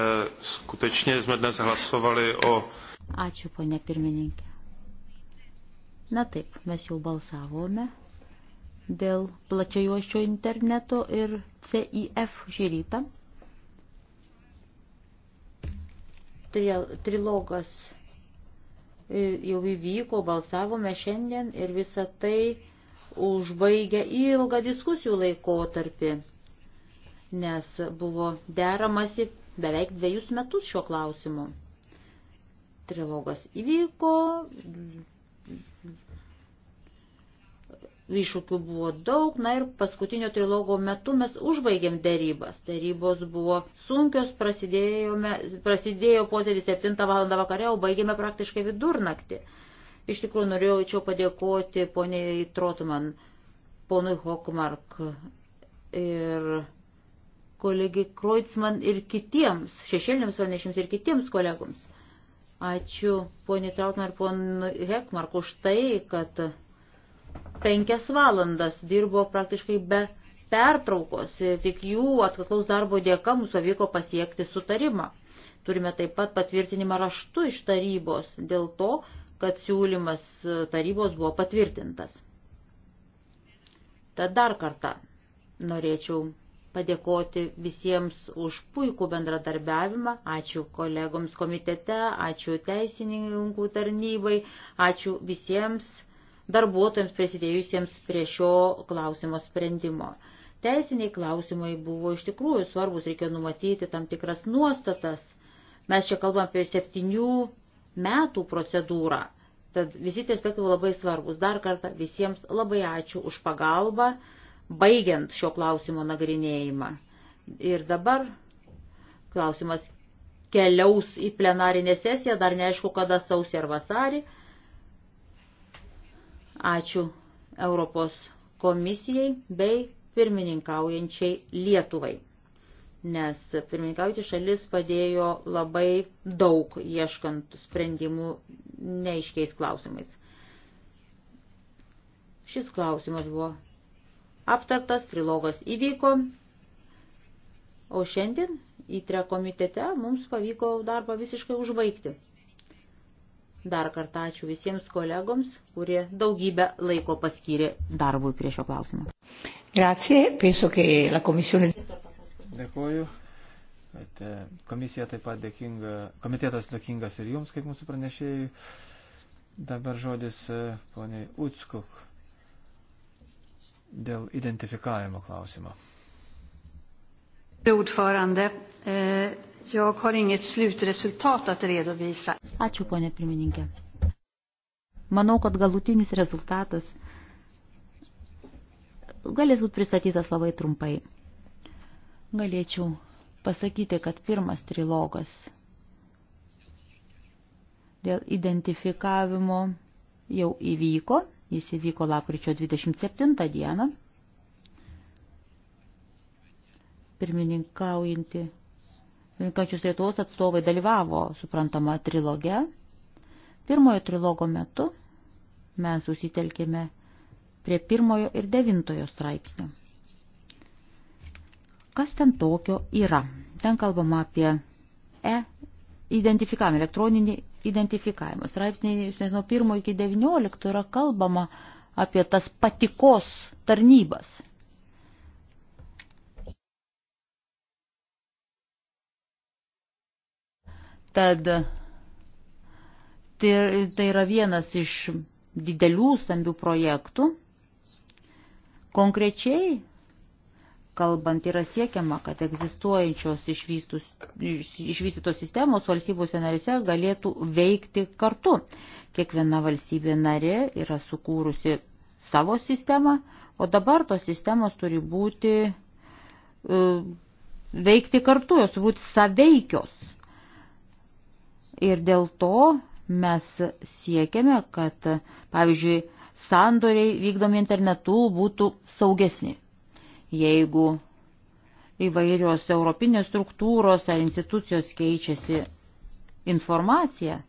skutečně jsme dnes hlasovali o. Ačiū, ponė pirmininkė. Na taip, mes jau balsavome dėl plačiojuoščio interneto ir CIF šį rytą. Trilogas e, jau įvyko, balsavome šiandien ir visa tai užbaigę ilgą diskusijų laikotarpį, nes buvo deramasi beveik dviejus metus šiuo klausimu. Trilogas įvyko, iššūkių buvo daug, na ir paskutinio trilogo metu mes užbaigėm dėrybas. Dėrybos buvo sunkios, prasidėjo posėdį 7 val. vakare, o baigėme praktiškai vidurnaktį. Iš tikrųjų, norėjau čia padėkoti poniai Trotman, ponui Hokmark ir kolegi Kreutzman ir kitiems, šešėliniams pranešims ir kitiems kolegoms. Ačiū poniai Trotman ir ponui Hekmark už tai, kad penkias valandas dirbo praktiškai be pertraukos. Tik jų atkaklaus darbo dėka mūsų pavyko pasiekti sutarimą. Turime taip pat patvirtinimą raštu iš tarybos dėl to, kad siūlymas e, tarybos buvo patvirtintas. Tad dar kartą norėčiau padėkoti visiems už puikų bendradarbiavimą. Ačiū kolegoms komitete, ačiū teisininkų tarnybai, ačiū visiems darbuotojams prisidėjusiems prie šio klausimo sprendimo. Teisiniai klausimai buvo iš tikrųjų svarbus, reikėjo numatyti tam tikras nuostatas. Mes čia kalbam apie septynių metų procedūrą. Tad visi tie aspektai labai svarbus. Dar kartą visiems labai ačiū už pagalbą, baigiant šio klausimo nagrinėjimą. Ir dabar klausimas keliaus į plenarinę sesiją, dar neaišku, kada sausį ar vasarį. Ačiū Europos komisijai bei pirmininkaujančiai Lietuvai nes pirmininkauti šalis padėjo labai daug ieškant sprendimų neiškiais klausimais. Šis klausimas buvo aptartas, trilogas įvyko, o šiandien įtre komitete mums pavyko darbą visiškai užbaigti. Dar kartą ačiū visiems kolegoms, kurie daugybę laiko paskyrė darbui prie šio klausimo. Grazie, penso che la Commissione. Dėkuoju. Bet e, komisija taip pat dėkinga, komitetas dėkingas ir jums, kaip mūsų pranešėjai. Dabar žodis e, poniai Utskuk dėl identifikavimo klausimo. E, Ačiū, ponė pirmininkė. Manau, kad galutinis rezultatas galės būti pristatytas labai trumpai. Galėčiau pasakyti, kad pirmas trilogas dėl identifikavimo jau įvyko. Jis įvyko lapkričio 27 dieną. Pirmininkaujantį. Pirmininkaujančios Lietuvos atstovai dalyvavo, suprantama, triloge. Pirmojo trilogo metu mes susitelkėme prie pirmojo ir devintojo straipsnio. Kas ten tokio yra? Ten kalbama apie e identifikavimą, elektroninį identifikavimą. Straipsniai nuo 1 iki 19 yra kalbama apie tas patikos tarnybas. Tad tai, tai yra vienas iš didelių stambių projektų. Konkrečiai kalbant, yra siekiama, kad egzistuojančios išvystus, išvystytos sistemos valstybėse narėse galėtų veikti kartu. Kiekviena valstybė narė yra sukūrusi savo sistemą, o dabar tos sistemos turi būti e, veikti kartu, jos būti saveikios. Ir dėl to mes siekiame, kad, pavyzdžiui, sandoriai vykdomi internetu būtų saugesni jeigu įvairios europinės struktūros ar institucijos keičiasi informacija,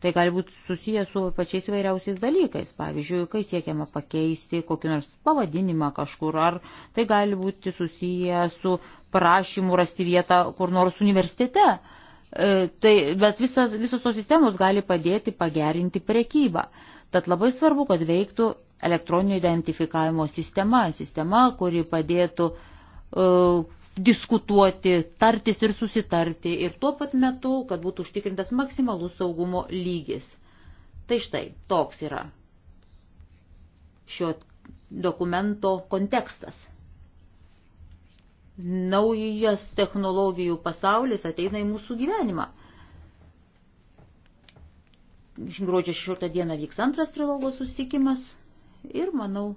tai gali būti susijęs su pačiais vairiausiais dalykais. Pavyzdžiui, kai siekiama pakeisti kokį nors pavadinimą kažkur, ar tai gali būti susiję su prašymu rasti vietą kur nors universitete. E, tai, bet visas, visos tos sistemos gali padėti pagerinti prekybą. Tad labai svarbu, kad veiktų elektroninio identifikavimo sistema, sistema, kuri padėtų uh, diskutuoti, tartis ir susitarti ir tuo pat metu, kad būtų užtikrintas maksimalus saugumo lygis. Tai štai toks yra šio dokumento kontekstas. Naujas technologijų pasaulis ateina į mūsų gyvenimą. Gruodžio 16 dieną vyks antras trilogo susitikimas ir manau,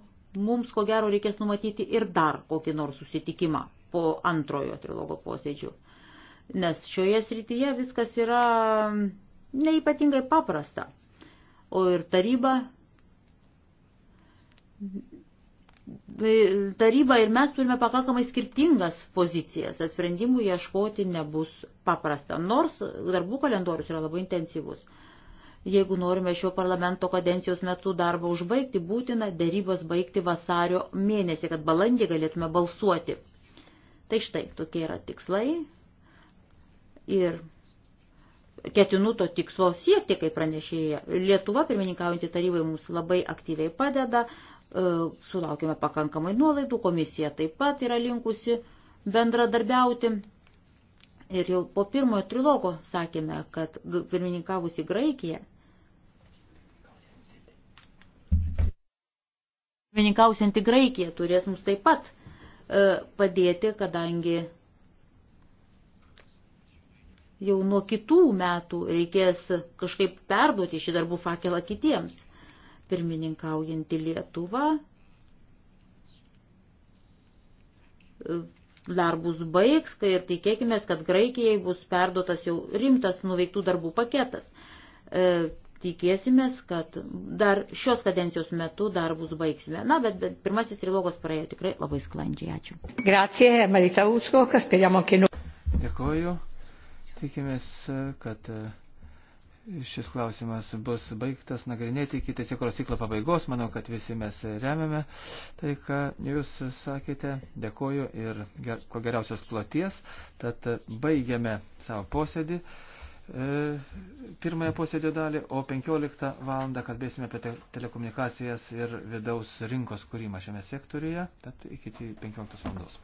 mums ko gero reikės numatyti ir dar kokį nors susitikimą po antrojo trilogo posėdžių. Nes šioje srityje viskas yra neįpatingai paprasta. O ir taryba. Taryba ir mes turime pakankamai skirtingas pozicijas, atsprendimus ieškoti nebus paprasta, nors darbų kalendorius yra labai intensyvus jeigu norime šio parlamento kadencijos metu darbą užbaigti, būtina dėrybas baigti vasario mėnesį, kad balandį galėtume balsuoti. Tai štai tokie yra tikslai ir ketinu to tikslo siekti, kaip pranešėja. Lietuva, pirmininkaujantį tarybai, mums labai aktyviai padeda, e, sulaukime pakankamai nuolaidų, komisija taip pat yra linkusi bendradarbiauti. Ir jau po pirmojo trilogo sakėme, kad pirmininkavusi Graikija Pirmininkausianti Graikija turės mums taip pat e, padėti, kadangi jau nuo kitų metų reikės kažkaip perduoti šį darbų fakelą kitiems. Pirmininkaujantį Lietuvą e, darbus baigs ir tikėkime, kad Graikijai bus perduotas jau rimtas nuveiktų darbų paketas. E, tikėsime, kad dar šios kadencijos metu darbus baigsime. Na, bet, bet pirmasis trilogas praėjo tikrai labai sklandžiai. Ačiū. Grazie, Marita Utsko, kas spėjamo kinų. Dėkoju. Tikimės, kad e, šis klausimas bus baigtas nagrinėti iki tiesiog ciklo pabaigos. Manau, kad visi mes remiame tai, ką jūs sakėte. Dėkoju ir ger, ko geriausios ploties. Tad baigiame savo posėdį. E, pirmąją posėdžio dalį, o 15 valandą kalbėsime apie te telekomunikacijas ir vidaus rinkos kūrimą šiame sektoriuje, tad iki 15 valandos.